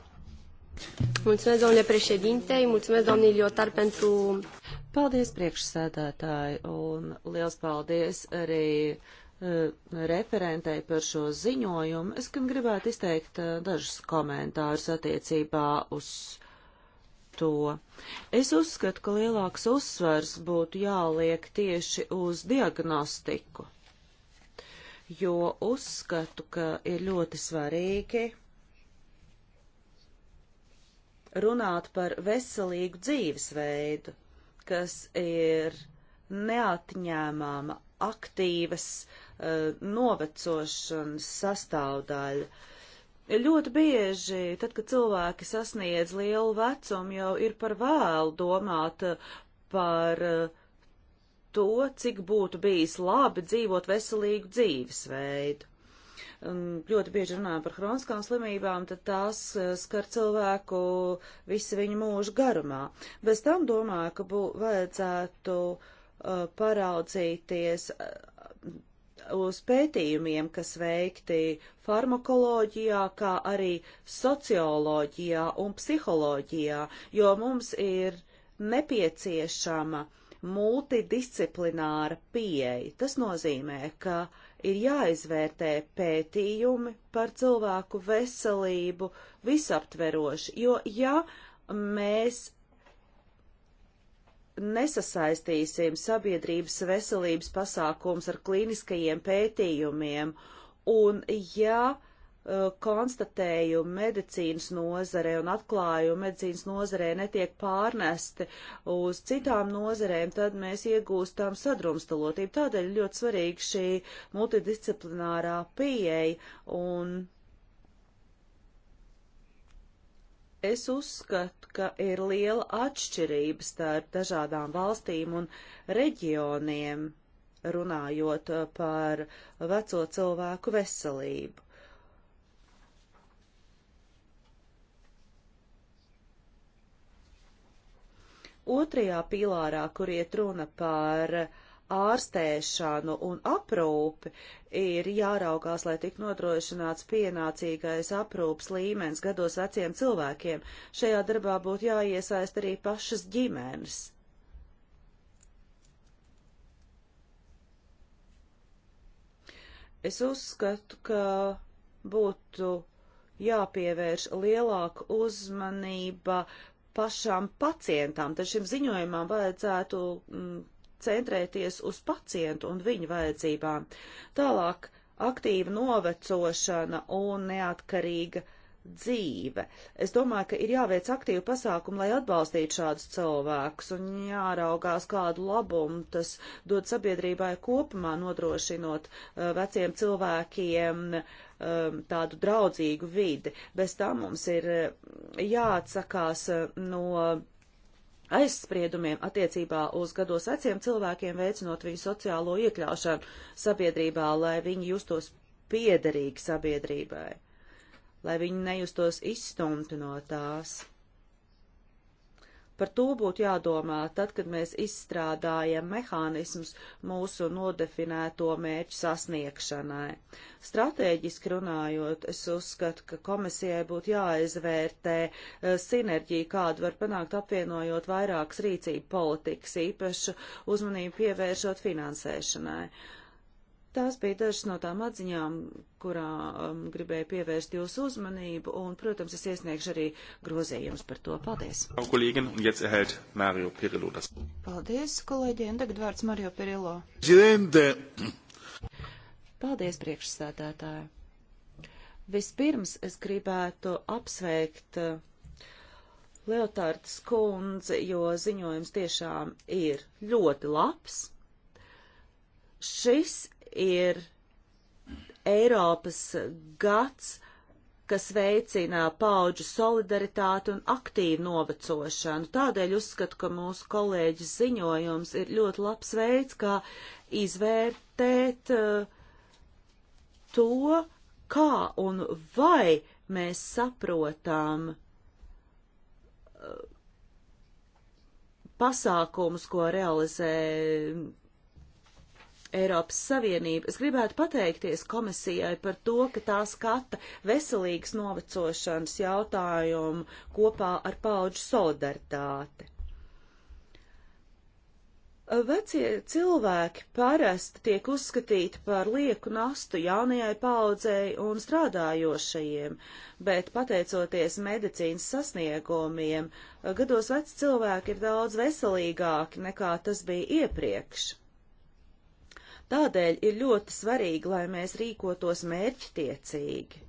Mulțumesc, domnule președinte, mulțumesc, domnului Liotar, pentru... Paldies, priekšsēdētāji, un liels paldies arī uh, referentei par šo ziņojumu. Es gan gribētu izteikt uh, dažus komentārus attiecībā uz to. Es uzskatu, ka lielāks uzsvers būtu jāliek tieši uz diagnostiku jo uzskatu, ka ir ļoti svarīgi runāt par veselīgu dzīvesveidu, kas ir neatņēmāma aktīvas uh, novecošanas sastāvdaļa. Ļoti bieži, tad, kad cilvēki sasniedz lielu vecumu, jau ir par vēlu domāt eh, par uh, to, cik būtu bijis labi dzīvot veselīgu dzīvesveidu. Um, ļoti bieži runājam par hroniskām slimībām, tad tās uh, skar cilvēku visu viņu mūžu garumā. Bez tam domāju, ka bū, vajadzētu uh, paraudzīties uh, uz pētījumiem, kas veikti farmakoloģijā, kā arī socioloģijā un psiholoģijā, jo mums ir nepieciešama uh, multidisciplināra pieeja. Tas nozīmē, ka ir jāizvērtē pētījumi par cilvēku veselību visaptveroši, jo ja mēs nesasaistīsim sabiedrības veselības pasākums ar klīniskajiem pētījumiem, un ja uh, Uh, konstatējumi medicīnas nozarē un atklājumi medicīnas nozarē netiek pārnesti uz citām nozarēm, tad mēs iegūstam sadrumstalotību. Tādēļ ļoti svarīgi šī multidisciplinārā pieeja un es uzskatu, ka ir liela atšķirība starp dažādām valstīm un reģioniem, runājot uh, par veco cilvēku veselību Otrajā pilārā, kur iet runa par ārstēšanu un aprūpi, ir jāraugās, lai tik nodrošināts pienācīgais aprūpas līmenis gados veciem cilvēkiem. Šajā darbā būtu jāiesaist arī pašas ģimenes. Es uzskatu, ka būtu jāpievērš lielāka uzmanība pašām pacientām, tad šim ziņojumam vajadzētu mm, centrēties uz pacientu un viņu vajadzībām. Tālāk aktīva novecošana un neatkarīga uh, dzīve. Es domāju, ka ir jāveic aktīvi pasākumi, lai atbalstītu šādus cilvēkus un jāraugās, kādu labumu tas dod sabiedrībai kopumā, nodrošinot uh, veciem cilvēkiem um, tādu draudzīgu vidi. Bez tā mums ir uh, jāatsakās uh, no aizspriedumiem attiecībā uz gados veciem cilvēkiem, veicinot viņu sociālo iekļaušanu sabiedrībā, lai viņi justos piederīgi sabiedrībai lai viņi nejustos izstumti no tās. Par to būtu jādomā tad, kad mēs izstrādājam mehānismus mūsu nodefinēto mērķu sasniegšanai. Stratēģiski runājot, es uzskatu, ka komisijai būtu jāizvērtē eh, sinerģija, kādu var panākt apvienojot vairākas rīcību politikas, īpašu uzmanību pievēršot finansēšanai. Uh, Tās bija dažas no tām atziņām, kurām um, gribēju pievērst jūsu uzmanību, un, protams, es iesniegšu arī grozījumus par to. Paldies! Paldies, kolēģi, un tagad vārds Mario Pirillo. Paldies, priekšsēdētāji! Vispirms es gribētu apsveikt uh, Leotārdas kundzi, jo ziņojums tiešām ir ļoti labs. Šis ir Eiropas gads, kas veicina paudžu solidaritāti un aktīvu novecošanu. Tādēļ uzskatu, ka mūsu kolēģis ziņojums ir ļoti labs veids, kā izvērtēt uh, to, kā un vai mēs saprotam uh, pasākumus, ko realizē Eiropas Savienību. Es gribētu pateikties komisijai par to, ka tā skata veselīgas novecošanas jautājumu kopā ar paudžu solidaritāti. Vecie cilvēki parasti tiek uzskatīti par lieku nastu jaunajai paudzei un strādājošajiem, bet pateicoties medicīnas sasniegumiem, gados veci cilvēki ir daudz veselīgāki nekā tas bija iepriekš. Tādēļ ir ļoti svarīgi, lai mēs rīkotos mērķtiecīgi.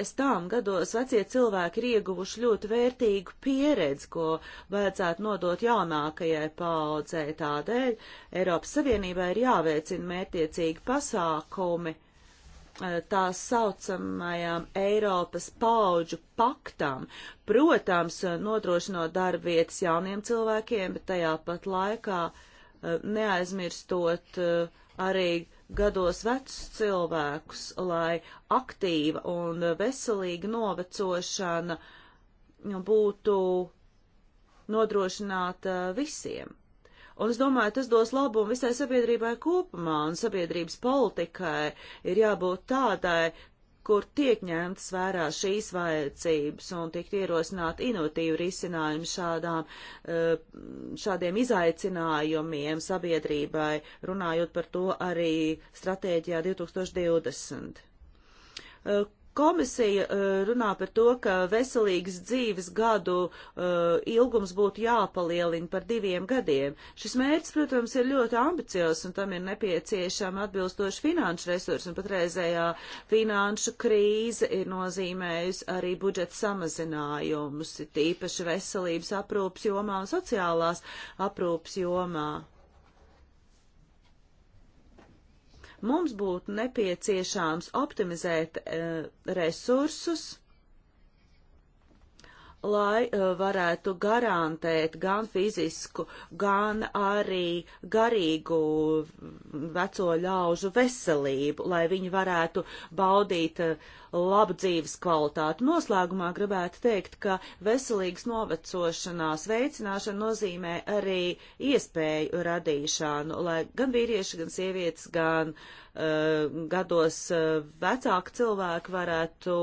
Bez tām gados vecie cilvēki ir ieguvuši ļoti vērtīgu pieredzi, ko vajadzētu nodot jaunākajai paaudzē. Tādēļ Eiropas Savienībai ir jāveicina mērķtiecīgi pasākumi Eh, tā saucamajām Eiropas paudžu paktām. Protams, eh, nodrošinot darba vietas jauniem cilvēkiem, bet tajā pat laikā eh, neaizmirstot arī gados vecus cilvēkus, lai aktīva un veselīga novecošana būtu nodrošināta visiem. Un es domāju, tas dos labumu visai sabiedrībai kopumā, un sabiedrības politikai ir jābūt tādai, kur tiek ņemtas vērā šīs vajadzības un tiek ierosināt inovatīvi risinājumi šādām, eh, šādiem izaicinājumiem sabiedrībai, runājot par to arī stratēģijā 2020. Komisija eh, runā par to, ka veselīgas dzīves gadu eh, ilgums būtu jāpalielina par diviem gadiem. Šis mērķis, protams, ir ļoti ambiciozs un tam ir nepieciešama atbilstoši finanšu resursi, un patreizējā finanšu krīze ir nozīmējusi arī budžeta samazinājumus, tīpaši veselības aprūpas jomā un sociālās aprūpas jomā. Mums būtu nepieciešams optimizēt e, resursus, lai e, varētu garantēt gan fizisku, gan arī garīgu veco ļaužu veselību, lai viņi varētu baudīt e, labu dzīves kvalitāti. Noslēgumā gribētu teikt, ka veselīgas novecošanās veicināšana nozīmē arī iespēju radīšanu, lai gan vīrieši, gan sievietes, gan uh, gados uh, vecāki cilvēki varētu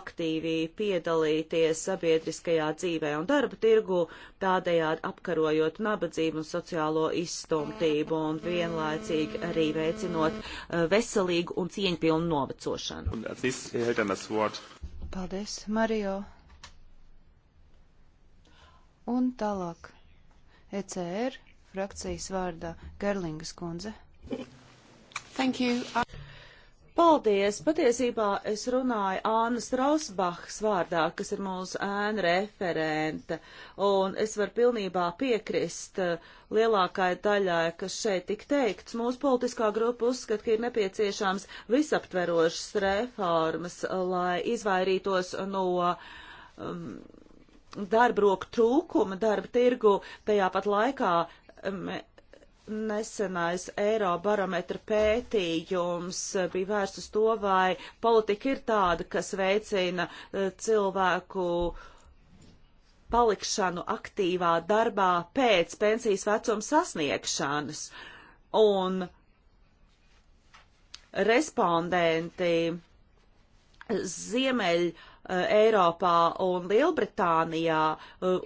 aktīvi piedalīties sabiedriskajā dzīvē un darba tirgu, tādējādi apkarojot nabadzību un sociālo izstumtību un vienlaicīgi arī veicinot uh, veselīgu un cieņpilnu novecošanu. Un, Mario hält dann das Wort. Paldies, Mario. Un tālāk. ECR frakcijas vārdā Gerlingas kundze. Thank you. I... Paldies! Patiesībā es runāju Ānas Rausbachas vārdā, kas ir mūsu ēna referente, un es varu pilnībā piekrist uh, lielākai daļai, kas šeit tik teikts. Mūsu politiskā grupa uzskata, ka ir nepieciešams visaptverošas reformas, uh, lai izvairītos no. Um, darba roku trūkuma darba tirgu, tajā pat laikā um, nesenais Eirobarometra pētījums bija vērsts uz to, vai politika ir tāda, kas veicina eh, cilvēku palikšanu aktīvā darbā pēc pensijas vecuma sasniegšanas. Un respondenti Ziemeļa Eh, Eiropā un Lielbritānijā eh,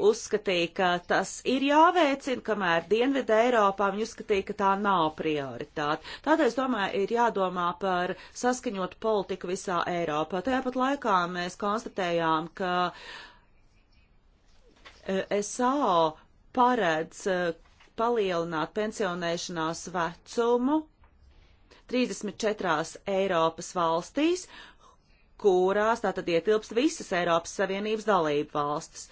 uzskatīja, ka tas ir jāveicina, kamēr Dienvidē Eiropā viņi uzskatīja, ka tā nav prioritāte. Tādēļ, es domāju, ir jādomā par saskaņot politiku visā Eiropā. Tajāpat laikā mēs konstatējām, ka eh, SAO paredz palielināt pensionēšanās vecumu 34 Eiropas valstīs, kurās tātad ietilpst visas Eiropas Savienības dalību valstis.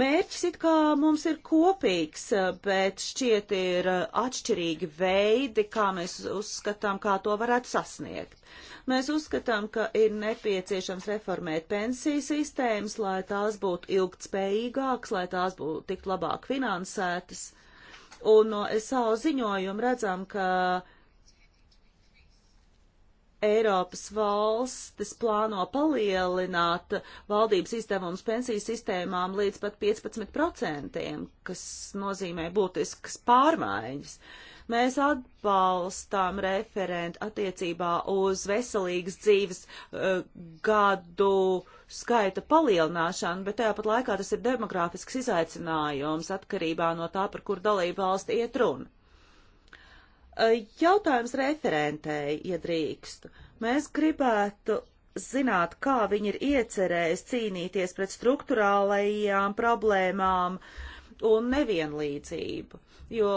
Mērķis it kā mums ir kopīgs, bet šķiet ir uh, atšķirīgi veidi, kā mēs uzskatām, kā to varētu sasniegt. Mēs uzskatām, ka ir nepieciešams reformēt pensiju sistēmas, lai tās būtu ilgtspējīgākas, lai tās būtu tik labāk finansētas. Un no SAO ziņojuma redzam, ka uh, Eiropas valstis plāno palielināt valdības izdevumus pensiju sistēmām līdz pat 15%, kas nozīmē būtiskas pārmaiņas. Mēs atbalstām referentu attiecībā uz veselīgas dzīves uh, gadu skaita palielināšanu, bet tāpat laikā tas ir demogrāfisks izaicinājums atkarībā no tā, par kur dalību valsti iet runa. Jautājums referentēji, ja drīkstu. Mēs gribētu zināt, kā viņi ir iecerējis cīnīties pret struktūrālajām problēmām un nevienlīdzību, jo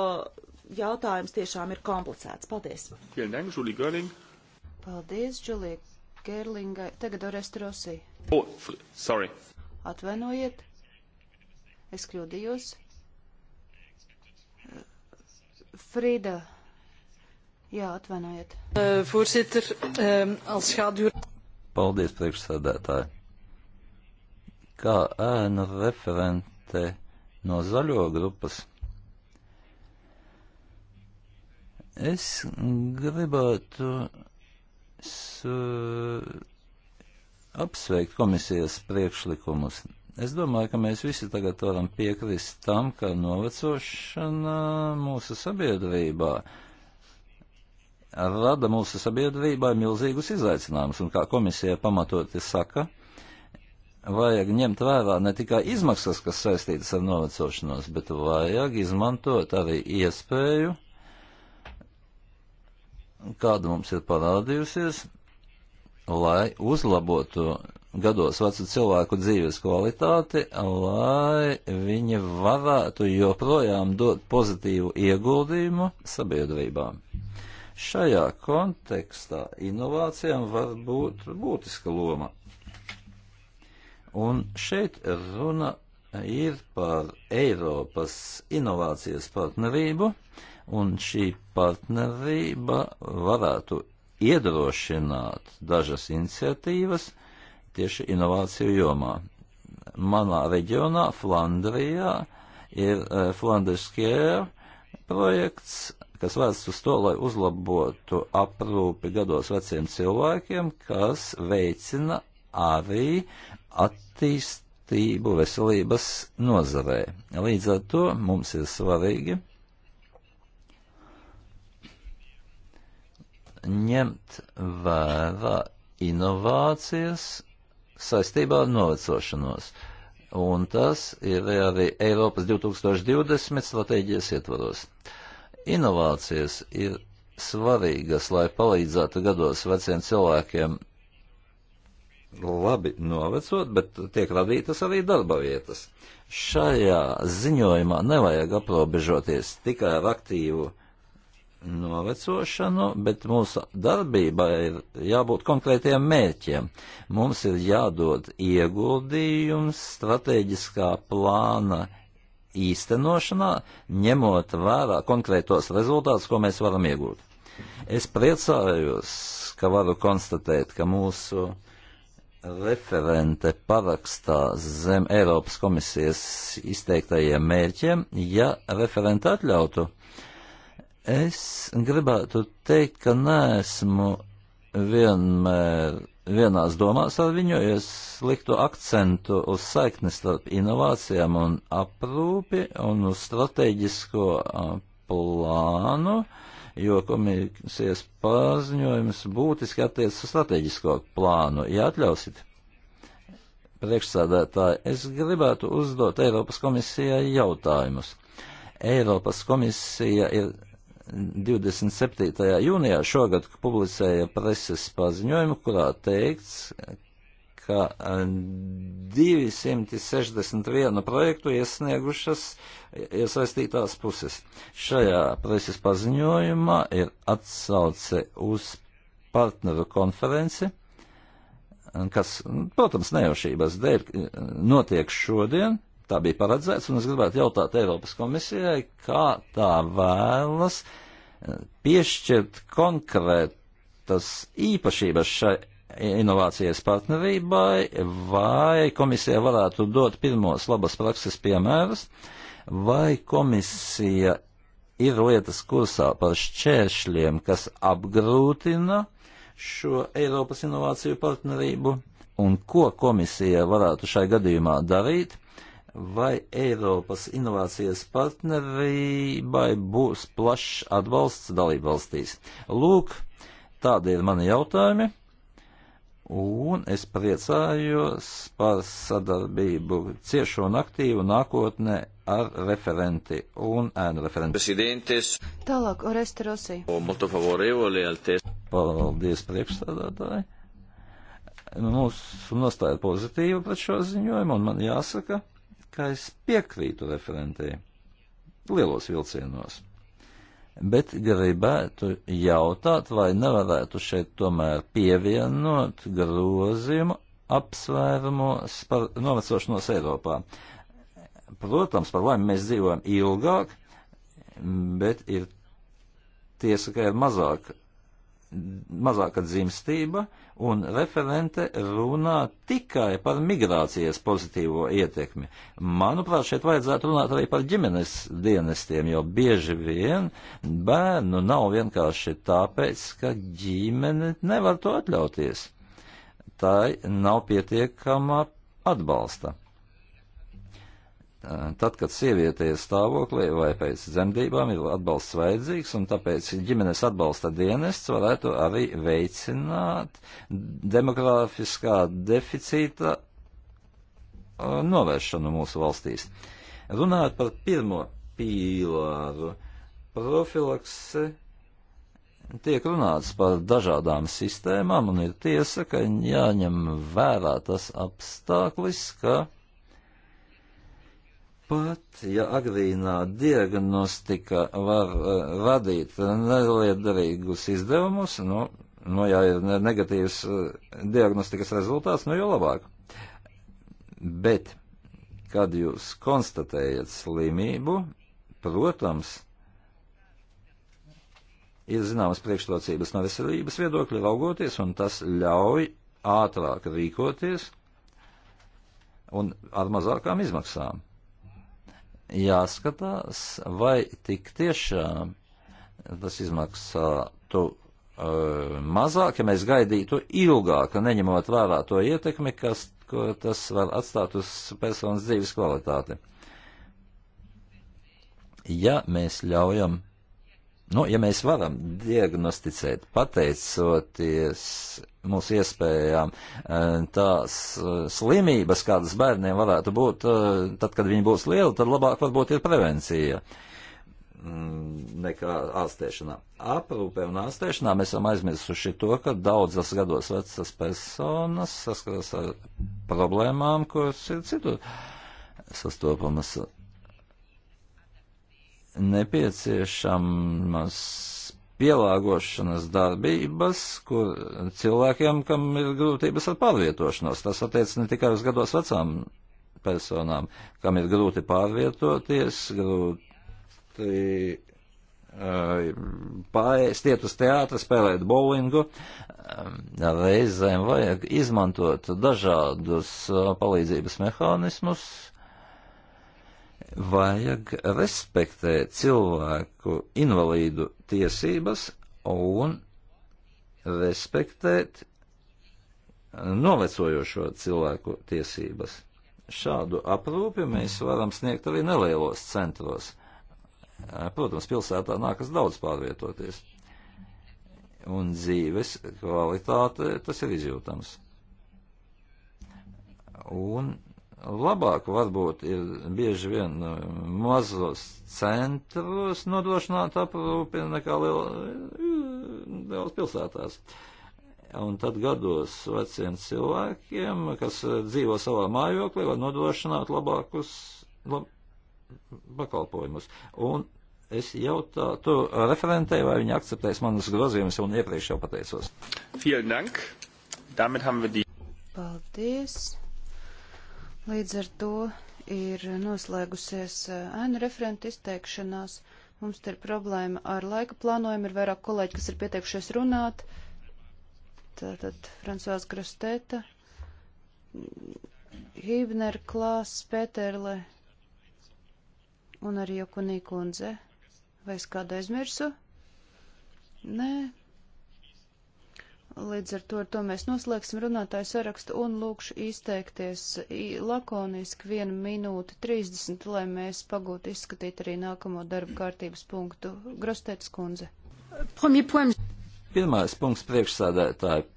jautājums tiešām ir komplicēts. Paldies! Paldies, Džulija Gerlinga. Tagad Orest Rosī. Oh, sorry. Atvainojiet, es kļūdījos. Frīda Jā, atvainojiet. Eh, voorzitter, ehm, als schaduw. Paldies, priekšsēdētāji. Kā ēnu referente no zaļo grupas. Es gribētu apsveikt komisijas priekšlikumus. Es domāju, ka mēs visi tagad varam piekrist tam, ka novecošana mūsu sabiedrībā uh, rada mūsu sabiedrībai milzīgus izaicinājumus, un kā komisija pamatoti saka, vajag ņemt vērā ne tikai izmaksas, kas saistītas ar novecošanos, bet vajag izmantot arī iespēju, kāda mums ir parādījusies, lai uzlabotu gados vecu cilvēku dzīves kvalitāti, lai viņi varētu joprojām dot pozitīvu ieguldījumu sabiedrībām. Šajā kontekstā inovācijām var būt būtiska loma. Un šeit runa ir par Eiropas inovācijas partnerību, un šī partnerība varētu iedrošināt dažas iniciatīvas tieši inovāciju jomā. Manā reģionā, Flandrijā, ir eh, Flandriskajā projekts, kas vērsts uz to, lai uzlabotu aprūpi gados veciem cilvēkiem, kas veicina arī attīstību veselības nozarē. Līdz ar to mums ir svarīgi ņemt vērā inovācijas saistībā ar novecošanos. Un tas ir arī Eiropas 2020 stratēģijas ietvaros. Uh, Inovācijas ir svarīgas, lai palīdzētu gados veciem cilvēkiem labi novecot, bet tiek radītas arī darba vietas. Šajā ziņojumā nevajag aprobežoties tikai ar aktīvu novecošanu, bet mūsu darbībā ir jābūt konkrētiem mērķiem. Mums ir jādod ieguldījums strateģiskā plāna īstenošanā, ņemot vērā konkrētos rezultātus, ko mēs varam iegūt. Es priecājos, ka varu konstatēt, ka mūsu referente parakstā zem Eiropas komisijas izteiktajiem mērķiem, ja referente atļautu. Es gribētu teikt, ka neesmu vienmēr vienās domās ar viņu, jo es liktu akcentu uz saikni starp inovācijām un aprūpi un uz strateģisko plānu, jo komisijas paziņojums būtiski attiec uz strateģisko plānu. Ja atļausit, priekšsādātāji, es gribētu uzdot Eiropas komisijai jautājumus. Eiropas komisija ir 27. jūnijā šogad publicēja preses paziņojumu, kurā teikts, ka 261 eh, projektu iesniegušas iesaistītās puses. Šajā preses paziņojumā ir atsauce uz partneru konferenci, kas, nu, protams, nejaušības dēļ eh, notiek šodien tā bija paredzēts, un es gribētu jautāt Eiropas komisijai, kā tā vēlas eh, piešķirt konkrētas īpašības šai inovācijas partnerībai, vai komisija varētu dot pirmos labas prakses piemērus, vai komisija ir lietas kursā par šķēršļiem, kas apgrūtina šo Eiropas inovāciju partnerību, un ko komisija varētu šai gadījumā darīt, vai Eiropas inovācijas partnerībai būs plašs atbalsts dalībvalstīs. Lūk, tādi ir mani jautājumi, un es priecājos par sadarbību ciešo un aktīvu nākotnē ar referenti un ēnu referenti. Presidentes. Tālāk, Oreste Rosī. Paldies, priekšstādātāji. Mūsu nostāja pozitīva pret šo ziņojumu, un man jāsaka, ka es piekrītu referentei lielos vilcienos. Bet gribētu jautāt, vai nevarētu šeit tomēr pievienot grozījumu apsvērumos par novecošanos Eiropā. Protams, par laimi mēs dzīvojam ilgāk, bet ir tiesa, ka ir mazāk mazāka dzimstība, un referente runā tikai par migrācijas pozitīvo ietekmi. Manuprāt, šeit vajadzētu runāt arī par ģimenes dienestiem, jo bieži vien bērnu nav vienkārši tāpēc, ka ģimene nevar to atļauties. Tā nav pietiekama atbalsta. Eh, tad, kad sieviete ir stāvoklī vai pēc dzemdībām, ir atbalsts vajadzīgs, un tāpēc ģimenes atbalsta dienests varētu arī veicināt demografiskā deficīta eh, novēršanu mūsu valstīs. Runājot par pirmo pīlāru, profilakse tiek runāts par dažādām sistēmām, un ir tiesa, ka jāņem vērā tas apstāklis, ka Pat, ja agrīnā diagnostika var uh, radīt neliederīgus izdevumus, nu, nu, ja ir negatīvs uh, diagnostikas rezultāts, nu, jo labāk. Bet, kad jūs konstatējat slimību, protams, ir zināmas priekšrocības no veselības viedokļa raugoties, un tas ļauj ātrāk rīkoties un ar mazākām izmaksām jāskatās, vai tik tiešām tas izmaksātu uh, e, mazāk, ja mēs gaidītu ilgāk, neņemot vērā to ietekmi, kas ko tas var atstāt uz personas dzīves kvalitāti. Ja mēs ļaujam Nu, ja mēs varam diagnosticēt pateicoties mūsu iespējām eh, tās eh, slimības, kādas bērniem varētu būt, eh, tad, kad viņi būs lieli, tad labāk varbūt ir prevencija mm, nekā ārstēšanā. Aprūpē un ārstēšanā mēs esam aizmirsuši to, ka daudzas gados vecas personas saskaras ar problēmām, kuras ir citur sastopamas nepieciešamas pielāgošanas darbības, kur cilvēkiem, kam ir grūtības ar pārvietošanos, tas attiec ne tikai uz gados vecām personām, kam ir grūti pārvietoties, grūti pārēst, iet uz teātru, spēlēt bowlingu. Reizēm vajag izmantot dažādus palīdzības mehānismus, Vajag respektēt cilvēku invalīdu tiesības un respektēt novecojošo cilvēku tiesības. Šādu aprūpi mēs varam sniegt arī nelielos centros. Protams, pilsētā nākas daudz pārvietoties. Un dzīves kvalitāte tas ir izjūtams. Un labāk varbūt ir bieži vien eh, mazos centros nodrošināt aprūpi nekā lielas eh, pilsētās. Un tad gados veciem cilvēkiem, kas eh, dzīvo savā mājoklī, var nodrošināt labākus lab, pakalpojumus. Un es jautātu referentei, vai viņi akceptēs manas grozījumus, un iepriekš jau pateicos. Vielen dank. Damit haben wir die. Paldies. Līdz ar to ir noslēgusies eh, ēnu referentu izteikšanās. Mums te ir problēma ar laika plānojumu, ir vairāk kolēģi, kas ir pieteikušies runāt. Tātad Francois Grosteta, Hībner, Klās, Pēterle un arī Jokunī kundze. Vai es kādu aizmirsu? Nē, Līdz ar to, ar to mēs noslēgsim runātāju sarakstu un lūkšu izteikties lakoniski 1 minūte 30, lai mēs pagūtu izskatīt arī nākamo darba kārtības punktu. Grostēts kundze. Pirmais punkts priekšsādētāji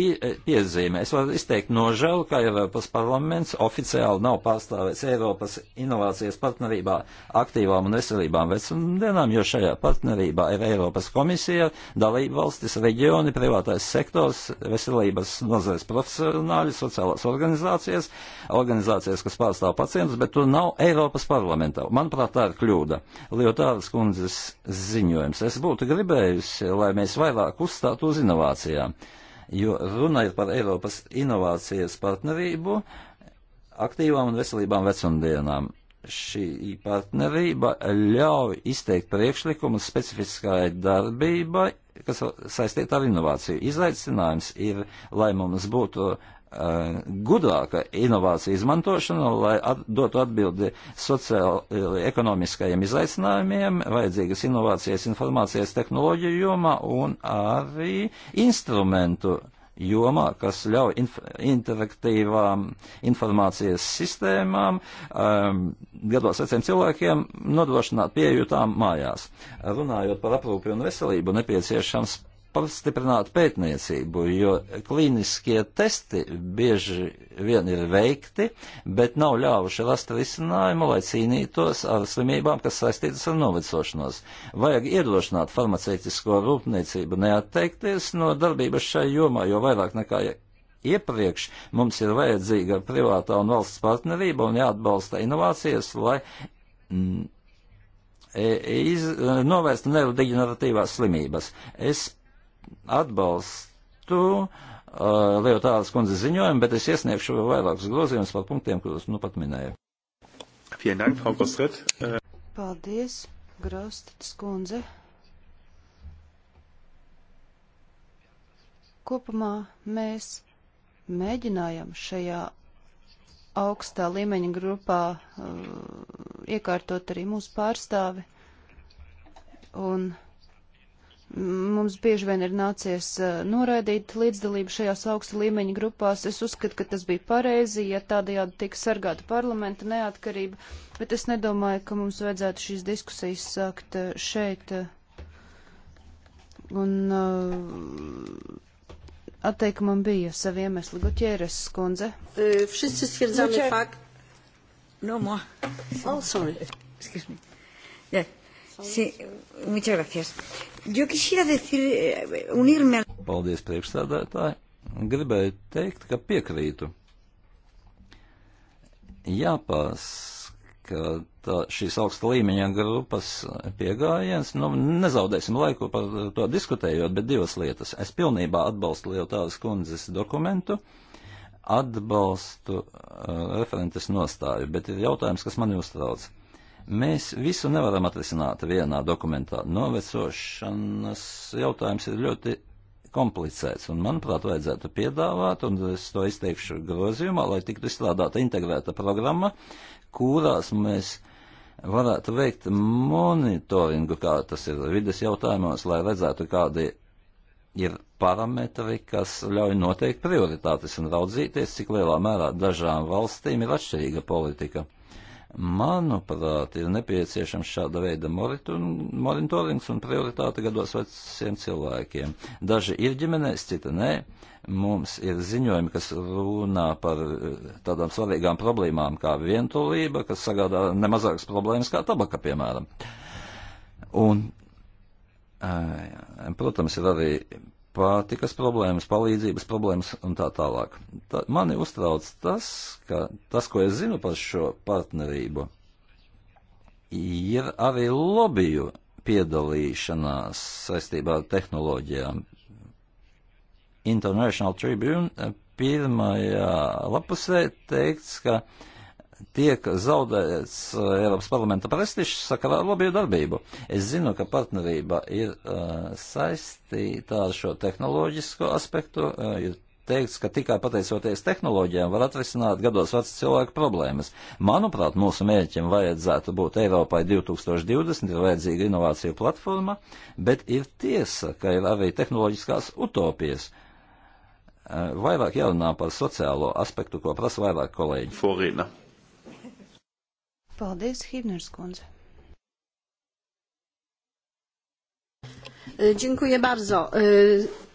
pie, piezīme. Es varu izteikt nožēlu, ka Eiropas parlaments oficiāli nav pārstāvēts Eiropas inovācijas partnerībā aktīvām un veselībām vecumdienām, jo šajā partnerībā ir Eiropas komisija, dalība valstis, reģioni, privātais sektors, veselības nozares profesionāļi, sociālās organizācijas, organizācijas, kas pārstāv pacientus, bet tur nav Eiropas parlamenta. Manuprāt, tā ir kļūda. Liotāras kundzes ziņojums. Es būtu gribējusi, lai mēs vairāk uzstātu uz inovācijām. Yeah jo runa ir par Eiropas inovācijas partnerību aktīvām un veselībām vecumdienām. Šī partnerība ļauj izteikt priekšlikumus specifiskai darbībai, kas saistīta ar inovāciju. Izaicinājums ir, lai mums būtu Uh, gudrāka inovācija izmantošana, lai at, dotu atbildi sociāli ekonomiskajiem izaicinājumiem, vajadzīgas inovācijas informācijas tehnoloģiju jomā un arī instrumentu jomā, kas ļauj inf interaktīvām informācijas sistēmām um, gados veciem cilvēkiem nodrošināt pieju tām mājās. Runājot par aprūpi un veselību, nepieciešams pastiprinātu pētniecību, jo klīniskie testi bieži vien ir veikti, bet nav ļāvuši rast risinājumu, lai cīnītos ar slimībām, kas saistītas ar novecošanos. Vajag iedrošināt farmaceitisko rūpniecību neatteikties no darbības šai jomā, jo vairāk nekā iepriekš mums ir vajadzīga privātā un valsts partnerība un jāatbalsta inovācijas, lai mm, e, iz, novērstu neurodeģeneratīvās slimības. Es atbalstu uh, Leotāras kundze ziņojumu, bet es iesniegšu vēl vairākus grozījumus par punktiem, kurus nu pat minēju. Paldies, Grostats kundze. Kopumā mēs mēģinājam šajā augstā līmeņa grupā uh, iekārtot arī mūsu pārstāvi. Un Mums bieži vien ir nācies eh, noraidīt līdzdalību šajās augsta līmeņa grupās. Es uzskatu, ka tas bija pareizi, ja tādējādi tika sargāta parlamenta neatkarība, bet es nedomāju, ka mums vajadzētu šīs diskusijas sākt eh, šeit. Eh, un uh, atteikumam bija savi iemesli. Gutieres skundze. E, wszyscy stwierdzamy fakt. No, moi. Oh, sorry. Excuse me. Yeah. Sí, muchas gracias. Yo quisiera decir, eh, unirme al... Paldies, priekšsādātāji. Gribēju teikt, ka piekrītu. Jāpaskata šīs augsta līmeņa grupas pieejams. Nu, nezaudēsim laiku par to diskutējot, bet divas lietas. Es pilnībā atbalstu Lietuvas kundzes dokumentu atbalstu uh, referentes nostāju, bet ir jautājums, kas mani uztrauc. Mēs visu nevaram atrisināt vienā dokumentā. Novecošanas jautājums ir ļoti komplicēts, un manuprāt, vajadzētu piedāvāt, un es to izteikšu grozījumā, lai tiktu izstrādāta integrēta programma, kurās mēs varētu veikt monitoringu, kā tas ir vides jautājumos, lai redzētu, kādi ir parametri, kas ļauj noteikt prioritātes un raudzīties, cik lielā mērā dažām valstīm ir atšķirīga politika. Manuprāt, ir nepieciešams šāda veida monitorings un prioritāte gados veciem cilvēkiem. Daži ir ģimenēs, citi nē. Mums ir ziņojumi, kas runā par eh, tādām svarīgām problēmām kā vientulība, kas sagādā nemazākas problēmas kā tabaka, piemēram. Un eh, Protams, ir arī pārtikas problēmas, palīdzības problēmas un tā tālāk. Tā, mani uztrauc tas, ka tas, ko es zinu par šo partnerību, ir arī lobiju piedalīšanās saistībā ar tehnoloģijām. International Tribune eh, pirmajā lapusē teikts, ka uh, tiek zaudēts uh, Eiropas parlamenta prestižs sakarā ar lobiju darbību. Es zinu, ka partnerība ir uh, saistīta ar šo tehnoloģisko aspektu. Uh, ir teikts, ka tikai pateicoties tehnoloģijām var atrisināt gados vecu cilvēku problēmas. Manuprāt, mūsu mērķim vajadzētu būt Eiropai 2020, ir vajadzīga inovāciju platforma, bet ir tiesa, ka ir arī tehnoloģiskās utopijas. Uh, vairāk jārunā par sociālo aspektu, ko prasa vairāk kolēģi. Forina. Paldies, Hibners kundze. E, dziękuję bardzo. E,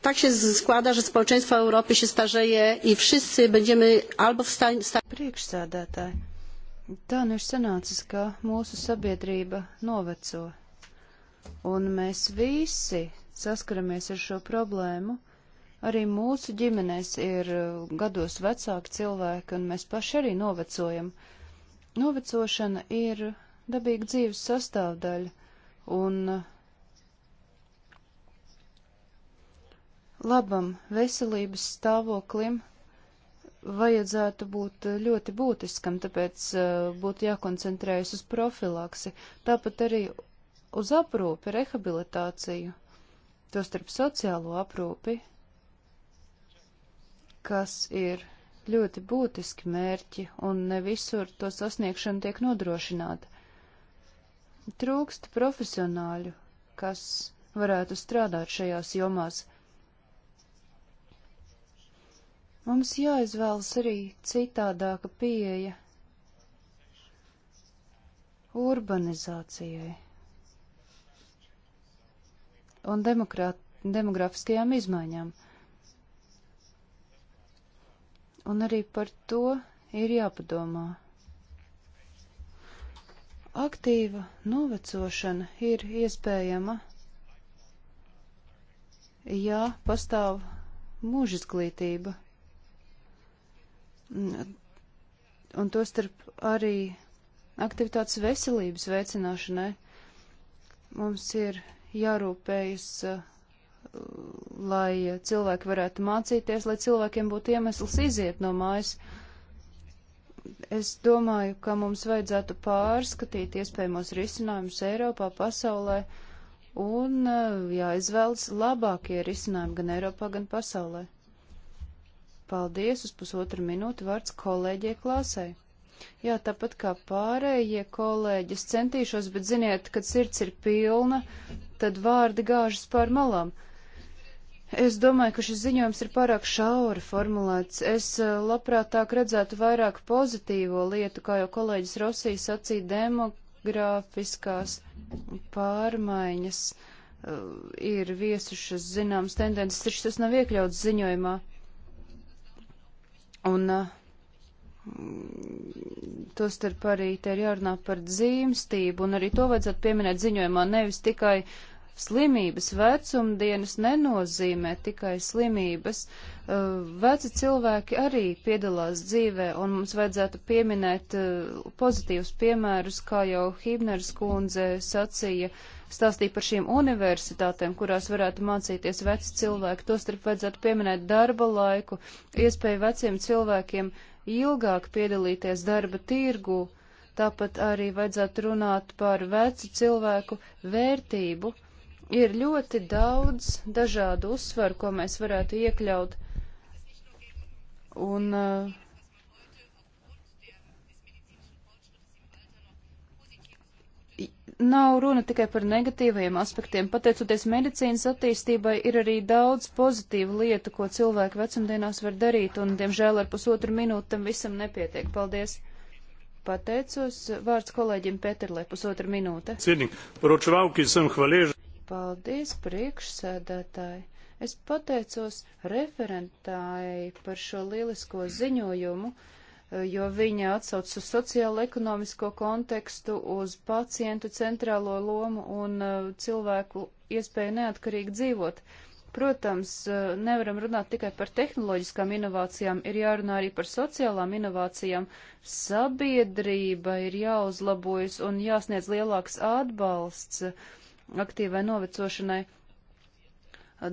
tak się składa, że społeczeństwo Europy się starzeje i wszyscy będziemy albo w stanie. Sta... Priekšsēdētāji, tā nu ir sanācis, ka mūsu sabiedrība noveco, un mēs visi saskaramies ar šo problēmu. Arī mūsu ģimenēs ir gados vecāki cilvēki, un mēs paši arī novecojam. Uh, Novecošana ir dabīga dzīves sastāvdaļa, un labam veselības stāvoklim vajadzētu būt ļoti būtiskam, tāpēc eh, būtu jākoncentrējas uz profilaksi, tāpat arī uz aprūpi, rehabilitāciju, tostarp sociālo aprūpi, kas ir ļoti būtiski mērķi, un ne visur to sasniegšana tiek nodrošināta. Trūkst profesionāļu, kas varētu strādāt šajās jomās. Mums jāizvēlas arī citādāka pieeja urbanizācijai un demokrāt, demografiskajām izmaiņām un arī par to ir jāpadomā. Aktīva novecošana ir iespējama, ja pastāv mūžizglītība, un to starp arī aktivitātes veselības veicināšanai. Mums ir jārūpējas uh, lai cilvēki varētu mācīties, lai cilvēkiem būtu iemesls iziet no mājas. Es domāju, ka mums vajadzētu pārskatīt iespējamos risinājumus Eiropā, pasaulē un jāizvēlas labākie risinājumi gan Eiropā, gan pasaulē. Paldies, uz pusotru minūti vārds kolēģie klāsai. Jā, tāpat kā pārējie kolēģi, es centīšos, bet ziniet, kad sirds ir pilna, tad vārdi gāžas pār malām. Uh, Es domāju, ka šis ziņojums ir pārāk šauri formulēts. Es eh, labprātāk redzētu vairāk pozitīvo lietu, kā jau kolēģis Rosija sacīja, demografiskās pārmaiņas eh, ir viesušas zināmas tendences, taču tas nav iekļauts ziņojumā. Un eh, tostarp arī te ir jārunā par dzīmstību, un arī to vajadzētu pieminēt ziņojumā, nevis tikai uh, Slimības vecumdienas nenozīmē tikai slimības. Uh, veci cilvēki arī piedalās dzīvē, un mums vajadzētu pieminēt uh, pozitīvus piemērus, kā jau Hībners kundze sacīja, stāstīja par šīm universitātēm, kurās varētu mācīties veci cilvēki. Tostarp vajadzētu pieminēt darba laiku, iespēju veciem cilvēkiem ilgāk piedalīties darba tirgu. Tāpat arī vajadzētu runāt par vecu cilvēku vērtību Ir ļoti daudz dažādu uzsvaru, ko mēs varētu iekļaut. Un uh, nav runa tikai par negatīviem aspektiem. Pateicoties medicīnas attīstībai, ir arī daudz pozitīvu lietu, ko cilvēki vecumdienās var darīt, un, diemžēl, ar pusotru minūtu tam visam nepietiek. Paldies! Pateicos vārds kolēģim Pēterlē, pusotra minūte. Cienīgi, par očvauki esam hvaleži. Paldies priekšsēdētāji. Es pateicos referentāji par šo lielisko ziņojumu, jo viņa atsauc uz sociālo-ekonomisko kontekstu, uz pacientu centrālo lomu un uh, cilvēku iespēju neatkarīgi dzīvot. Protams, uh, nevaram runāt tikai par tehnoloģiskām inovācijām, ir jārunā arī par sociālām inovācijām. Sabiedrība ir jāuzlabojas un jāsniedz lielāks atbalsts aktīvai novecošanai.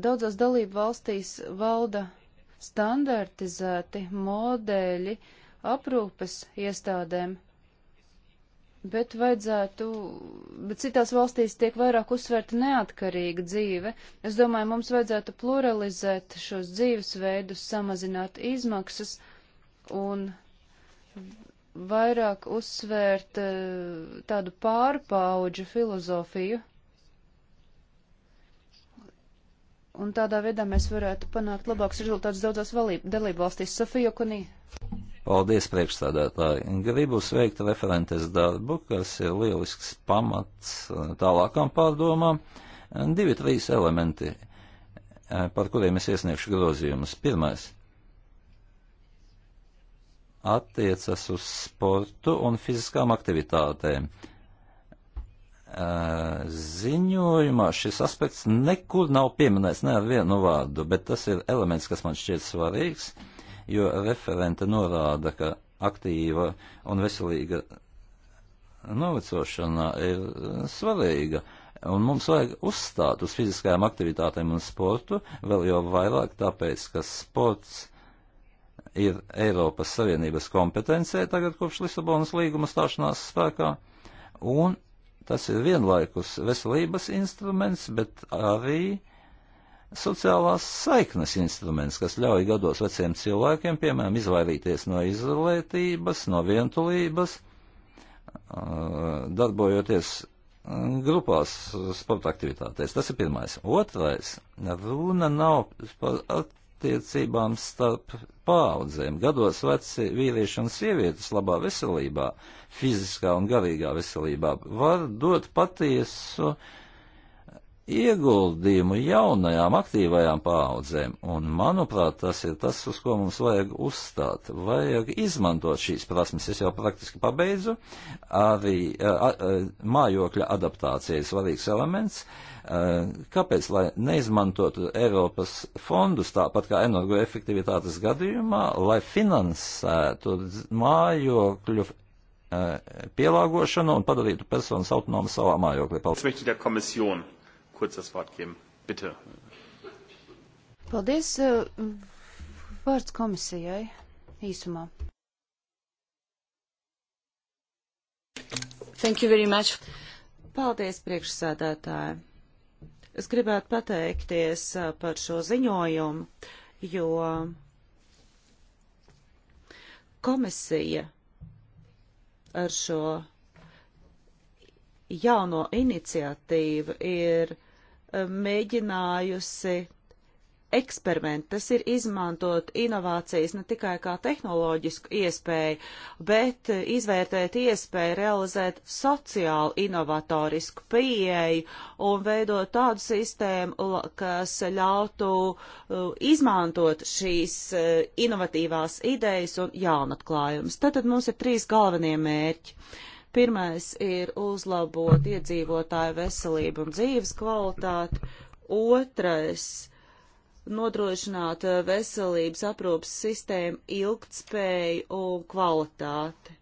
Daudzās dalību valstīs valda standartizēti modeļi aprūpes iestādēm, bet vajadzētu, bet citās valstīs tiek vairāk uzsvērta neatkarīga dzīve. Es domāju, mums vajadzētu pluralizēt šos dzīvesveidus, samazināt izmaksas un vairāk uzsvērt eh, tādu pārpaudžu filozofiju. Un tādā veidā mēs varētu panākt labākus rezultātus daudzās dalībvalstīs. Sofija Kunī. Paldies, priekšstādātāji. Gribu sveikt referentes darbu, kas ir lielisks pamats eh, tālākām pārdomām. Divi, trīs elementi, eh, par kuriem es iesniegšu grozījumus. Pirmais attiecas uz sportu un fiziskām aktivitātēm. Uh, ziņojumā šis aspekts nekur nav pieminēts ne ar vienu vārdu, bet tas ir elements, kas man šķiet svarīgs, jo referente norāda, ka aktīva un veselīga novecošana ir svarīga. Un mums vajag uzstāt uz fiziskajām aktivitātēm un sportu, vēl jau vairāk tāpēc, ka sports ir Eiropas Savienības kompetencē tagad kopš Lisabonas līguma stāšanās spēkā, un Tas ir vienlaikus veselības instruments, bet arī sociālās saiknes instruments, kas ļauj gados veciem cilvēkiem, piemēram, izvairīties no izolētības, no vientulības, darbojoties grupās sporta aktivitātēs. Tas ir pirmais. Otrais, runa nav par attiecībām starp paudzēm, gados veci vīrieši un sievietes labā veselībā, fiziskā un garīgā veselībā var dot patiesu uh, ieguldījumu jaunajām aktīvajām paaudzēm, un manuprāt, tas ir tas, uz ko mums vajag uzstāt. Vajag izmantot šīs prasmes. Es jau praktiski pabeidzu. Arī a, a, mājokļa adaptācija ir svarīgs elements. A, kāpēc, lai neizmantotu Eiropas fondus tāpat kā energoefektivitātes gadījumā, lai finansētu mājokļu pielāgošanu un padarītu personas autonomu savā mājoklī. Paldies! kurz das Wort geben. Bitte. Paldies. Eh, vārds komisijai īsumā. Thank you very much. Paldies, priekšsēdētāji. Es gribētu pateikties eh, par šo ziņojumu, jo komisija ar šo jauno iniciatīvu ir uh, mēģinājusi eksperimenti, tas ir izmantot inovācijas ne tikai kā tehnoloģisku iespēju, bet izvērtēt iespēju realizēt sociāli inovatorisku pieeju un veidot tādu sistēmu, kas ļautu uh, izmantot šīs uh, inovatīvās idejas un jaunatklājumus. Tātad mums ir trīs galvenie mērķi. Pirmais ir uzlabot iedzīvotāju veselību un dzīves kvalitāti. Otrais - nodrošināt eh, veselības aprūpas sistēmu ilgtspēju un kvalitāti.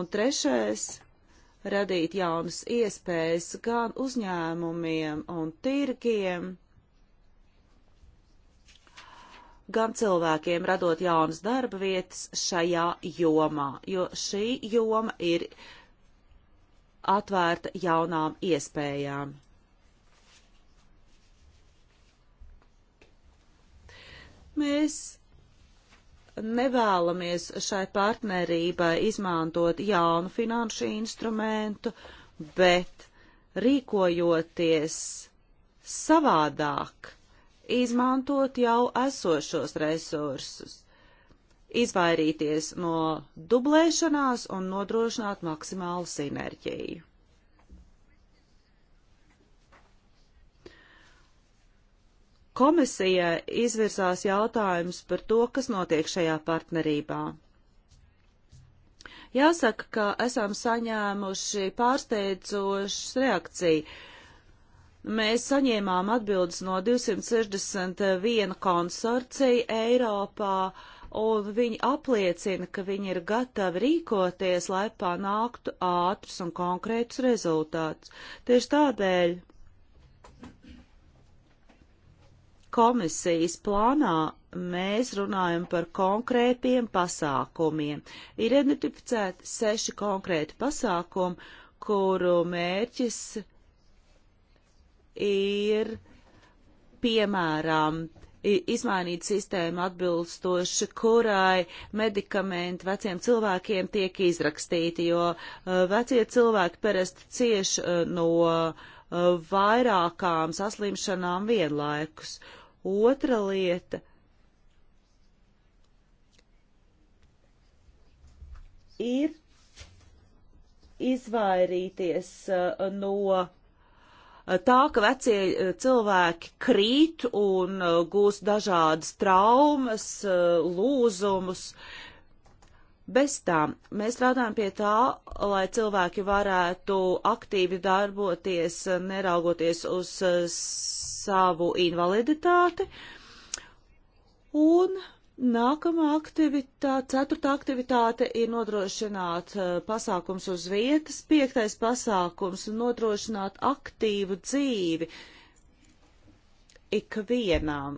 Un trešais - radīt jaunas iespējas gan uzņēmumiem un tirgiem, gan cilvēkiem radot jaunas darba vietas šajā jomā, jo šī joma ir uh, atvērta jaunām iespējām. Mēs nevēlamies šai partnerībai izmantot jaunu finanšu instrumentu, bet rīkojoties savādāk, izmantot jau esošos resursus izvairīties no dublēšanās un nodrošināt maksimālu sinerģiju. Komisija izvirzās jautājums par to, kas notiek šajā partnerībā. Jāsaka, ka esam saņēmuši pārsteidzošas reakciju. Mēs saņēmām atbildes no 261 konsorcija Eiropā, uh, un viņi apliecina, ka viņi ir gatavi rīkoties, lai panāktu ātrus un konkrētus rezultātus. Tieši tādēļ komisijas plānā mēs runājam par konkrētiem pasākumiem. Ir identificēti seši konkrēti pasākumi, kuru mērķis ir piemēram izmainīt sistēmu atbilstoši, kurai medikamenti veciem cilvēkiem tiek izrakstīti, jo uh, vecie cilvēki parasti cieši uh, no uh, vairākām saslimšanām vienlaikus. Otra lieta. Ir izvairīties no tā, ka vecie eh, cilvēki krīt un eh, gūs dažādas traumas, eh, lūzumus. Bez tām mēs strādājam pie tā, lai cilvēki varētu aktīvi darboties, neraugoties uz savu invaliditāti. Un Nākamā aktivitāte, ceturtā aktivitāte ir nodrošināt uh, pasākums uz vietas, piektais pasākums - nodrošināt aktīvu dzīvi ikvienam,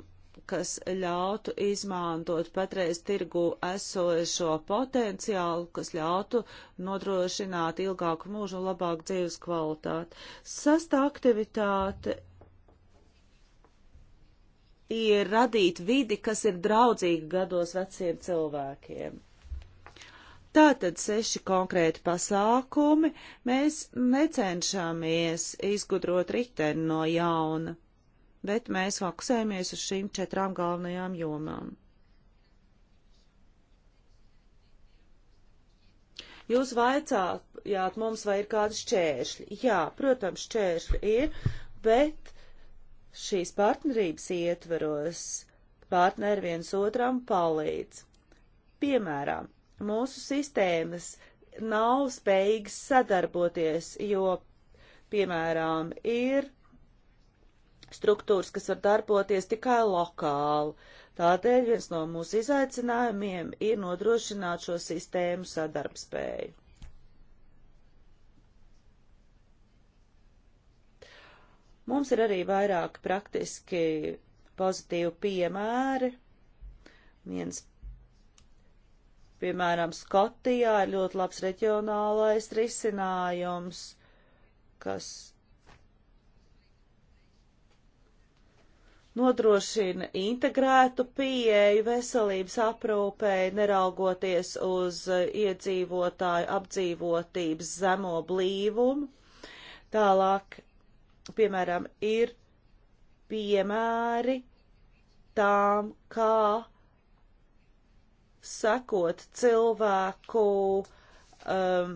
kas ļautu izmantot patreiz tirgu esošo potenciālu, kas ļautu nodrošināt ilgāku mūžu un labāku dzīves kvalitāti. Sasta aktivitāte ir radīt vidi, kas ir draudzīga gados veciem cilvēkiem. Tātad seši konkrēti pasākumi. Mēs necenšamies izgudrot riteni no jauna, bet mēs fokusējamies uz šīm četrām galvenajām jomām. Jūs vaicājāt mums, vai ir kādi šķēršļi? Jā, protams, šķēršļi ir, bet Šīs partnerības ietveros partneri viens otram palīdz. Piemēram, mūsu sistēmas nav spējīgas sadarboties, jo, piemēram, ir struktūras, kas var darboties tikai lokāli. Tādēļ viens no mūsu izaicinājumiem ir nodrošināt šo sistēmu sadarbspēju. Mums ir arī vairāki praktiski pozitīvi piemēri. Viens, piemēram, Skotijā ir ļoti labs reģionālais risinājums, kas nodrošina integrētu pieeju veselības aprūpēji, neraugoties uz iedzīvotāju apdzīvotības zemo blīvumu. Tālāk piemēram, ir piemēri tām, kā sekot cilvēku um,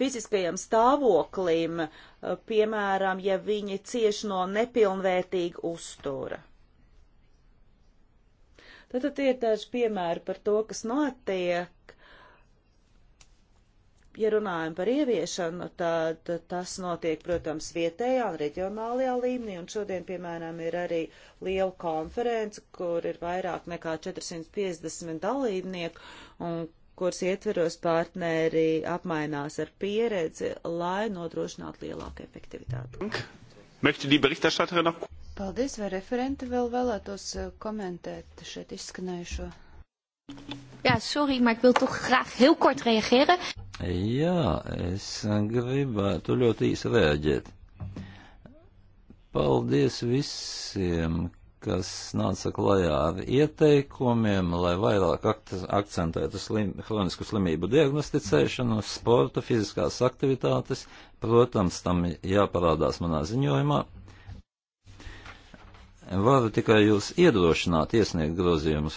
fiziskajam stāvoklim, uh, piemēram, ja viņi cieš no nepilnvērtīga uztura. Tad, tad ir daži piemēri par to, kas notiek, Ja runājam par ieviešanu, tad tas notiek, protams, vietējā un reģionālajā līmenī, un šodien, piemēram, ir arī liela konference, kur ir vairāk nekā 450 dalībnieku, un kuras ietveros partneri apmainās ar pieredzi, lai nodrošinātu lielāku efektivitāti. Möchte die Berichterstatterin noch? Paldies, vai referente vēl vēlētos eh, komentēt šeit izskanējušo? Jā, sorry, Mike, vēl tu grāk heel kort reagēra. Jā, es gribētu ļoti īsi reaģēt. Paldies visiem, kas nāca klajā ar ieteikumiem, lai vairāk akcentētu slim, hronisku slimību diagnosticēšanu, sportu, fiziskās aktivitātes. Protams, tam jāparādās manā ziņojumā varu tikai jūs iedrošināt iesniegt grozījumus.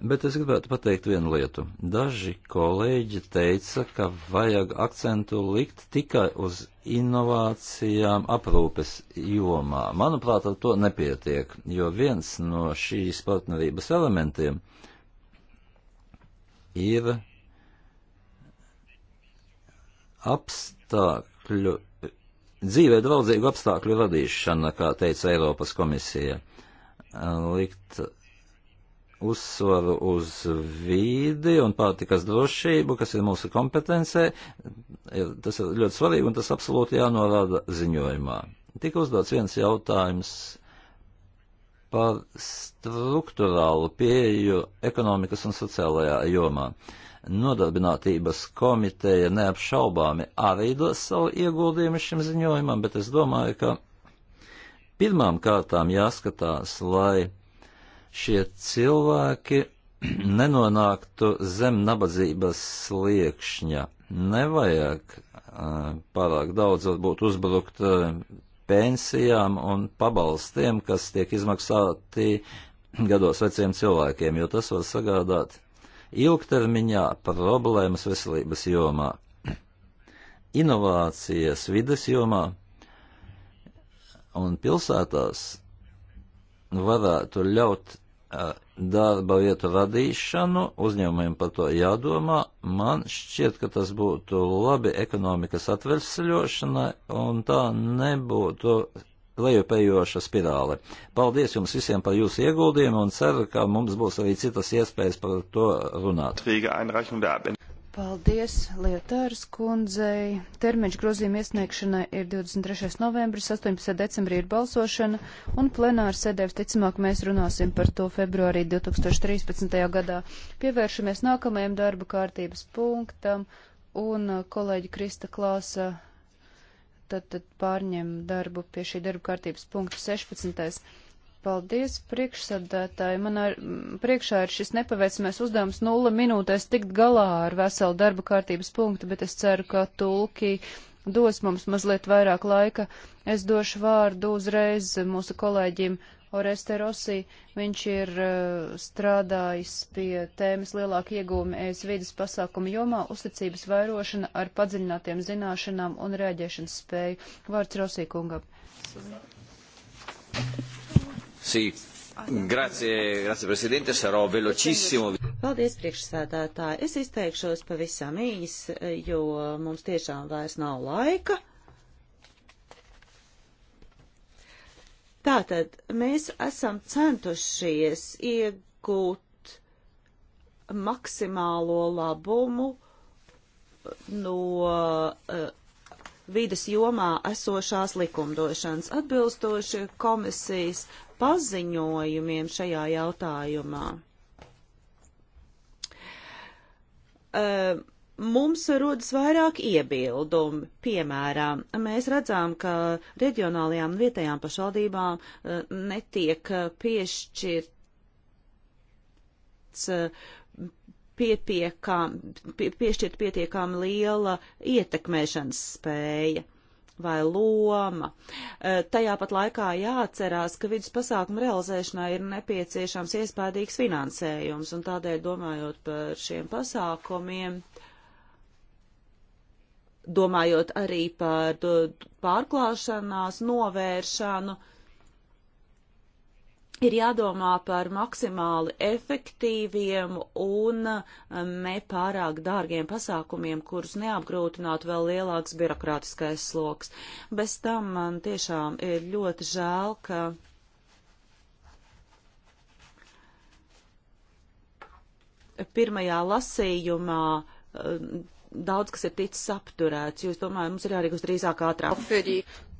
Bet es gribētu pateikt vienu lietu. Daži kolēģi teica, ka vajag akcentu likt tikai uz inovācijām aprūpes jomā. Manuprāt, ar to nepietiek, jo viens no šīs partnerības elementiem ir apstākļu, dzīvē draudzīgu apstākļu radīšana, kā teica Eiropas komisija. Likt uzsvaru uz vīdi un pārtikas drošību, kas ir mūsu kompetencē. Ir, tas ir ļoti svarīgi un tas absolūti jānorāda ziņojumā. Tika uzdots viens jautājums par struktūrālu pieeju ekonomikas un sociālajā jomā. Nodarbinātības komiteja neapšaubāmi arī dos savu ieguldījumu šim ziņojumam, bet es domāju, ka pirmām kārtām jāskatās, lai šie cilvēki <clears throat> nenonāktu zem nabadzības sliekšņa. Nevajag pārāk daudz varbūt uzbrukt pensijām un pabalstiem, kas tiek izmaksāti <clears throat> gados veciem cilvēkiem, jo tas var sagādāt ilgtermiņā problēmas veselības jomā. <clears throat> Inovācijas vides jomā un pilsētās varētu ļaut darba vietu radīšanu, uzņēmumiem par to jādomā. Man šķiet, ka tas būtu labi ekonomikas atvesaļošanai un tā nebūtu lejupējoša spirāle. Paldies jums visiem par jūsu ieguldījumu un ceru, ka mums būs arī citas iespējas par to runāt. Paldies Lietāras kundzei. Termiņš grozījuma iesniegšanai ir 23. novembris, 18. decembrī ir balsošana, un plenāra sēdē visticamāk mēs runāsim par to februārī 2013. gadā. Pievēršamies nākamajam darba kārtības punktam, un uh, kolēģi Krista Klāsa tad, tad pārņem darbu pie šī darba kārtības punkta 16. Paldies, priekšsēdētāji. Manā priekšā ir šis nepaveicamais uzdevums nulle minūtēs tikt galā ar veselu darba kārtības punktu, bet es ceru, ka tulki dos mums mazliet vairāk laika. Es došu vārdu uzreiz mūsu kolēģim Oreste Rosī. Viņš ir uh, strādājis pie tēmas lielāka iegūma ēs vidas pasākuma jomā - uzticības vairošana ar padziļinātiem zināšanām un rēģēšanas spēju. Vārds Rosī kungam. Thank you. Sī. Grazie, grazie Presidente, sarò velocissimo. Paldies, priekšsēdētāji. Es izteikšos pavisam īs, jo mums tiešām vairs nav laika. Tātad mēs esam centušies iegūt maksimālo labumu no uh, eh, vidas jomā esošās likumdošanas atbilstoši komisijas paziņojumiem šajā jautājumā. Uh, mums rodas vairāk iebildumi. Piemēram, mēs redzam, ka reģionālajām un vietējām pašvaldībām uh, netiek piešķirts uh, pietiekam, pie, piešķirt pietiekami liela ietekmēšanas spēja vai loma. Eh, tajā pat laikā jāatcerās, ka vidus pasākumu realizēšanai ir nepieciešams iespējīgs finansējums, un tādēļ domājot par šiem pasākumiem, domājot arī par pārklāšanās novēršanu, ir jādomā par maksimāli efektīviem un eh, nepārāk dārgiem pasākumiem, kurus neapgrūtinātu vēl lielāks birokrātiskais sloks. Bez tam man tiešām ir ļoti žēl, ka. Pirmajā lasījumā eh, daudz kas ir ticis apturēts, jo es domāju, mums ir jārīkos drīzāk ātrāk.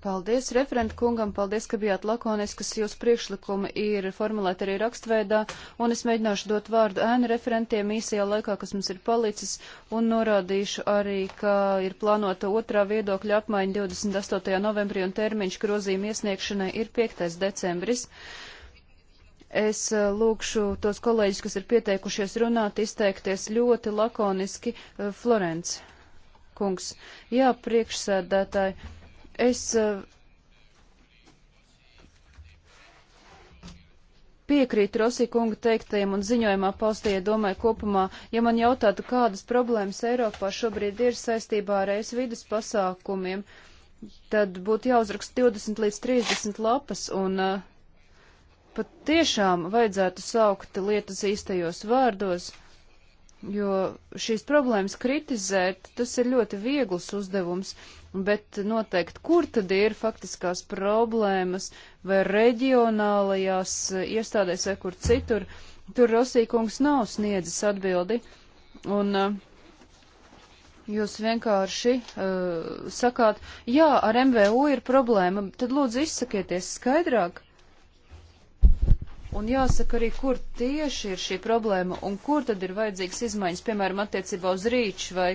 Paldies referentu kungam, paldies, ka bijāt lakoniskas, jūs priekšlikumi ir formulēti arī rakstveidā, un es mēģināšu dot vārdu ēnu referentiem īsajā laikā, kas mums ir palicis, un norādīšu arī, ka ir plānota otrā viedokļa apmaiņa 28. novembrī, un termiņš grozījuma iesniegšanai ir 5. decembris. Es eh, lūkšu tos kolēģis, kas ir pieteikušies runāt, izteikties ļoti lakoniski. Eh, Florence, kungs, jā, priekšsēdētāji. Es eh, piekrītu Rosī kunga teiktajiem un ziņojumā paustajai domai kopumā, ja man jautātu, kādas problēmas Eiropā šobrīd ir saistībā ar es vidas pasākumiem, tad būtu jāuzraksta 20 līdz 30 lapas un uh, pat tiešām vajadzētu saukt lietas īstajos vārdos, jo šīs problēmas kritizēt, tas ir ļoti viegls uzdevums. Uh, bet noteikti, kur tad ir faktiskās problēmas vai reģionālajās iestādēs vai kur citur, tur Rosīkungs nav sniedzis atbildi. Un uh, jūs vienkārši uh, sakāt, jā, ar MVU ir problēma, tad lūdzu izsakieties skaidrāk. Un jāsaka arī, kur tieši ir šī problēma un kur tad ir vajadzīgas izmaiņas, piemēram, attiecībā uz rīču vai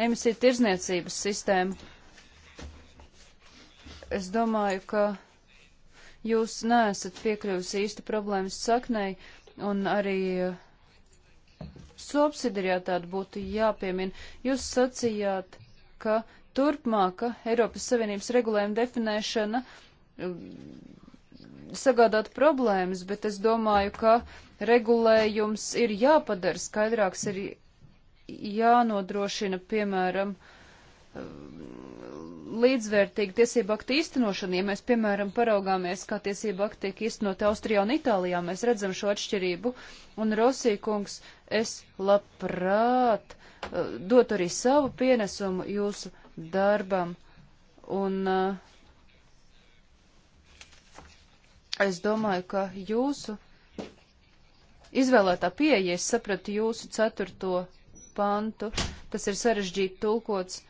emisiju tirzniecības sistēmu es domāju, ka jūs neesat piekļuvusi īsti problēmas saknei, un arī eh, subsidiarietāte būtu jāpiemina. Jūs sacījāt, ka turpmāka Eiropas Savienības regulējuma definēšana eh, sagādāt problēmas, bet es domāju, ka regulējums ir jāpadara skaidrāks, ir jānodrošina, piemēram, eh, līdzvērtīga tiesību akta īstenošana. Ja mēs, piemēram, paraugāmies, kā tiesību akti tiek īstenot Austrijā un Itālijā, mēs redzam šo atšķirību. Un Rosīkungs, es labprāt uh, dot arī savu pienesumu jūsu darbam. Un uh, es domāju, ka jūsu izvēlētā pieeja, es sapratu jūsu ceturto pantu, tas ir sarežģīti tulkots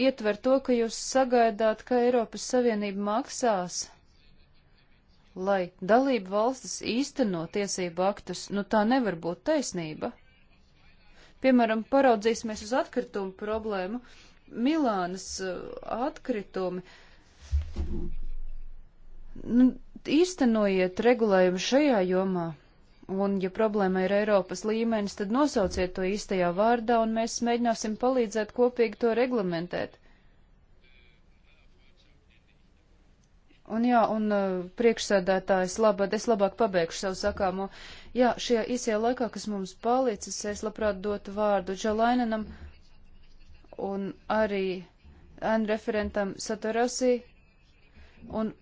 ietver to, ka jūs sagaidāt, ka Eiropas Savienība maksās, lai dalību valstis īsteno tiesību aktus, nu tā nevar būt taisnība. Piemēram, paraudzīsimies uz atkritumu problēmu. Milānas uh, atkritumi. Nu, īstenojiet regulējumu šajā jomā. Un, ja problēma ir Eiropas līmenis, tad nosauciet to īstajā vārdā, un mēs mēģināsim palīdzēt kopīgi to reglamentēt. Un jā, un uh, priekšsēdētājs, labad, es labāk pabeigšu savu sakāmo. Jā, šajā īsajā laikā, kas mums palicis, es labprāt dotu vārdu Džalainanam un arī N referentam Satorasī un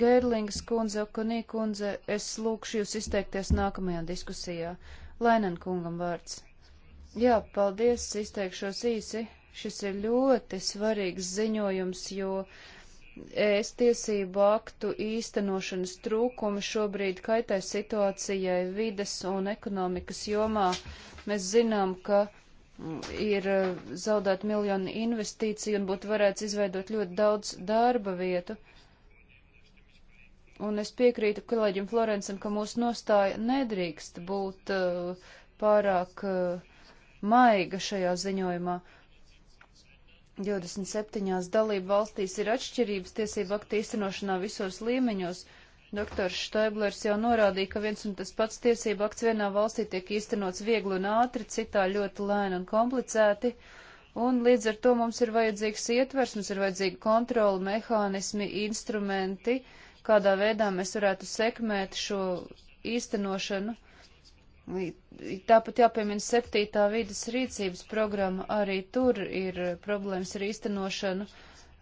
Gērlingas kundze, Okonī kundze, es lūkšu jūs izteikties nākamajā diskusijā. Lainen kungam vārds. Jā, paldies, izteikšos īsi. Šis ir ļoti svarīgs ziņojums, jo ēst tiesību aktu īstenošanas trūkumi šobrīd kaitē situācijai vides un ekonomikas jomā. Mēs zinām, ka mm, ir eh, zaudēt miljonu investīciju un būtu varēts izveidot ļoti daudz darba vietu. Uh, Un es piekrītu kolēģim Florencam, ka mūsu nostāja nedrīkst būt uh, pārāk uh, maiga šajā ziņojumā. 27. dalību valstīs ir atšķirības tiesību aktu īstenošanā visos līmeņos. Doktors Štablers jau norādīja, ka viens un tas pats tiesību akts vienā valstī tiek īstenots viegli un ātri, citā ļoti lēni un komplicēti. Un līdz ar to mums ir vajadzīgs ietvers, mums ir vajadzīgi kontroli, mehānismi, instrumenti, uh, kādā veidā mēs varētu sekmēt šo īstenošanu. Tāpat jāpiemina septītā vidas rīcības programma, arī tur ir problēmas ar īstenošanu.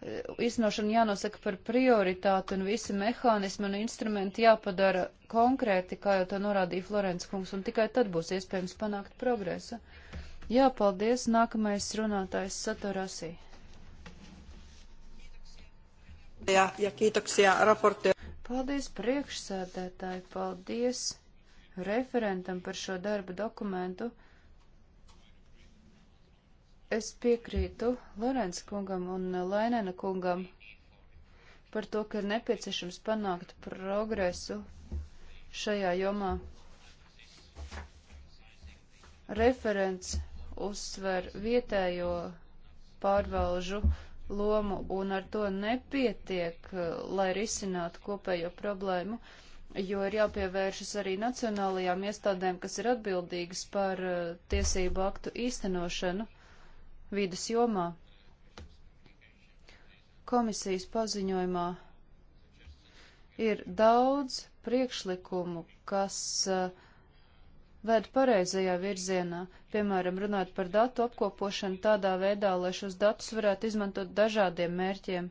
E, Īstenošana jānosaka par prioritāti un visi mehānismi un instrumenti jāpadara konkrēti, kā jau to norādīja Florence kungs, un tikai tad būs iespējams panākt progresu. Jā, paldies. Nākamais runātājs Satorasī ja, ja kiitoksia raportio. Paldies priekšsēdētāji, paldies referentam par šo darba dokumentu. Es piekrītu Lorenz kungam un Lainēna kungam par to, ka ir nepieciešams panākt progresu šajā jomā. Referents uzsver vietējo pārvalžu uh, lomu, un ar to nepietiek, eh, lai risinātu kopējo problēmu, jo ir jāpievēršas arī nacionālajām iestādēm, kas ir atbildīgas par eh, tiesību aktu īstenošanu vidas jomā. Komisijas paziņojumā ir daudz priekšlikumu, kas uh, ved pareizajā virzienā, piemēram, runāt par datu apkopošanu tādā veidā, lai šos datus varētu izmantot dažādiem mērķiem.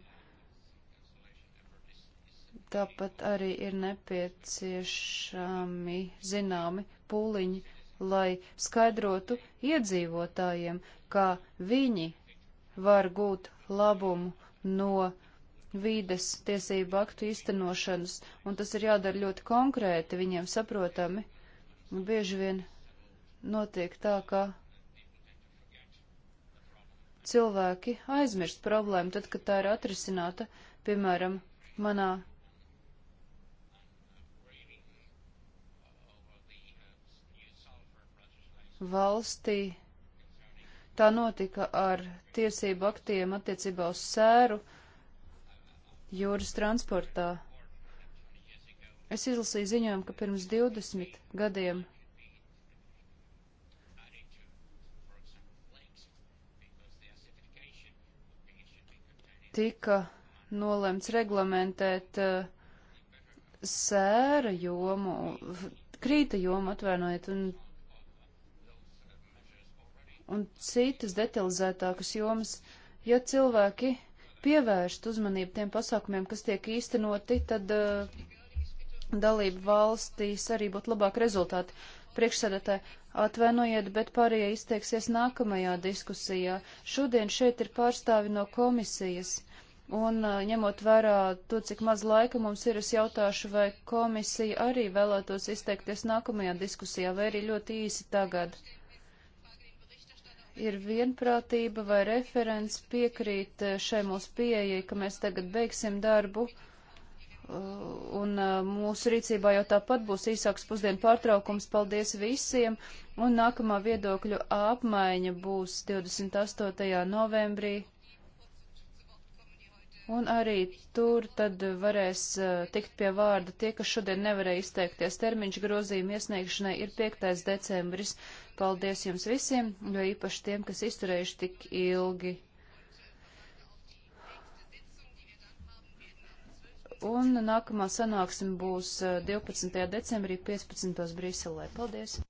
Tāpat arī ir nepieciešami zināmi pūliņi, lai skaidrotu iedzīvotājiem, kā viņi var gūt labumu no vīdes tiesību aktu īstenošanas, un tas ir jādara ļoti konkrēti, viņiem saprotami. Un bieži vien notiek tā, ka cilvēki aizmirst problēmu tad, kad tā ir atrisināta, piemēram, manā valstī. Tā notika ar tiesību aktiem attiecībā uz sēru jūras transportā. Es izlasīju ziņojumu, ka pirms 20 gadiem tika nolemts reglamentēt uh, sēra jomu, krīta jomu, atvainojiet, un, un citas detalizētākas jomas. Ja cilvēki pievērst uzmanību tiem pasākumiem, kas tiek īstenoti, tad uh, dalību valstīs arī būtu labāk rezultāti. Priekšsēdētāji, atvainojiet, bet pārējie izteiksies nākamajā diskusijā. Šodien šeit ir pārstāvi no komisijas. Un ņemot vērā to, cik maz laika mums ir, es jautāšu, vai komisija arī vēlētos izteikties nākamajā diskusijā, vai arī ļoti īsi tagad. Ir vienprātība vai referents piekrīt šai mūsu pieejai, ka mēs tagad beigsim darbu. Uh, Un uh, mūsu rīcībā jau tāpat būs īsāks pusdienu pārtraukums. Paldies visiem! Un nākamā viedokļu apmaiņa būs 28. novembrī. Un arī tur tad varēs uh, tikt pie vārda tie, kas šodien nevarēja izteikties. Termiņš grozījuma iesniegšanai ir 5. decembris. Paldies jums visiem, jo īpaši tiem, kas izturējuši tik ilgi. un nākamā sanāksme būs 12. Eh, decembrī 15. Briselē. Paldies!